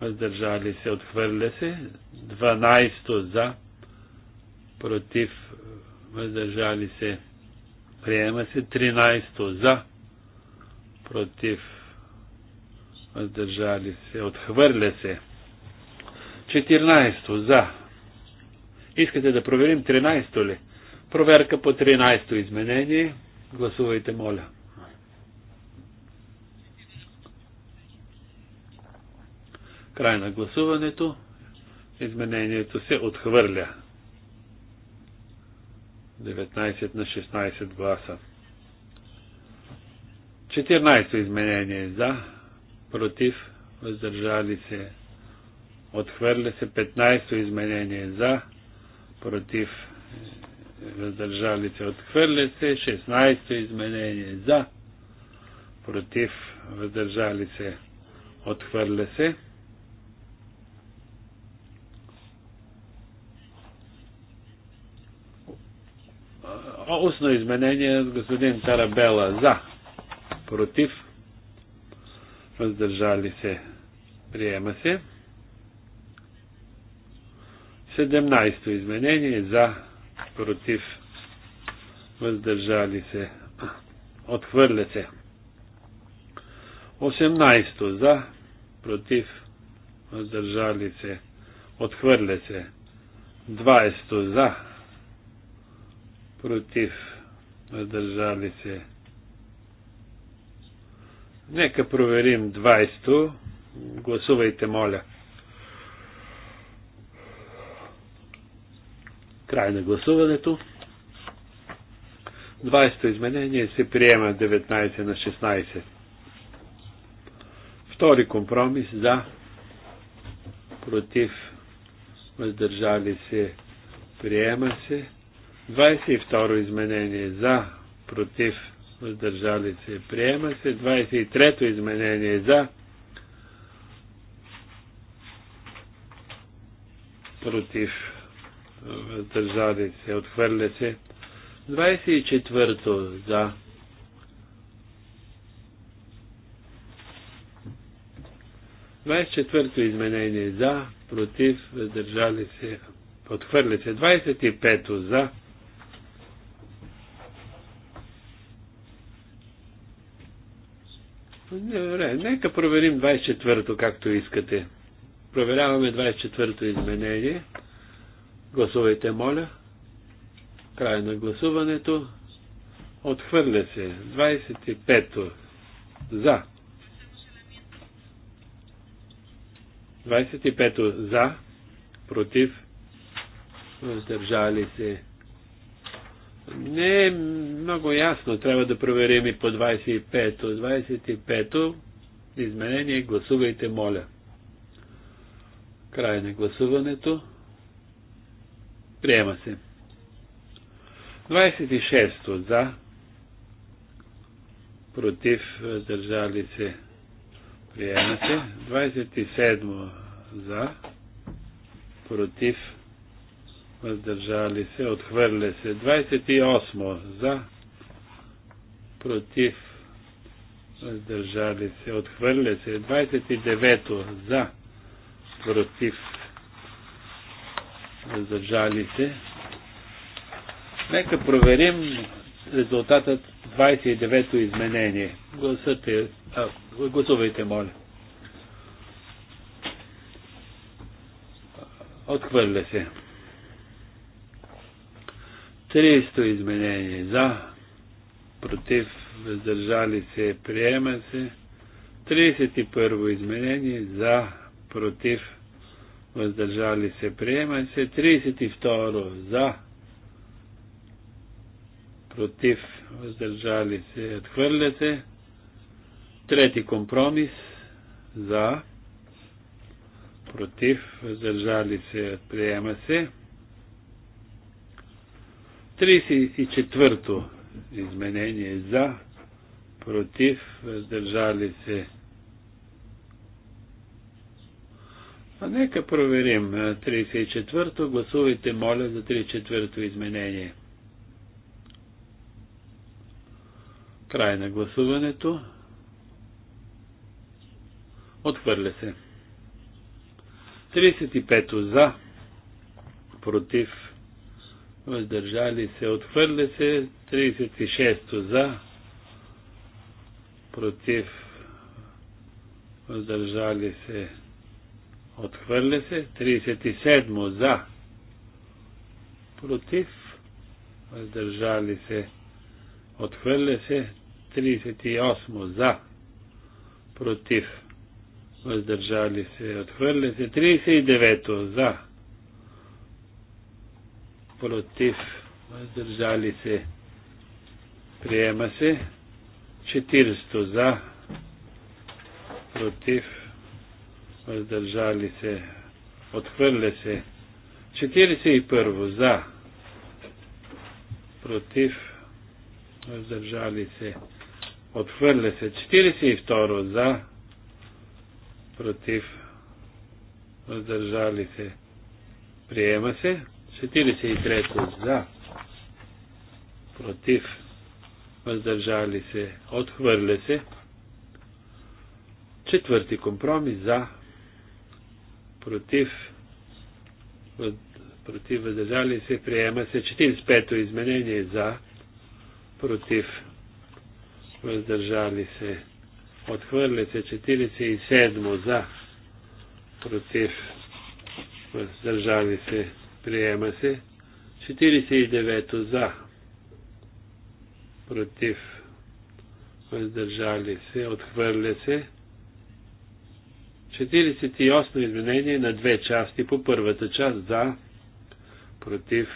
въздържали се, отхвърля се. 12 за, против, въздържали се, приема се. 13 за, против, въздържали се, отхвърля се. 14 за, Искате да проверим 13-то ли? Проверка по 13-то изменение. Гласувайте, моля. Край на гласуването. Изменението се отхвърля. 19 на 16 гласа. 14 изменение за, против, въздържали се, отхвърля се 15 изменение за, против, въздържали се, отхвърля се. 16-то изменение за, против, въздържали се, отхвърля се. Устно изменение от господин Тарабела за, против, въздържали се, приема се. 17-то изменение за, против, въздържали се, отхвърля се. 18-то за, против, въздържали се, отхвърля се. 20-то за, против, въздържали се. Нека проверим 20-то. Гласувайте, моля. Край на гласуването. 20-то изменение се приема 19 на 16. Втори компромис за, против, въздържали се, приема се. 22-ро изменение за, против, въздържали се, приема се. 23-то изменение за, против, въздържали се, отхвърля се. 24-то за. 24-то изменение за, против, въздържали се, отхвърля се. 25 то за, Добре, нека проверим 24-то, както искате. Проверяваме 24-то изменение. Гласувайте, моля. Край на гласуването. Отхвърля се. 25-то. За. 25-то. За. Против. Въздържали се. Не е много ясно. Трябва да проверим и по 25-то. 25-то. Изменение. Гласувайте, моля. Край на гласуването. Приема се. 26 за. Против. Въздържали се. Приема се. 27 за. Против. Въздържали се. Отхвърля се. 28 за. Против. Въздържали се. Отхвърля се. 29 за. Против въздържали се. Нека проверим резултатът 29-то изменение. Гласате, а, гласувайте, моля. Отхвърля се. 300 изменение за, против, въздържали се, приема се. 31 изменение за, против, въздържали се, приема се. 32 за, против, въздържали се, отхвърля се. Трети компромис за, против, въздържали се, приема се. 34 изменение за, против, въздържали се, А нека проверим 34-то. Гласувайте, моля, за 34-то изменение. Край на гласуването. Отхвърля се. 35-то за, против, въздържали се, отхвърля се. 36-то за, против, въздържали се, Отхвърля се. 37 за. Против. Въздържали се. Отхвърля се. 38 за. Против. Въздържали се. Отхвърля се. 39 за. Против. Въздържали се. Приема се. 40 за. Против въздържали се, отхвърля се. 41 за, против, въздържали се, отхвърля се. 42 за, против, въздържали се, приема се. 43 за, против, въздържали се, отхвърля се. Четвърти компромис за, против, против въздържали се, приема се 45-то изменение за, против, въздържали се, отхвърля се 47-мо за, против, въздържали се, приема се 49-то за, против, въздържали се, отхвърля се 48 изменение на две части. По първата част за, против,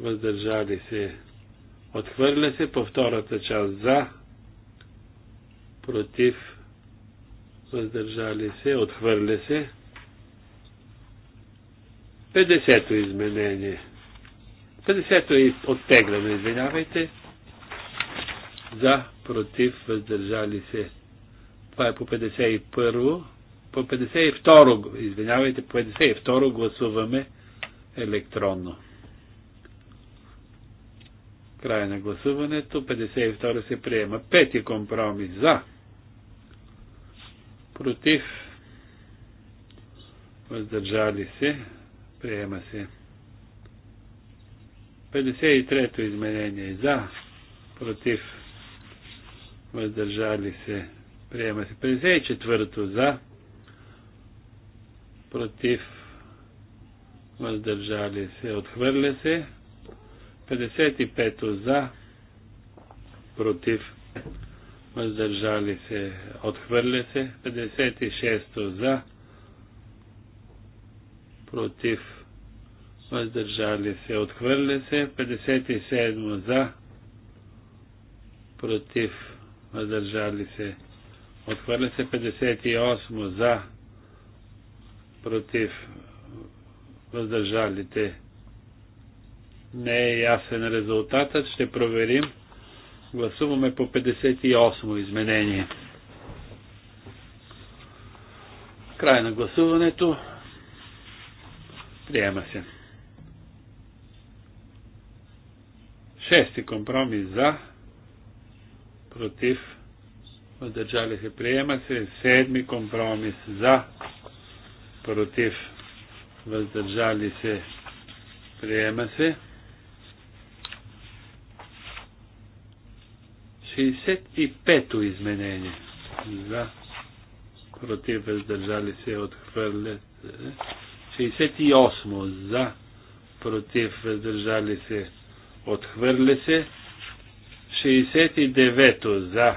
въздържали се. Отхвърля се по втората част за, против, въздържали се, отхвърля се. 50-то изменение. 50-то е оттегляно, извинявайте. За, против, въздържали се това е по 51. По 52, извинявайте, по 52 гласуваме електронно. Край на гласуването. 52 се приема. Пети компромис. За. Против. Въздържали се. Приема се. 53-то изменение. За. Против. Въздържали се. Приема се 54-то за. Против. Въздържали се. Отхвърля се. 55-то за. Против. Въздържали се. Отхвърля се. 56-то за. Против. Въздържали се. Отхвърля се. 57 за. Против въздържали се, Отхвърля се 58 за, против, въздържалите. Не е ясен резултатът. Ще проверим. Гласуваме по 58 изменение. Край на гласуването. Приема се. Шести компромис за, против, въздържали се, приема се. Седми компромис за, против, въздържали се, приема се. 65-то изменение за, против, въздържали се, отхвърлят. 68 за, против, въздържали се, отхвърля се. 69 за,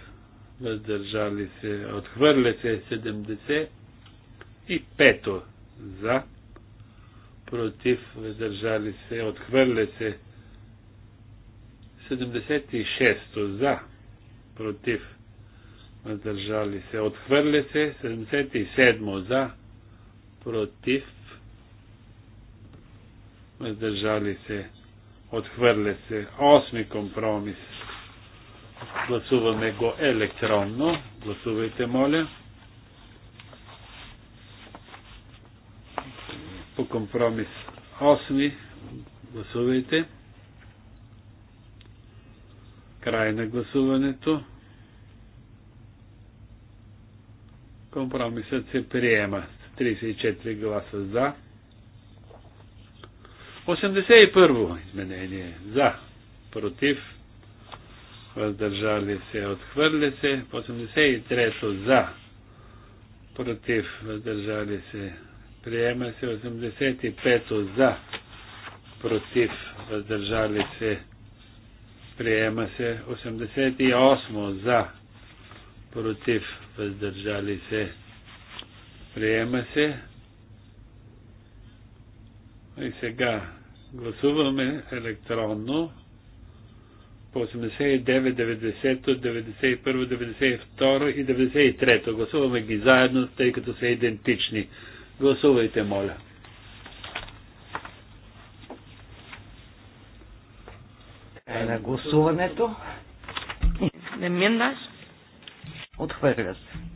въздържали се, отхвърля се 70 и пето за, против, въздържали се, отхвърля се 76 за, против, въздържали се, отхвърля се 77 за, против, въздържали се, отхвърля се 8 компромис Гласуваме го електронно. Гласувайте, моля. По компромис 8. Гласувайте. Край на гласуването. Компромисът се приема. 34 гласа за. 81 изменение за. Против въздържали се, отхвърли се. 83-то за, против, въздържали се, приема се. 85-то за, против, въздържали се, приема се. 88-то за, против, въздържали се, приема се. И сега гласуваме електронно по 89, 90, 91, 92 и 93. Гласуваме ги заедно, тъй като са идентични. Гласувайте, моля. Край е, на гласуването. Е, Не минаш? Отхвърля се.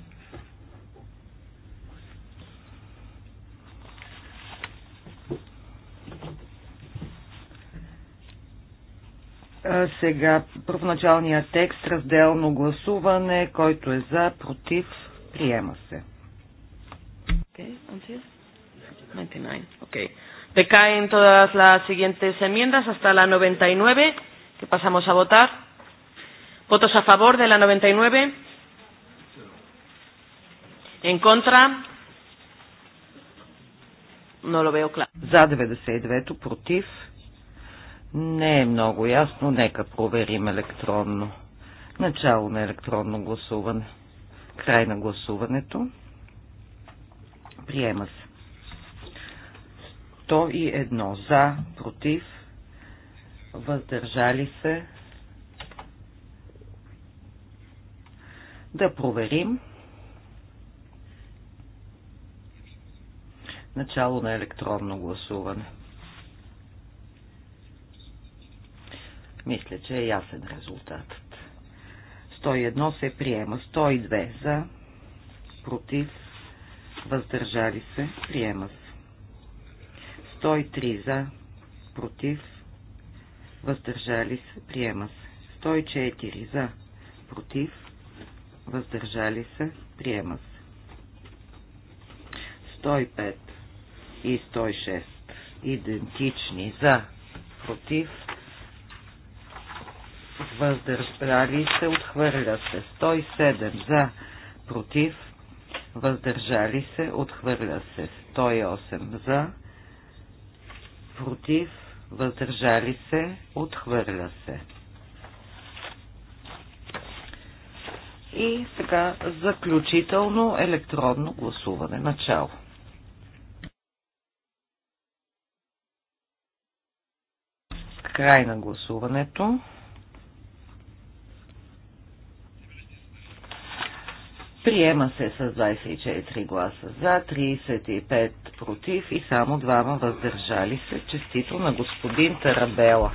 Сега първоначалния текст, разделно гласуване, който е за, против, приема се. Okay, Decaen todas las siguientes enmiendas hasta la 99, que pasamos a votar. ¿Votos a favor de la 99? ¿En contra? No lo veo claro. За 92-то, против. Не е много ясно, нека проверим електронно. Начало на електронно гласуване. Край на гласуването. Приема се. и едно за, против, въздържали се. Да проверим. Начало на електронно гласуване. Мисля, че е ясен резултатът. 101 се приема. 102 за, против, въздържали се, приема се. 103 за, против, въздържали се, приема се. 104 за, против, въздържали се, приема се. 105 и 106 идентични за, против, въздържали се, отхвърля се. 107 за, против, въздържали се, отхвърля се. 108 за, против, въздържали се, отхвърля се. И сега заключително електронно гласуване. Начало. Край на гласуването. Приема се с 24 гласа за, 35 против и само двама въздържали се. Честито на господин Тарабела.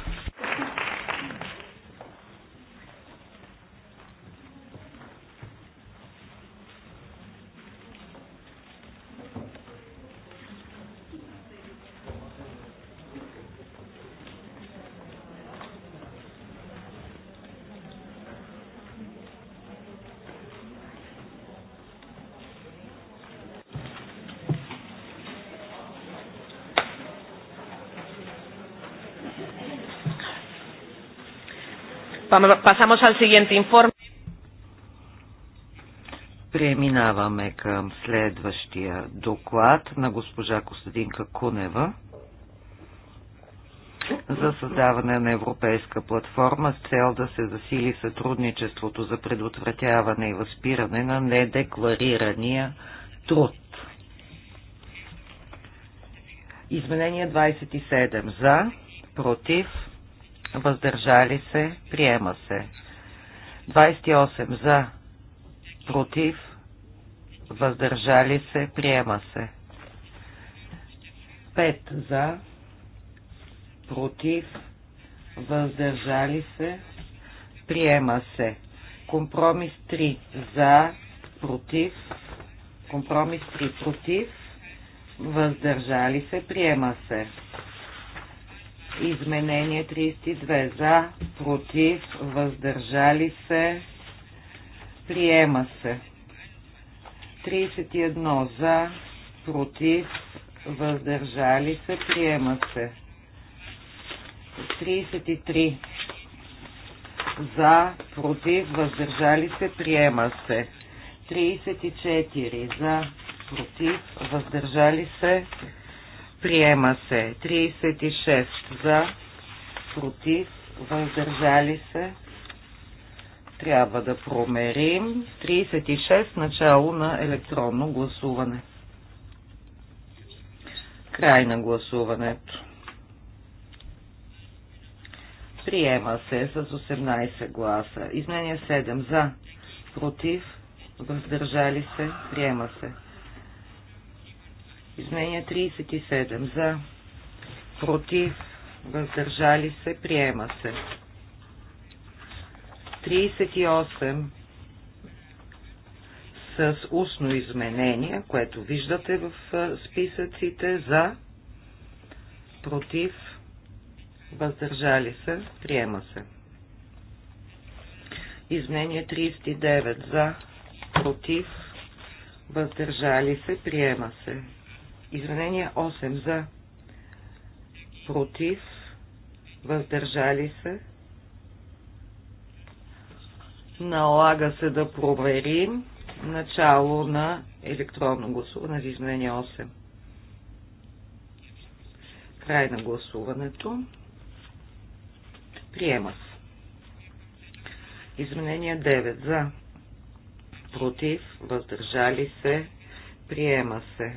pasamos al siguiente informe. Преминаваме към следващия доклад на госпожа Костадинка Кунева за създаване на европейска платформа с цел да се засили сътрудничеството за предотвратяване и възпиране на недекларирания труд. Изменение 27 за, против, въздържали се, приема се. 28 за, против, въздържали се, приема се. 5 за, против, въздържали се, приема се. Компромис 3 за, против, компромис 3 против, въздържали се, приема се. Изменение 32 за, против, въздържали се, приема се. 31 за, против, въздържали се, приема се. 33 за, против, въздържали се, приема се. 34 за, против, въздържали се, приема се. Приема се 36 за, против, въздържали се. Трябва да промерим. 36 начало на електронно гласуване. Край на гласуването. Приема се с 18 гласа. Изменя 7 за, против, въздържали се. Приема се. Изменя 37 за, против, въздържали се, приема се. 38 с устно изменение, което виждате в списъците за, против, въздържали се, приема се. Изменение 39 за, против, въздържали се, приема се. Изменение 8 за против, въздържали се. Налага се да проверим начало на електронно гласуване за изменение 8. Край на гласуването. Приема се. Изменение 9 за. Против, въздържали се, приема се.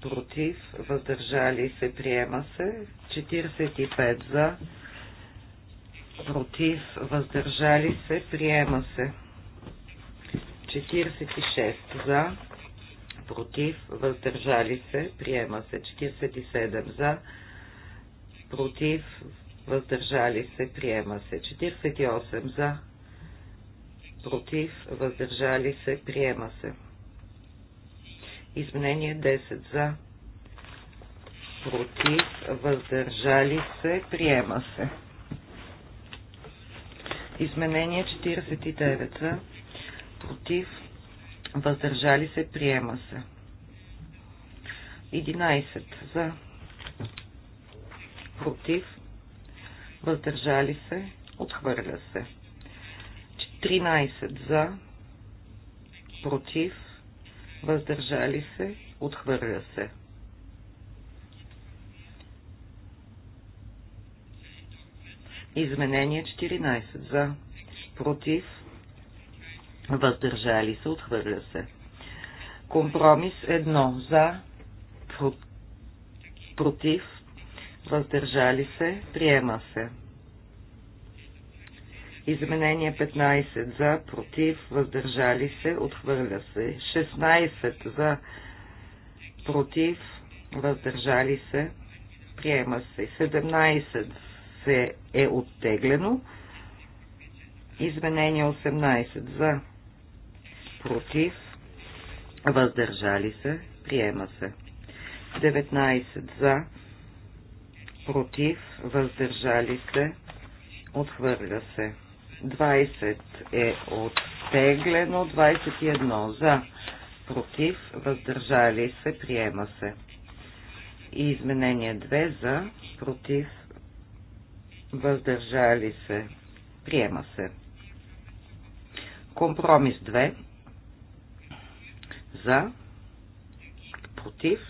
против, въздържали се, приема се. 45 за, против, въздържали се, приема се. 46 за, против, въздържали се, приема се. 47 за, против, въздържали се, приема се. 48 за, против, въздържали се, приема се. Изменение 10 за. Против. Въздържали се. Приема се. Изменение 49 за. Против. Въздържали се. Приема се. 11 за. Против. Въздържали се. Отхвърля се. 13 за. Против въздържали се, отхвърля се. Изменение 14 за, против, въздържали се, отхвърля се. Компромис 1 за, против, въздържали се, приема се. Изменение 15 за, против, въздържали се, отхвърля се. 16 за, против, въздържали се, приема се. 17 се е оттеглено. Изменение 18 за, против, въздържали се, приема се. 19 за, против, въздържали се, отхвърля се. 20 е оттеглено, 21 за, против, въздържали се, приема се. И изменение 2 за, против, въздържали се, приема се. Компромис 2 за, против,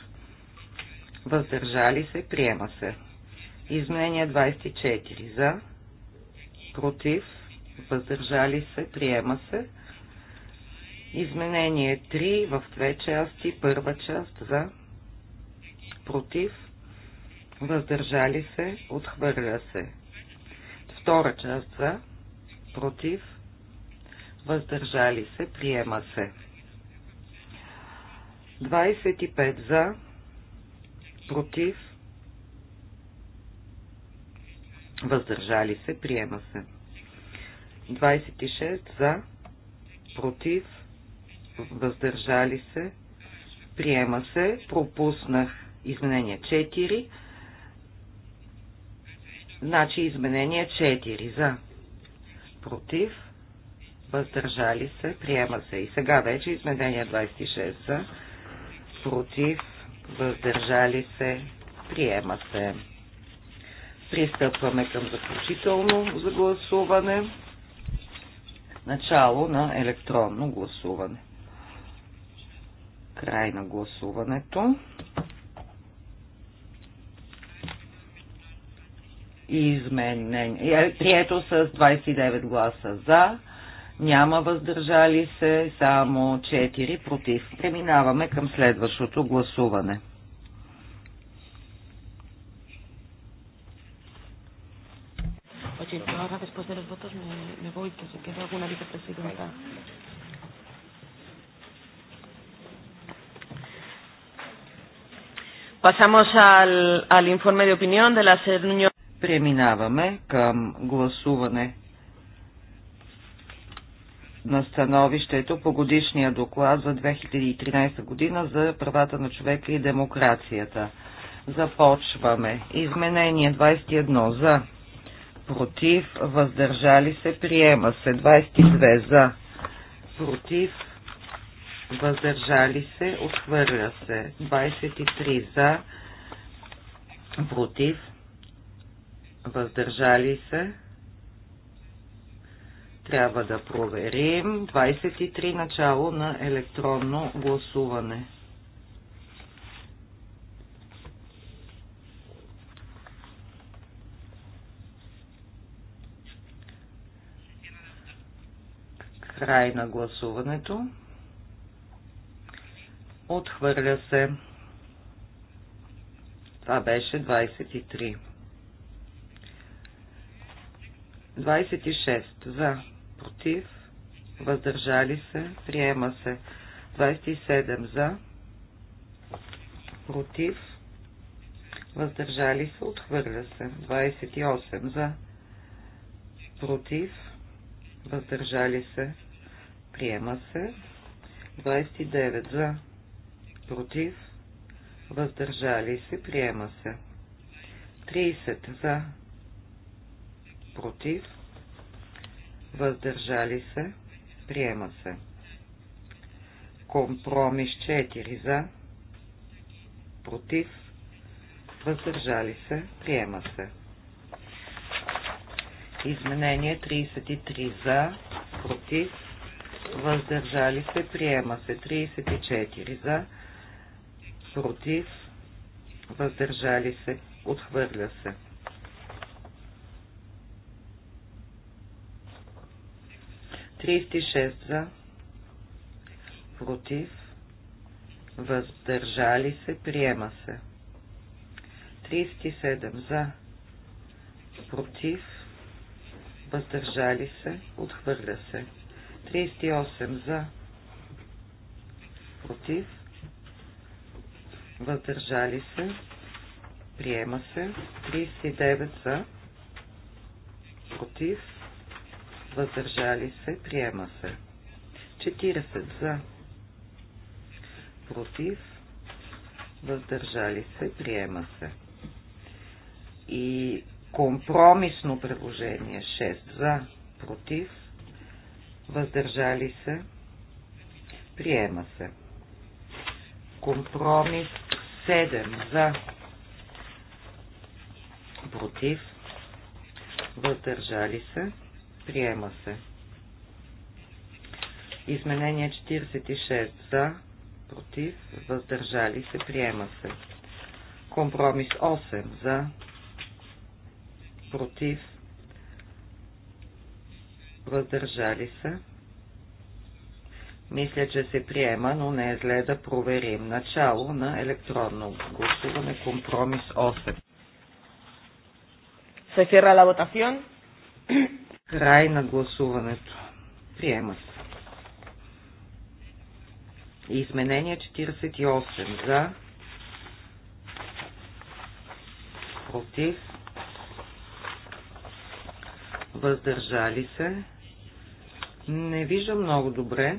въздържали се, приема се. Изменение 24 за, против, въздържали се, приема се. Изменение 3 в две части. Първа част за, против, въздържали се, отхвърля се. Втора част за, против, въздържали се, приема се. 25 за, против, въздържали се, приема се. 26 за, против, въздържали се, приема се, пропуснах изменение 4, значи изменение 4 за, против, въздържали се, приема се. И сега вече изменение 26 за, против, въздържали се, приема се. Пристъпваме към заключително за гласуване. Начало на електронно гласуване. Край на гласуването. изменение. Прието с 29 гласа за, няма въздържали се, само 4 против. Преминаваме към следващото гласуване. decir, ahora después de los votos me, me voy, que se queda alguna vicepresidenta. Pasamos al, al informe de opinión de la SED Unión. Преминаваме към гласуване на становището по годишния доклад за 2013 година за правата на човека и демокрацията. Започваме. Изменение 21 за против, въздържали се, приема се. 22 за, против, въздържали се, отхвърля се. 23 за, против, въздържали се. Трябва да проверим. 23 начало на електронно гласуване. Край на гласуването. Отхвърля се. Това беше 23. 26. За. Против. Въздържали се. Приема се. 27. За. Против. Въздържали се. Отхвърля се. 28. За. Против. Въздържали се. Приема се. 29 за. Против. Въздържали се. Приема се. 30 за. Против. Въздържали се. Приема се. Компромис 4 за. Против. Въздържали се. Приема се. Изменение 33 за. Против въздържали се, приема се 34 за, против, въздържали се, отхвърля се. Тридесет шест за, против, въздържали се, приема се. 37 за, против, въздържали се, отхвърля се. 38 за, против, въздържали се, приема се, 39 за, против, въздържали се, приема се, 40 за, против, въздържали се, приема се. И компромисно предложение 6 за, против, въздържали се, приема се. Компромис 7 за, против, въздържали се, приема се. Изменение 46 за, против, въздържали се, приема се. Компромис 8 за, против, въздържали се. Мисля, че се приема, но не е зле да проверим. Начало на електронно гласуване, компромис 8. Се фира ла votación. Край на гласуването. Приема се. Изменение 48 за против въздържали се. Не виждам много добре.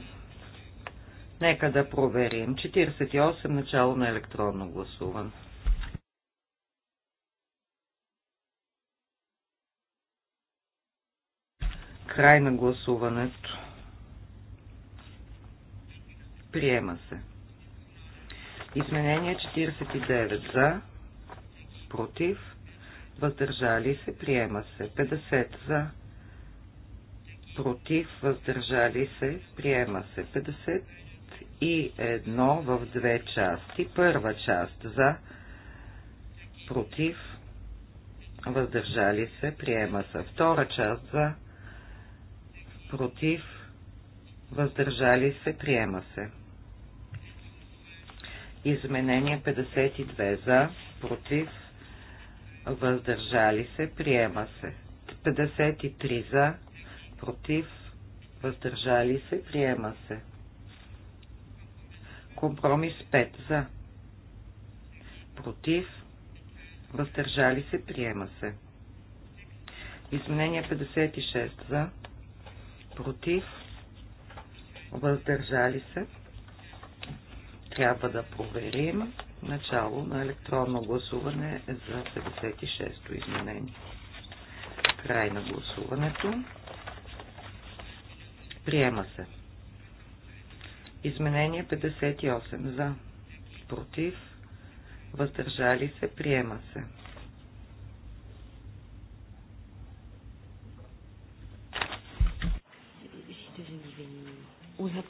Нека да проверим. 48 начало на електронно гласуване. Край на гласуването. Приема се. Изменение 49 за, против, въздържали се, приема се. 50 за, против, въздържали се, приема се. 50 и едно в две части. Първа част за, против, въздържали се, приема се. Втора част за, против, въздържали се, приема се. Изменение 52 за, против, въздържали се, приема се. 53 за, против, въздържали се, приема се. Компромис 5 за, против, въздържали се, приема се. Изменение 56 за, против, въздържали се. Трябва да проверим. Начало на електронно гласуване за 56-то изменение. Край на гласуването. Приема се. Изменение 58 за. Против. Въздържали се. Приема се. We have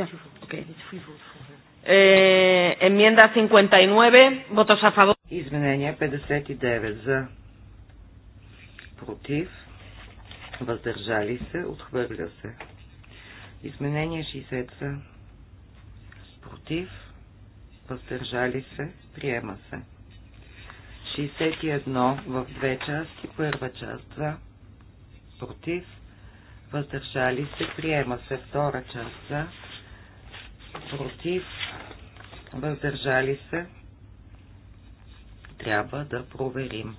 Yeah, Okay. It's free vote for her. Eh, enmienda 59, votos a favor. Изменение 59 за против, въздържали се, отхвърля се. Изменение 60 за против, въздържали се, приема се. 61 в две части, първа част за против, въздържали се, приема се, втора част за против, въздържали се, трябва да проверим.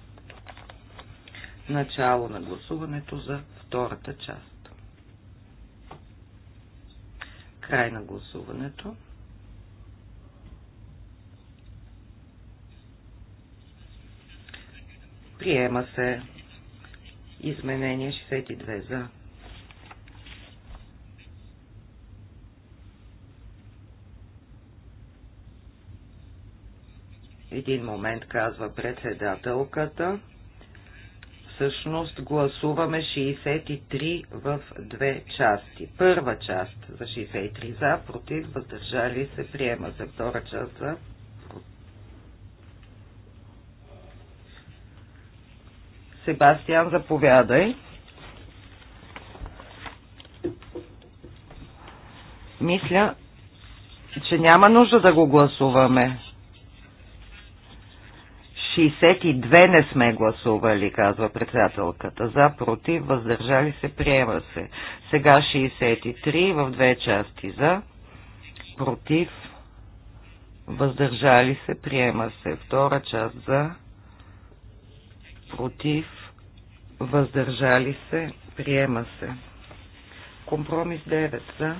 Начало на гласуването за втората част. Край на гласуването. Приема се изменение 62 за Един момент, казва председателката. Всъщност гласуваме 63 в две части. Първа част за 63 за, против, въздържали се, приема за втора част за. Себастиан, заповядай. Мисля, че няма нужда да го гласуваме. 62 не сме гласували, казва председателката. За, против, въздържали се, приема се. Сега 63 в две части. За, против, въздържали се, приема се. Втора част за, против, въздържали се, приема се. Компромис 9 за,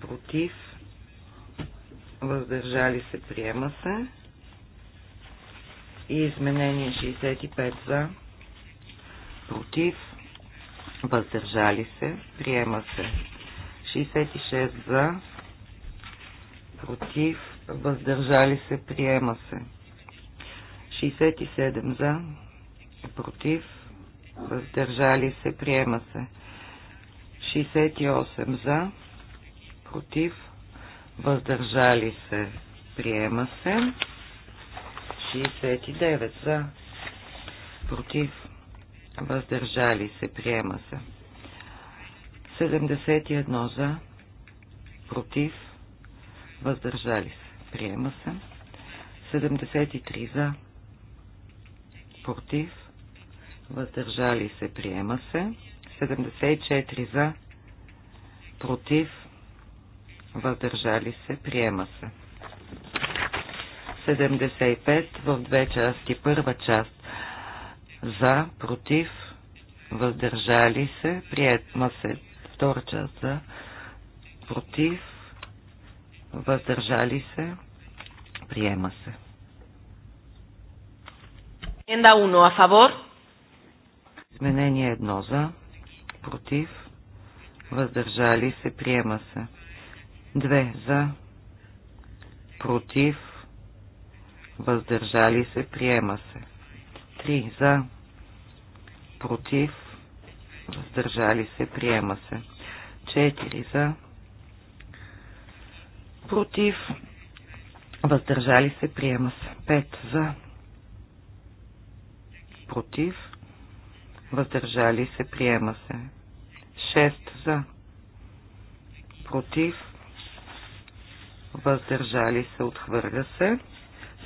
против, въздържали се, приема се и изменение 65 за, против, въздържали се, приема се. 66 за, против, въздържали се, приема се. 67 за, против, въздържали се, приема се. 68 за, против, въздържали се, приема се. 69 за, против, въздържали се, приема се. 71 за, против, въздържали се, приема се. 73 за, против, въздържали се, приема се. 74 за, против, въздържали се, приема се. 75 в две части. Първа част за, против, въздържали се, приема се. Втора част за, против, въздържали се, приема се. Енда 1 а фавор. Изменение едно за, против, въздържали се, приема се. Две за, против, въздържали се, приема се. 3 за, против, въздържали се, приема се. 4 за, против, въздържали се, приема се. 5 за, против, въздържали се, приема се. 6 за, против, въздържали се, отхвърля се.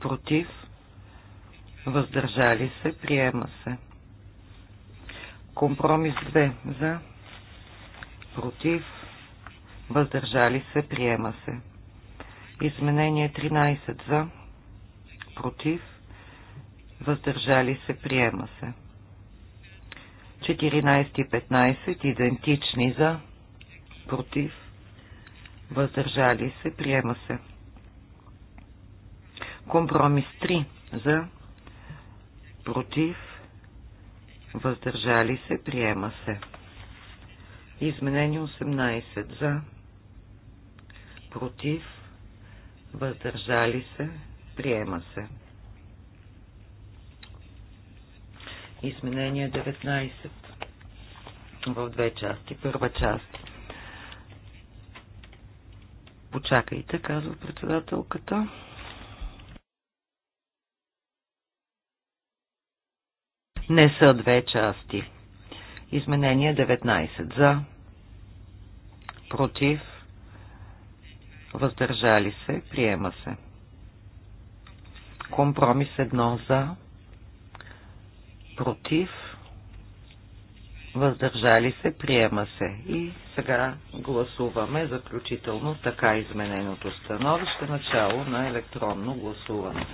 против, въздържали се, приема се. Компромис 2 за, против, въздържали се, приема се. Изменение 13 за, против, въздържали се, приема се. 14 и 15 идентични за, против, въздържали се, приема се. Компромис 3 за против въздържали се, приема се. Изменение 18 за против въздържали се, приема се. Изменение 19 в две части. Първа част. Почакайте, казва председателката. не са две части. Изменение 19 за, против, въздържали се, приема се. Компромис 1 за, против, въздържали се, приема се. И сега гласуваме заключително така измененото становище, начало на електронно гласуване.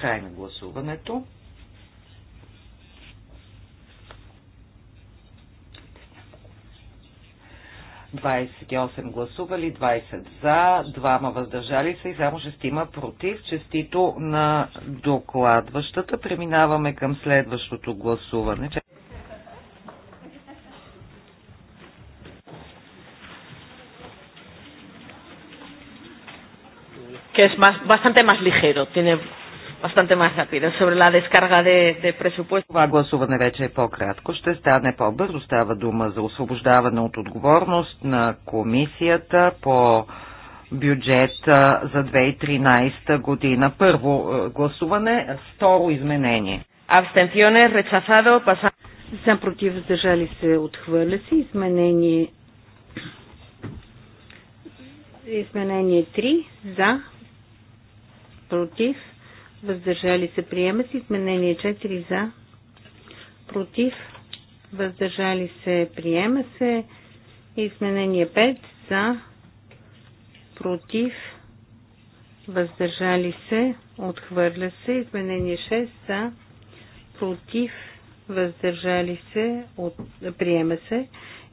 Край на гласуването. Двадесет осем гласували, 20 за, двама въздържали се и само шестима против. Честито на докладващата. Преминаваме към следващото гласуване. que es más, bastante más ligero, tiene bastante más rápido. Sobre la descarga de, de presupuesto. Това гласуване вече е по-кратко. Ще стане по-бързо. Става дума за освобождаване от отговорност на комисията по бюджет за 2013 година. Първо е, гласуване, второ изменение. Абстенционе, речасадо, паса... За против, въздържали се, отхвърля се. Изменение Изменение 3 за, против, въздържали се, приема се. Изменение 4 за, против, въздържали се, приема се. Изменение 5 за, против, въздържали се, отхвърля се. Изменение 6 за, против, въздържали се, от, приема се.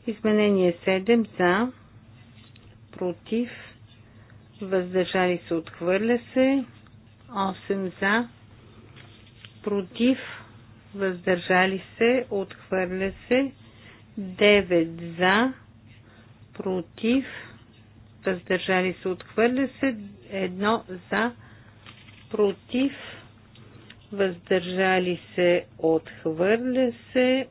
Изменение 7 за, против, въздържали се, отхвърля се. 8 за, против, въздържали се, отхвърля се, 9 за, против, въздържали се, отхвърля се, 1 за, против, въздържали се, отхвърля се,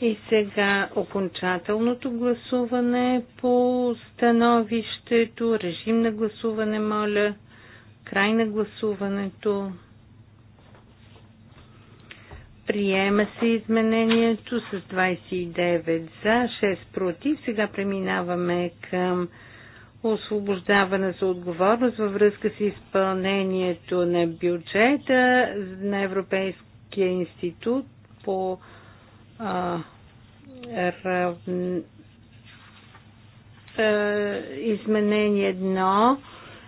и сега окончателното гласуване по становището, режим на гласуване, моля, край на гласуването. Приема се изменението с 29 за, 6 против. Сега преминаваме към освобождаване за отговорност във връзка с изпълнението на бюджета на Европейския институт по рав... изменение 1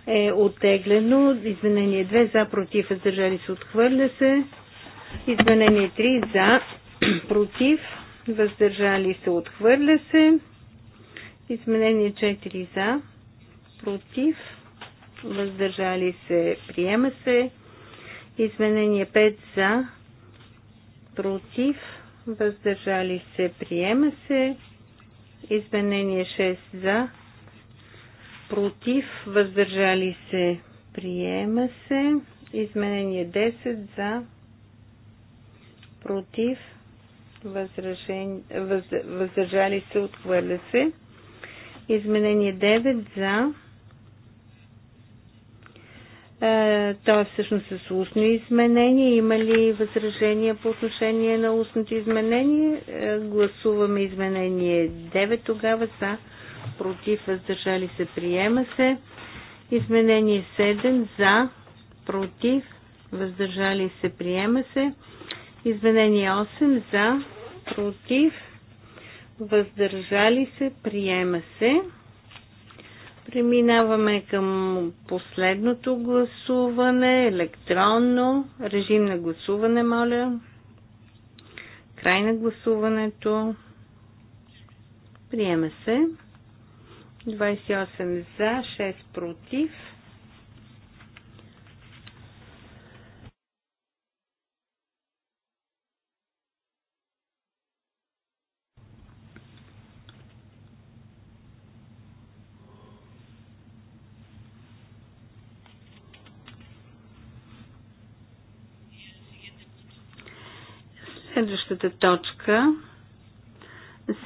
е оттеглено, изменение 2 за, против, въздържали се, отхвърля се, изменение 3 за, [clears throat] против, въздържали се, отхвърля се, изменение 4 за, против, въздържали се, приема се, изменение 5 за, против, въздържали се, приема се. Изменение 6 за, против, въздържали се, приема се. Изменение 10 за, против, въз... въздържали се, отхвърля се. Изменение 9 за, е, То всъщност с устно изменение. Има ли възражения по отношение на устното изменение? Е, гласуваме изменение 9 тогава за, против, въздържали се, приема се. Изменение 7 за, против, въздържали се, приема се. Изменение 8 за, против, въздържали се, приема се. Преминаваме към последното гласуване, електронно, режим на гласуване, моля. Край на гласуването. Приема се. 28 за, 6 против. Следващата точка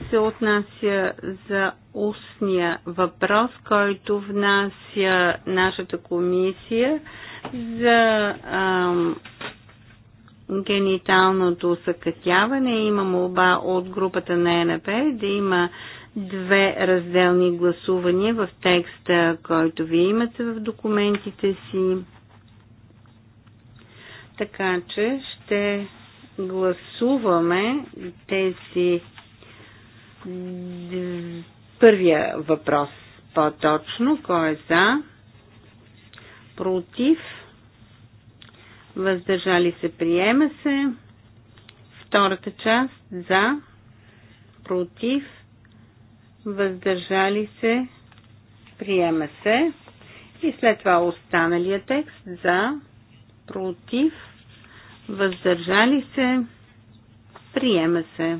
се отнася за устния въпрос, който внася нашата комисия за ам, гениталното съкътяване. Има молба от групата на НП да има две разделни гласувания в текста, който ви имате в документите си. Така че ще гласуваме тези първия въпрос по-точно. Кой е за? Против? Въздържали се? Приема се. Втората част за? Против? Въздържали се? Приема се. И след това останалия текст за? Против? въздържали се, приема се.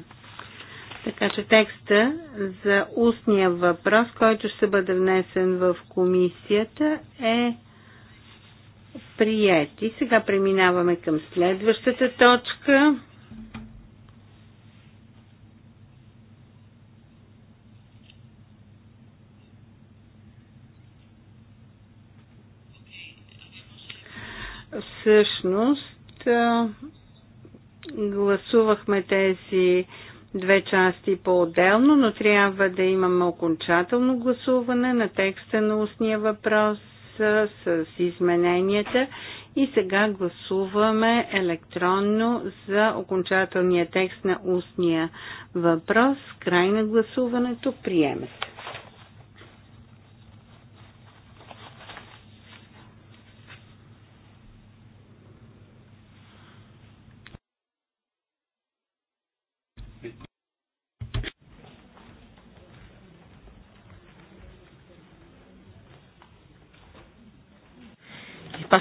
Така че текста за устния въпрос, който ще бъде внесен в комисията е прият. И сега преминаваме към следващата точка. Всъщност, гласувахме тези две части по-отделно, но трябва да имаме окончателно гласуване на текста на устния въпрос с, с измененията и сега гласуваме електронно за окончателния текст на устния въпрос. Край на гласуването. Приеме се.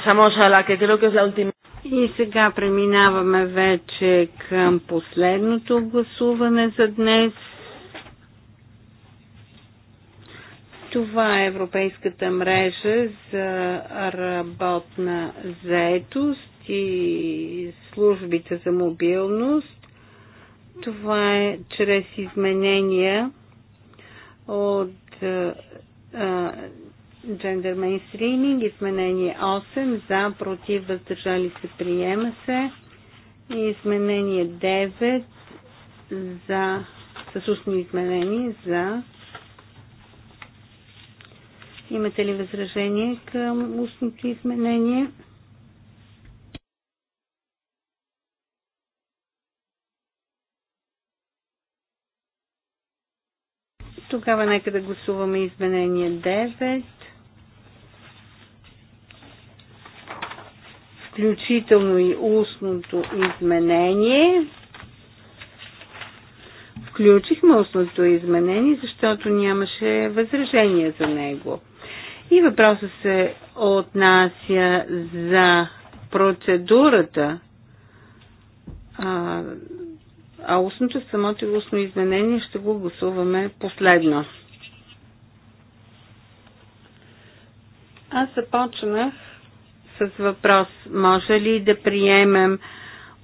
pasamos a la que creo que es la última. И сега преминаваме вече към последното гласуване за днес. Това е Европейската мрежа за работна заетост и службите за мобилност. Това е чрез изменения от джендър мейнстриминг, изменение 8, за, против, въздържали се, приема се. Изменение 9, за, с устни изменения, за. Имате ли възражение към устното изменение? Тогава нека да гласуваме изменение 9 включително и устното изменение. Включихме устното изменение, защото нямаше възражение за него. И въпросът се отнася за процедурата, а, устното самото и устно изменение ще го гласуваме последно. Аз започнах с въпрос. Може ли да приемем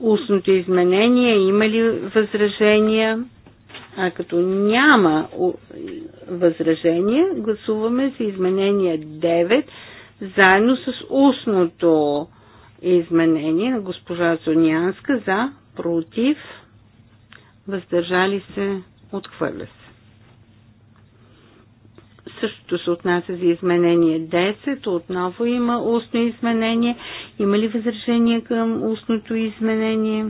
устното изменение? Има ли възражения? А като няма възражения, гласуваме за изменение 9 заедно с устното изменение на госпожа Зонянска за, против, въздържали се, отхвърля се. Същото се отнася за изменение 10. Отново има устно изменение. Има ли възражение към устното изменение?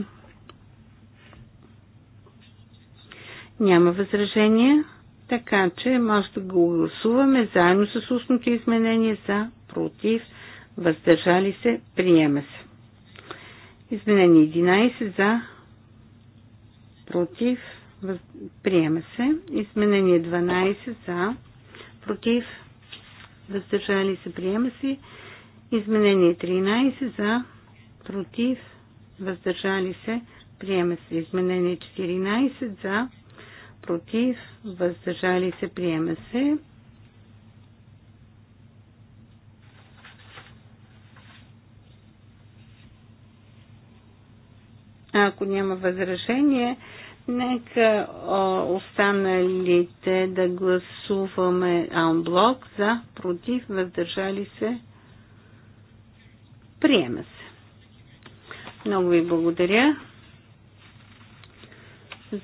Няма възражение. Така че може да го гласуваме заедно с устното изменение за, против, въздържали се, приема се. Изменение 11 за, против, приема се. Изменение 12 за, против, въздържали се, приема се. Изменение 13 за, против, въздържали се, приема се. Изменение 14 за, против, въздържали се, приема се. Ако няма възражение, Нека останалите да гласуваме анблок за, против, въздържали се. Приема се. Много ви благодаря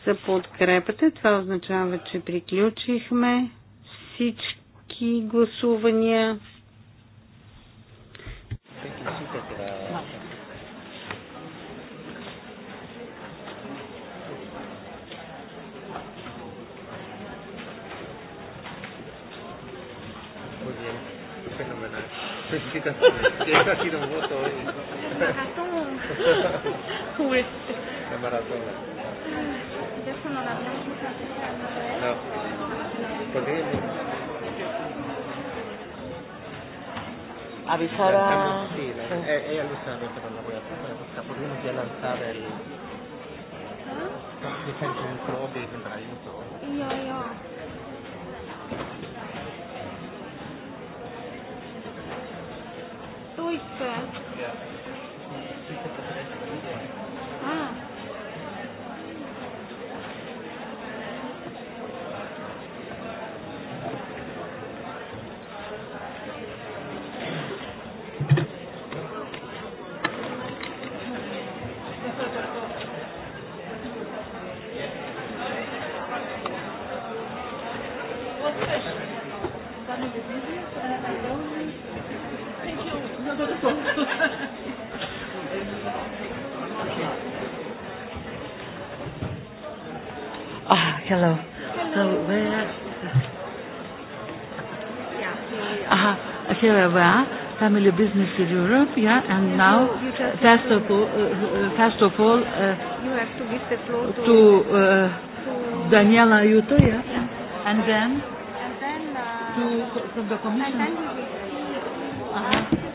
за подкрепата. Това означава, че приключихме всички гласувания. Felicitaciones. Eso ha sido un voto hoy. Maratón. La maratón. De eso no la habíamos No. ¿Por qué? Avisar a... Sí, la, eh, ella lo está pero la voy a hacer. Podríamos ya lanzar el... Mi sento un pro che sembra aiuto. Io, io. Кто из А. Rava, Family Business in Europe, yeah, and you now, first of all, uh, first of all uh, you have to give the floor to, to uh, Daniela Ayuto, yeah, yeah. and then, and then uh, to, from the Commission. And then we will see. Uh-huh.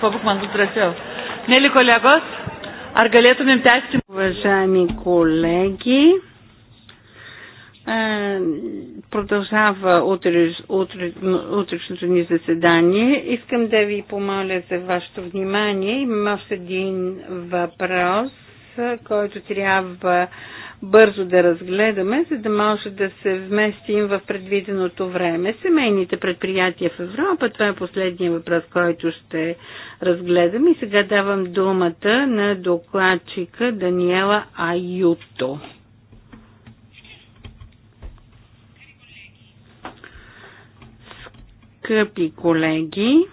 pa būk, man bus drąsiau. Mėly kolegos, ar galėtumėm tęsti? Važiami kolegi. Е, продължава утре, утре, утрешното ни заседание. Искам да ви помоля за вашето внимание. Имам още един въпрос, който трябва бързо да разгледаме, за да може да се вместим в предвиденото време. Семейните предприятия в Европа, това е последния въпрос, който ще разгледам и сега давам думата на докладчика Даниела Аюто. Скъпи колеги,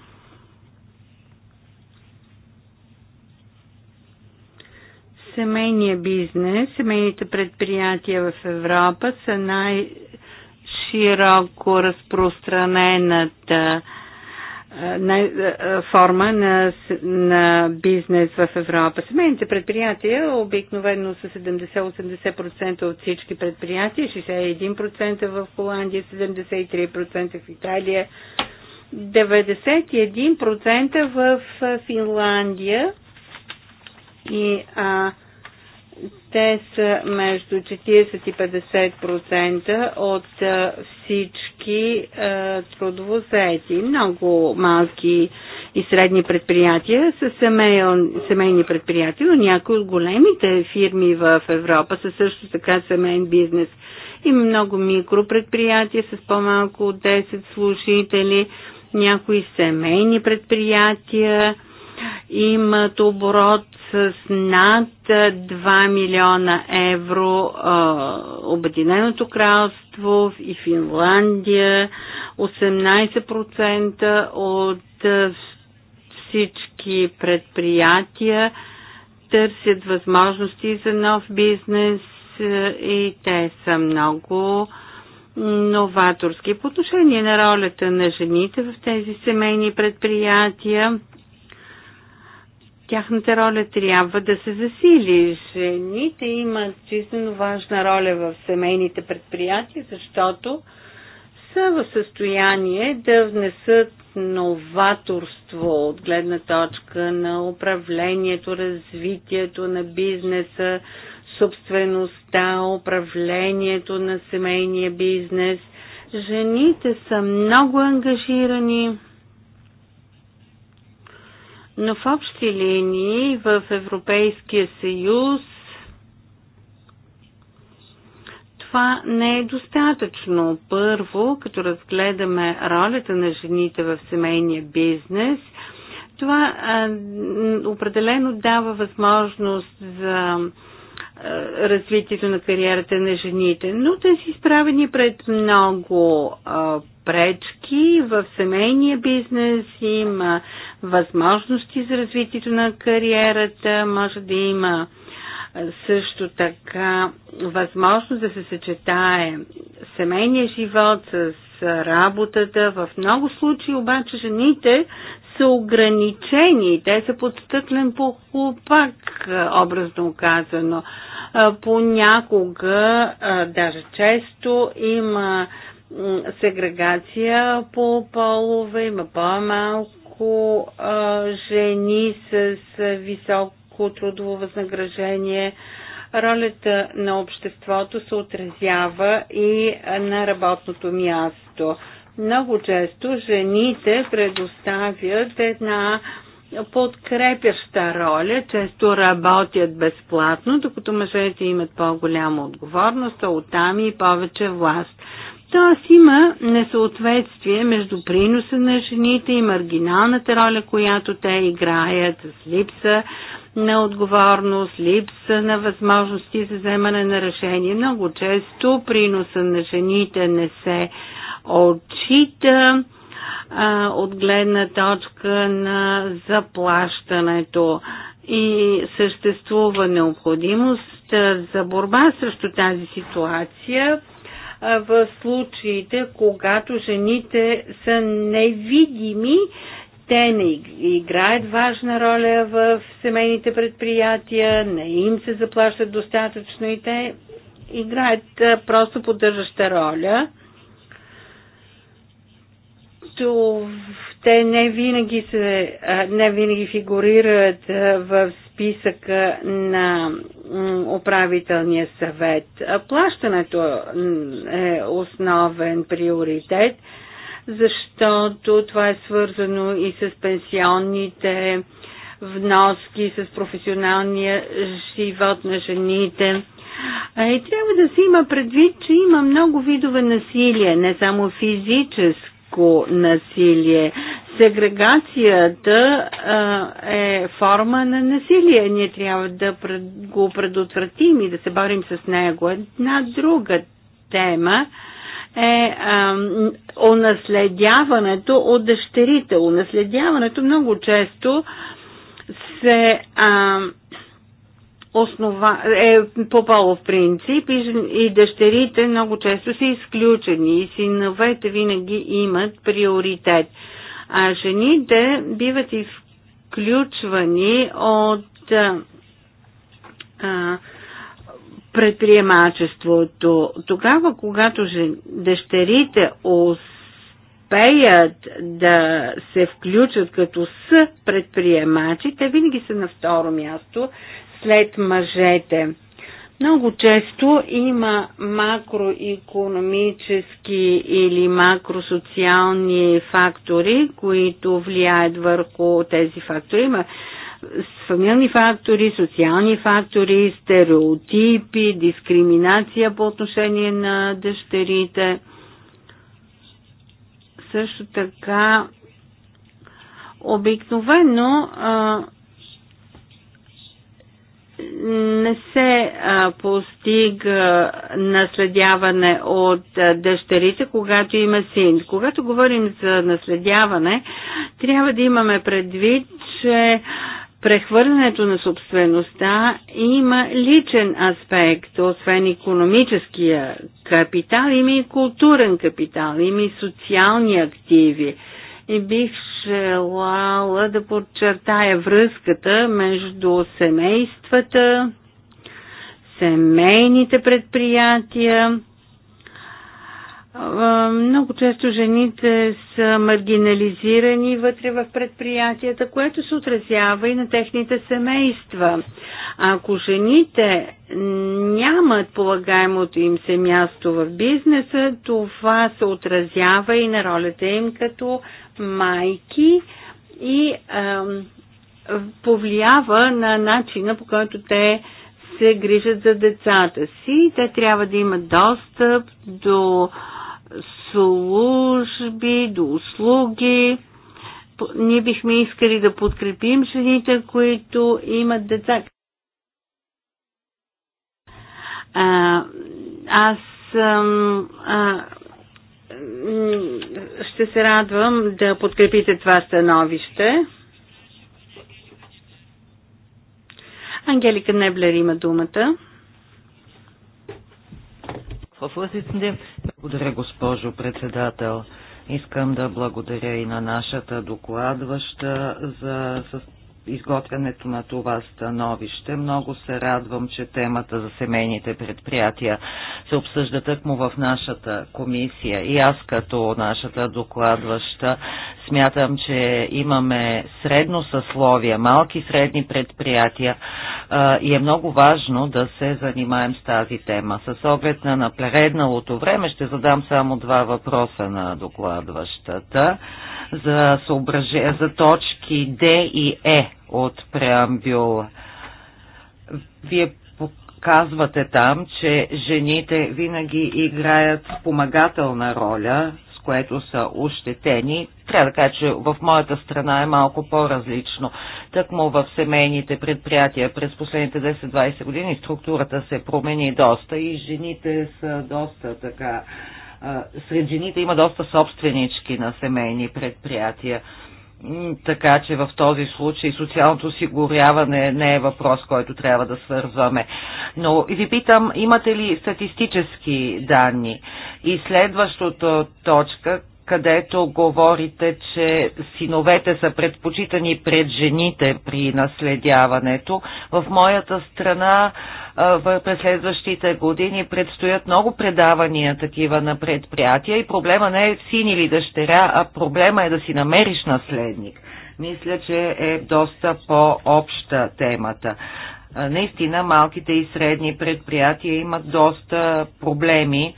Семейния бизнес, семейните предприятия в Европа са най-широко разпространената форма на, на бизнес в Европа. Семейните предприятия обикновено са 70-80% от всички предприятия, 61% в Холандия, 73% в Италия, 91% в Финландия и а, те са между 40 и 50% от всички трудовозети. Много малки и средни предприятия са семейни предприятия, но някои от големите фирми в Европа са също така семейен бизнес. Има много микропредприятия с по-малко от 10 служители, някои семейни предприятия, имат оборот с над 2 милиона евро. Обединеното кралство и Финландия 18% от всички предприятия търсят възможности за нов бизнес и те са много новаторски. По отношение на ролята на жените в тези семейни предприятия, тяхната роля трябва да се засили. Жените имат жизненно важна роля в семейните предприятия, защото са в състояние да внесат новаторство от гледна точка на управлението, развитието на бизнеса, собствеността, управлението на семейния бизнес. Жените са много ангажирани но в общи линии в Европейския съюз това не е достатъчно. Първо, като разгледаме ролята на жените в семейния бизнес, това а, определено дава възможност за а, развитието на кариерата на жените, но те са изправени пред много а, пречки в семейния бизнес, има възможности за развитието на кариерата, може да има също така възможност да се съчетае семейния живот с работата. В много случаи обаче жените са ограничени. Те са подстъклен по хлопак, образно казано. Понякога, даже често, има сегрегация по полове, има по-малко няколко а, жени с високо трудово възнаграждение. Ролята на обществото се отразява и на работното място. Много често жените предоставят една подкрепяща роля, често работят безплатно, докато мъжете имат по-голяма отговорност, а оттам и повече власт. Т.е. има несъответствие между приноса на жените и маргиналната роля, която те играят с липса на отговорност, липса на възможности за вземане на решение. Много често приноса на жените не се отчита а, от гледна точка на заплащането и съществува необходимост за борба срещу тази ситуация в случаите, когато жените са невидими, те не играят важна роля в семейните предприятия, не им се заплащат достатъчно и те играят просто поддържаща роля. То, те не винаги, се, не винаги фигурират в списъка на управителния съвет. Плащането е основен приоритет, защото това е свързано и с пенсионните вноски, с професионалния живот на жените. И трябва да се има предвид, че има много видове насилие, не само физическо, физическо насилие. Сегрегацията а, е форма на насилие. Ние трябва да го предотвратим и да се борим с него. Една друга тема е унаследяването от дъщерите. Унаследяването много често се а, основа, е, по полов принцип и, и дъщерите много често са изключени и синовете винаги имат приоритет. А жените биват изключвани от а, а, предприемачеството. Тогава, когато жен, дъщерите успеят да се включат като с предприемачи, те винаги са на второ място след мъжете. Много често има макроекономически или макросоциални фактори, които влияят върху тези фактори. Има фамилни фактори, социални фактори, стереотипи, дискриминация по отношение на дъщерите. Също така, обикновено не се а, постига наследяване от дъщерите, когато има син. Когато говорим за наследяване, трябва да имаме предвид, че прехвърлянето на собствеността има личен аспект, освен економическия капитал, има и културен капитал, има и социални активи. И бих желала да подчертая връзката между семействата, семейните предприятия много често жените са маргинализирани вътре в предприятията, което се отразява и на техните семейства. Ако жените нямат полагаемото им се място в бизнеса, това се отразява и на ролята им като майки и а, повлиява на начина по който те се грижат за децата си. Те трябва да имат достъп до а, служби, до услуги. Ние бихме искали да подкрепим жените, които имат деца. А, аз съм. А, ще се радвам да подкрепите това становище. Ангелика Неблер има думата. Благодаря, госпожо председател. Искам да благодаря и на нашата докладваща за изготвянето на това становище. Много се радвам, че темата за семейните предприятия се обсъжда тъкмо в нашата комисия. И аз като нашата докладваща смятам, че имаме средно съсловие, малки средни предприятия и е много важно да се занимаем с тази тема. С оглед на напредналото време ще задам само два въпроса на докладващата за, съображе... за точки Д и Е от преамбюла. Вие казвате там, че жените винаги играят спомагателна роля, с което са ощетени. Трябва да кажа, че в моята страна е малко по-различно. Тъкмо в семейните предприятия през последните 10-20 години структурата се промени доста и жените са доста така. Сред жените има доста собственички на семейни предприятия така че в този случай социалното осигуряване не е въпрос, който трябва да свързваме. Но ви питам, имате ли статистически данни? И следващото точка, където говорите, че синовете са предпочитани пред жените при наследяването. В моята страна през следващите години предстоят много предавания такива на предприятия и проблема не е син или дъщеря, а проблема е да си намериш наследник. Мисля, че е доста по-обща темата. Наистина малките и средни предприятия имат доста проблеми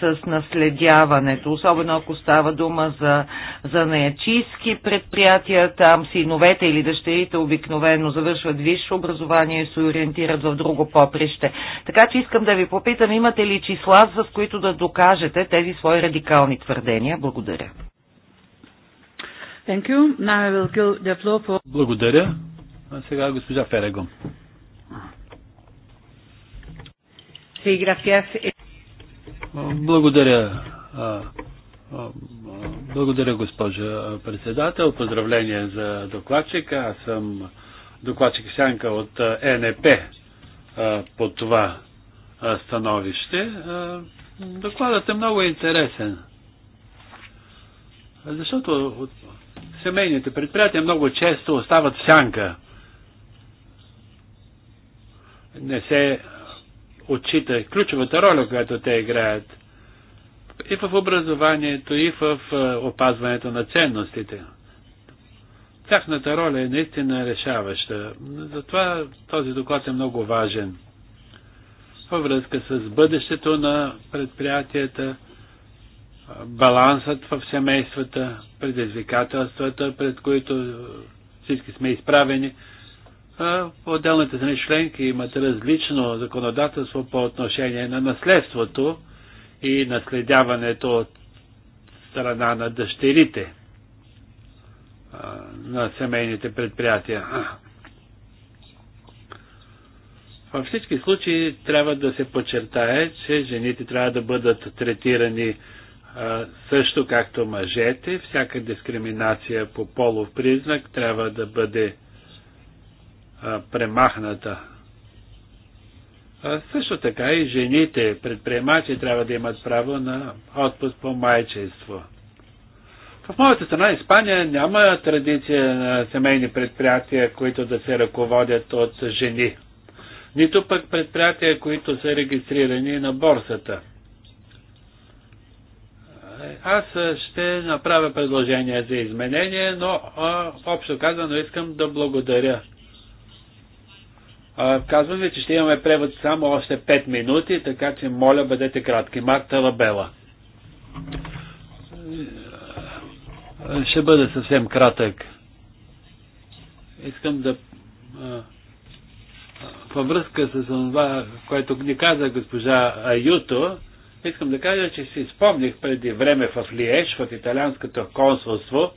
с наследяването, особено ако става дума за, за неячистки предприятия, там синовете или дъщерите обикновено завършват висше образование и се ориентират в друго поприще. Така че искам да ви попитам, имате ли числа, с които да докажете тези свои радикални твърдения? Благодаря. Thank you. Now I will give the floor for... Благодаря. А сега госпожа Ферегон. Sí, gracias. Благодаря. Благодаря, госпожа председател. Поздравление за докладчика. Аз съм докладчик Сянка от НЕП по това становище. Докладът е много интересен. Защото семейните предприятия много често остават в сянка. Не се отчита ключовата роля, която те играят и в образованието, и в е, опазването на ценностите. Тяхната роля е наистина решаваща. Затова този доклад е много важен. Във връзка с бъдещето на предприятията, балансът в семействата, предизвикателствата, пред които всички сме изправени, Отделните страни членки имат различно законодателство по отношение на наследството и наследяването от страна на дъщерите на семейните предприятия. Във всички случаи трябва да се подчертае, че жените трябва да бъдат третирани също както мъжете. Всяка дискриминация по полов признак трябва да бъде премахната. също така и жените, предприемачи, трябва да имат право на отпуск по майчество. В моята страна Испания няма традиция на семейни предприятия, които да се ръководят от жени. Нито пък предприятия, които са регистрирани на борсата. Аз ще направя предложение за изменение, но общо казано искам да благодаря Казвам ви, че ще имаме превод само още 5 минути, така че моля бъдете кратки. Марта Лабела. Ще бъда съвсем кратък. Искам да във връзка с това, което ни каза госпожа Аюто, искам да кажа, че си спомних преди време в Лиеш, в италианското консулство,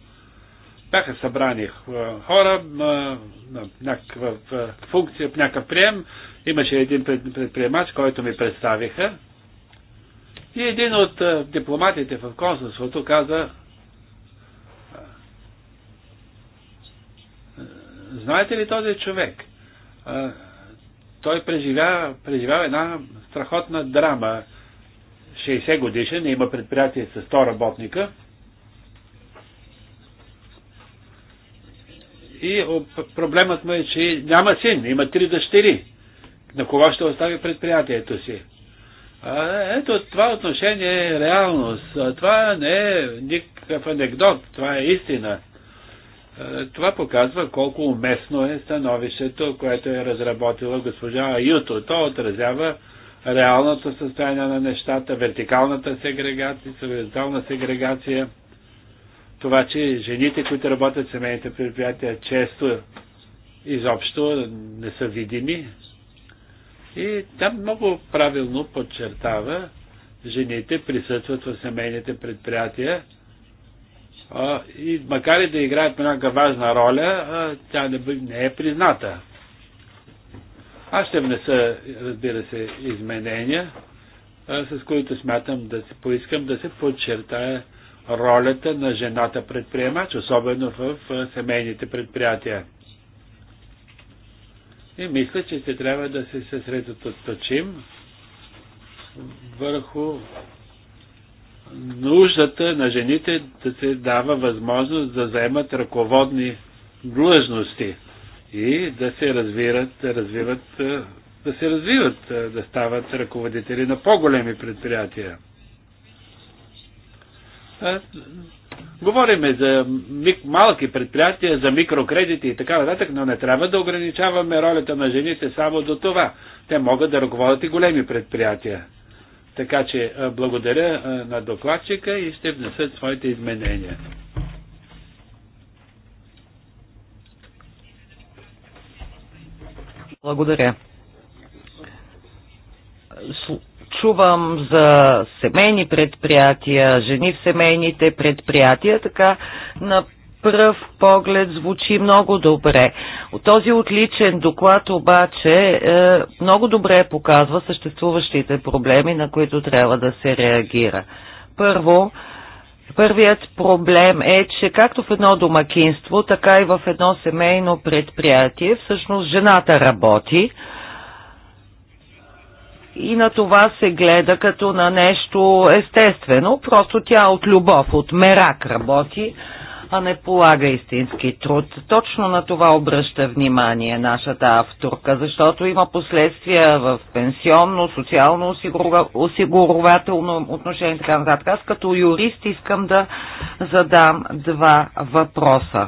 бяха събрани е, хора е, на някаква е, функция, някакъв прием. Имаше един предприемач, който ми представиха. И един от дипломатите в консулството каза, знаете ли този човек? Той преживя, преживява една страхотна драма. 60 годишен, има предприятие с 100 работника – и проблемът му е, че няма син, има три дъщери. На кого ще остави предприятието си? Ето, това отношение е реалност. Това не е никакъв анекдот, това е истина. Това показва колко уместно е становището, което е разработила госпожа Юто. То отразява реалното състояние на нещата, вертикалната сегрегация, хоризонтална сегрегация – това, че жените, които работят в семейните предприятия, често изобщо не са видими. И там много правилно подчертава, жените присъстват в семейните предприятия а, и макар и да играят някаква важна роля, а, тя не, не е призната. Аз ще внеса, разбира се, изменения, а, с които смятам да се поискам да се подчертая ролята на жената предприемач, особено в семейните предприятия. И мисля, че се трябва да се съсредоточим върху нуждата на жените да се дава възможност да заемат ръководни длъжности и да се развиват, да развиват, да се развиват, да стават ръководители на по-големи предприятия. Говориме за малки предприятия, за микрокредити и така нататък, но не трябва да ограничаваме ролята на жените само до това. Те могат да ръководят и големи предприятия. Така че благодаря на докладчика и ще внесат своите изменения. Благодаря чувам за семейни предприятия, жени в семейните предприятия, така на пръв поглед звучи много добре. Този отличен доклад обаче е, много добре показва съществуващите проблеми, на които трябва да се реагира. Първо, Първият проблем е, че както в едно домакинство, така и в едно семейно предприятие, всъщност жената работи, и на това се гледа като на нещо естествено, просто тя от любов, от мерак работи, а не полага истински труд. Точно на това обръща внимание нашата авторка, защото има последствия в пенсионно, социално осигурователно отношение и така нататък. Аз като юрист искам да задам два въпроса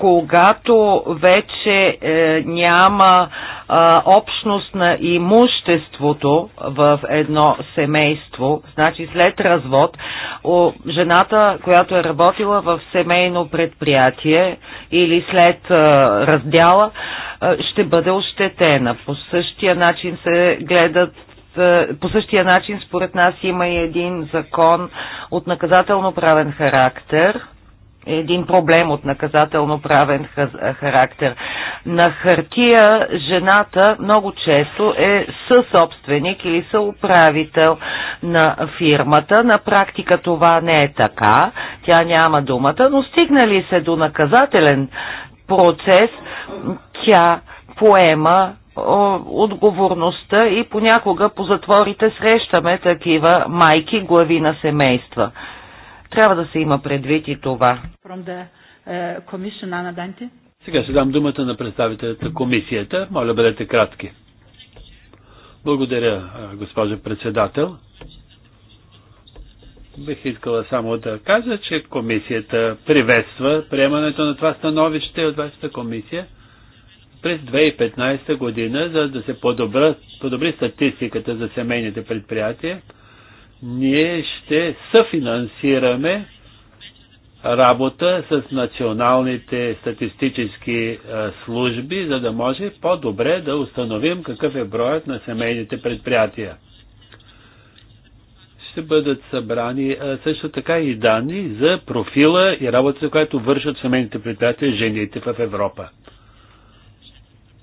когато вече е, няма е, общност на имуществото в едно семейство, значи след развод, о, жената, която е работила в семейно предприятие или след е, раздяла, е, ще бъде ощетена. По същия начин се гледат по същия начин, според нас, има и един закон от наказателно правен характер – един проблем от наказателно-правен характер. На хартия жената много често е съсобственик или съуправител на фирмата. На практика това не е така. Тя няма думата, но стигнали се до наказателен процес, тя поема отговорността и понякога по затворите срещаме такива майки глави на семейства. Трябва да се има предвид и това. Uh, Сега ще дам думата на представителите на комисията. Моля, бъдете кратки. Благодаря, госпожа председател. Бих искала само да кажа, че комисията приветства приемането на това становище от вашата комисия през 2015 година, за да се подобра, подобри статистиката за семейните предприятия ние ще съфинансираме работа с националните статистически е, служби, за да може по-добре да установим какъв е броят на семейните предприятия. Ще бъдат събрани е, също така и данни за профила и работата, която вършат семейните предприятия жените в Европа.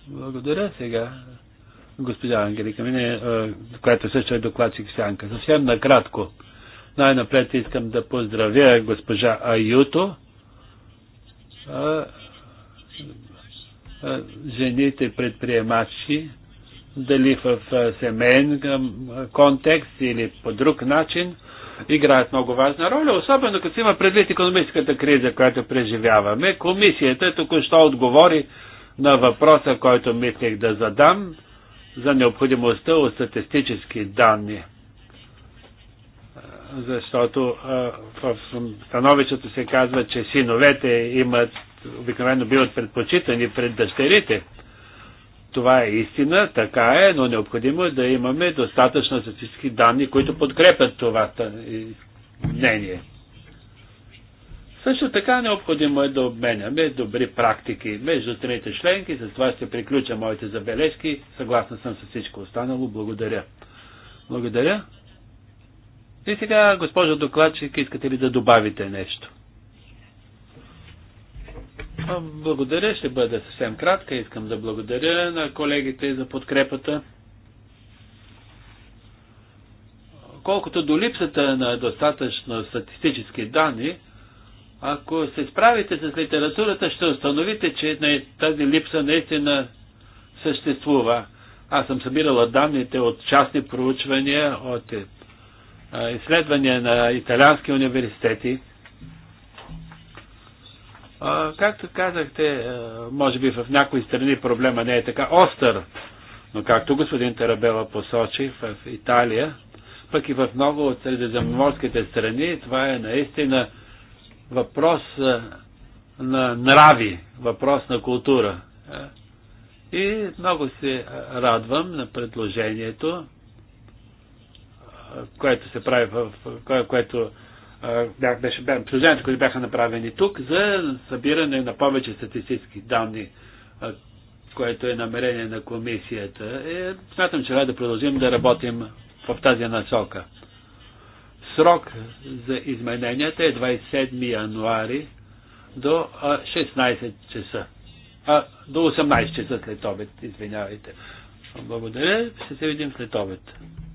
Благодаря сега госпожа Ангелика Мине, е, която също е докладчик Сянка. Съвсем накратко. Най-напред искам да поздравя госпожа Аюто. Жените предприемачи, дали в семейен контекст или по друг начин, играят много важна роля, особено като има предвид економическата криза, която преживяваме. Комисията току-що отговори на въпроса, който мислех да задам за необходимостта от статистически данни. Е, защото е, в становището се казва, че синовете имат, обикновено биват предпочитани пред дъщерите. Това е истина, така е, но необходимо е да имаме достатъчно статистически данни, които подкрепят това мнение. Също така необходимо е да обменяме добри практики между страните членки. За това ще приключа моите забележки. Съгласна съм с всичко останало. Благодаря. Благодаря. И сега, госпожо докладчик, искате ли да добавите нещо? Благодаря, ще бъда съвсем кратка. Искам да благодаря на колегите за подкрепата. Колкото до липсата на достатъчно статистически данни, ако се справите с литературата, ще установите, че тази липса наистина съществува. Аз съм събирала данните от частни проучвания, от е, изследвания на италиански университети. Както казахте, е, може би в някои страни проблема не е така остър, но както господин Тарабела посочи, в Италия, пък и в много от средиземноморските страни, това е наистина въпрос на нрави, въпрос на култура. И много се радвам на предложението, което се прави в, което бях, беше, предложението, които бяха направени тук за събиране на повече статистически данни, което е намерение на комисията. И е, смятам, че трябва да продължим да работим в тази насока срок за измененията е 27 януари до 16 часа. А, до 18 часа след обед, извинявайте. Благодаря, ще се видим след обед.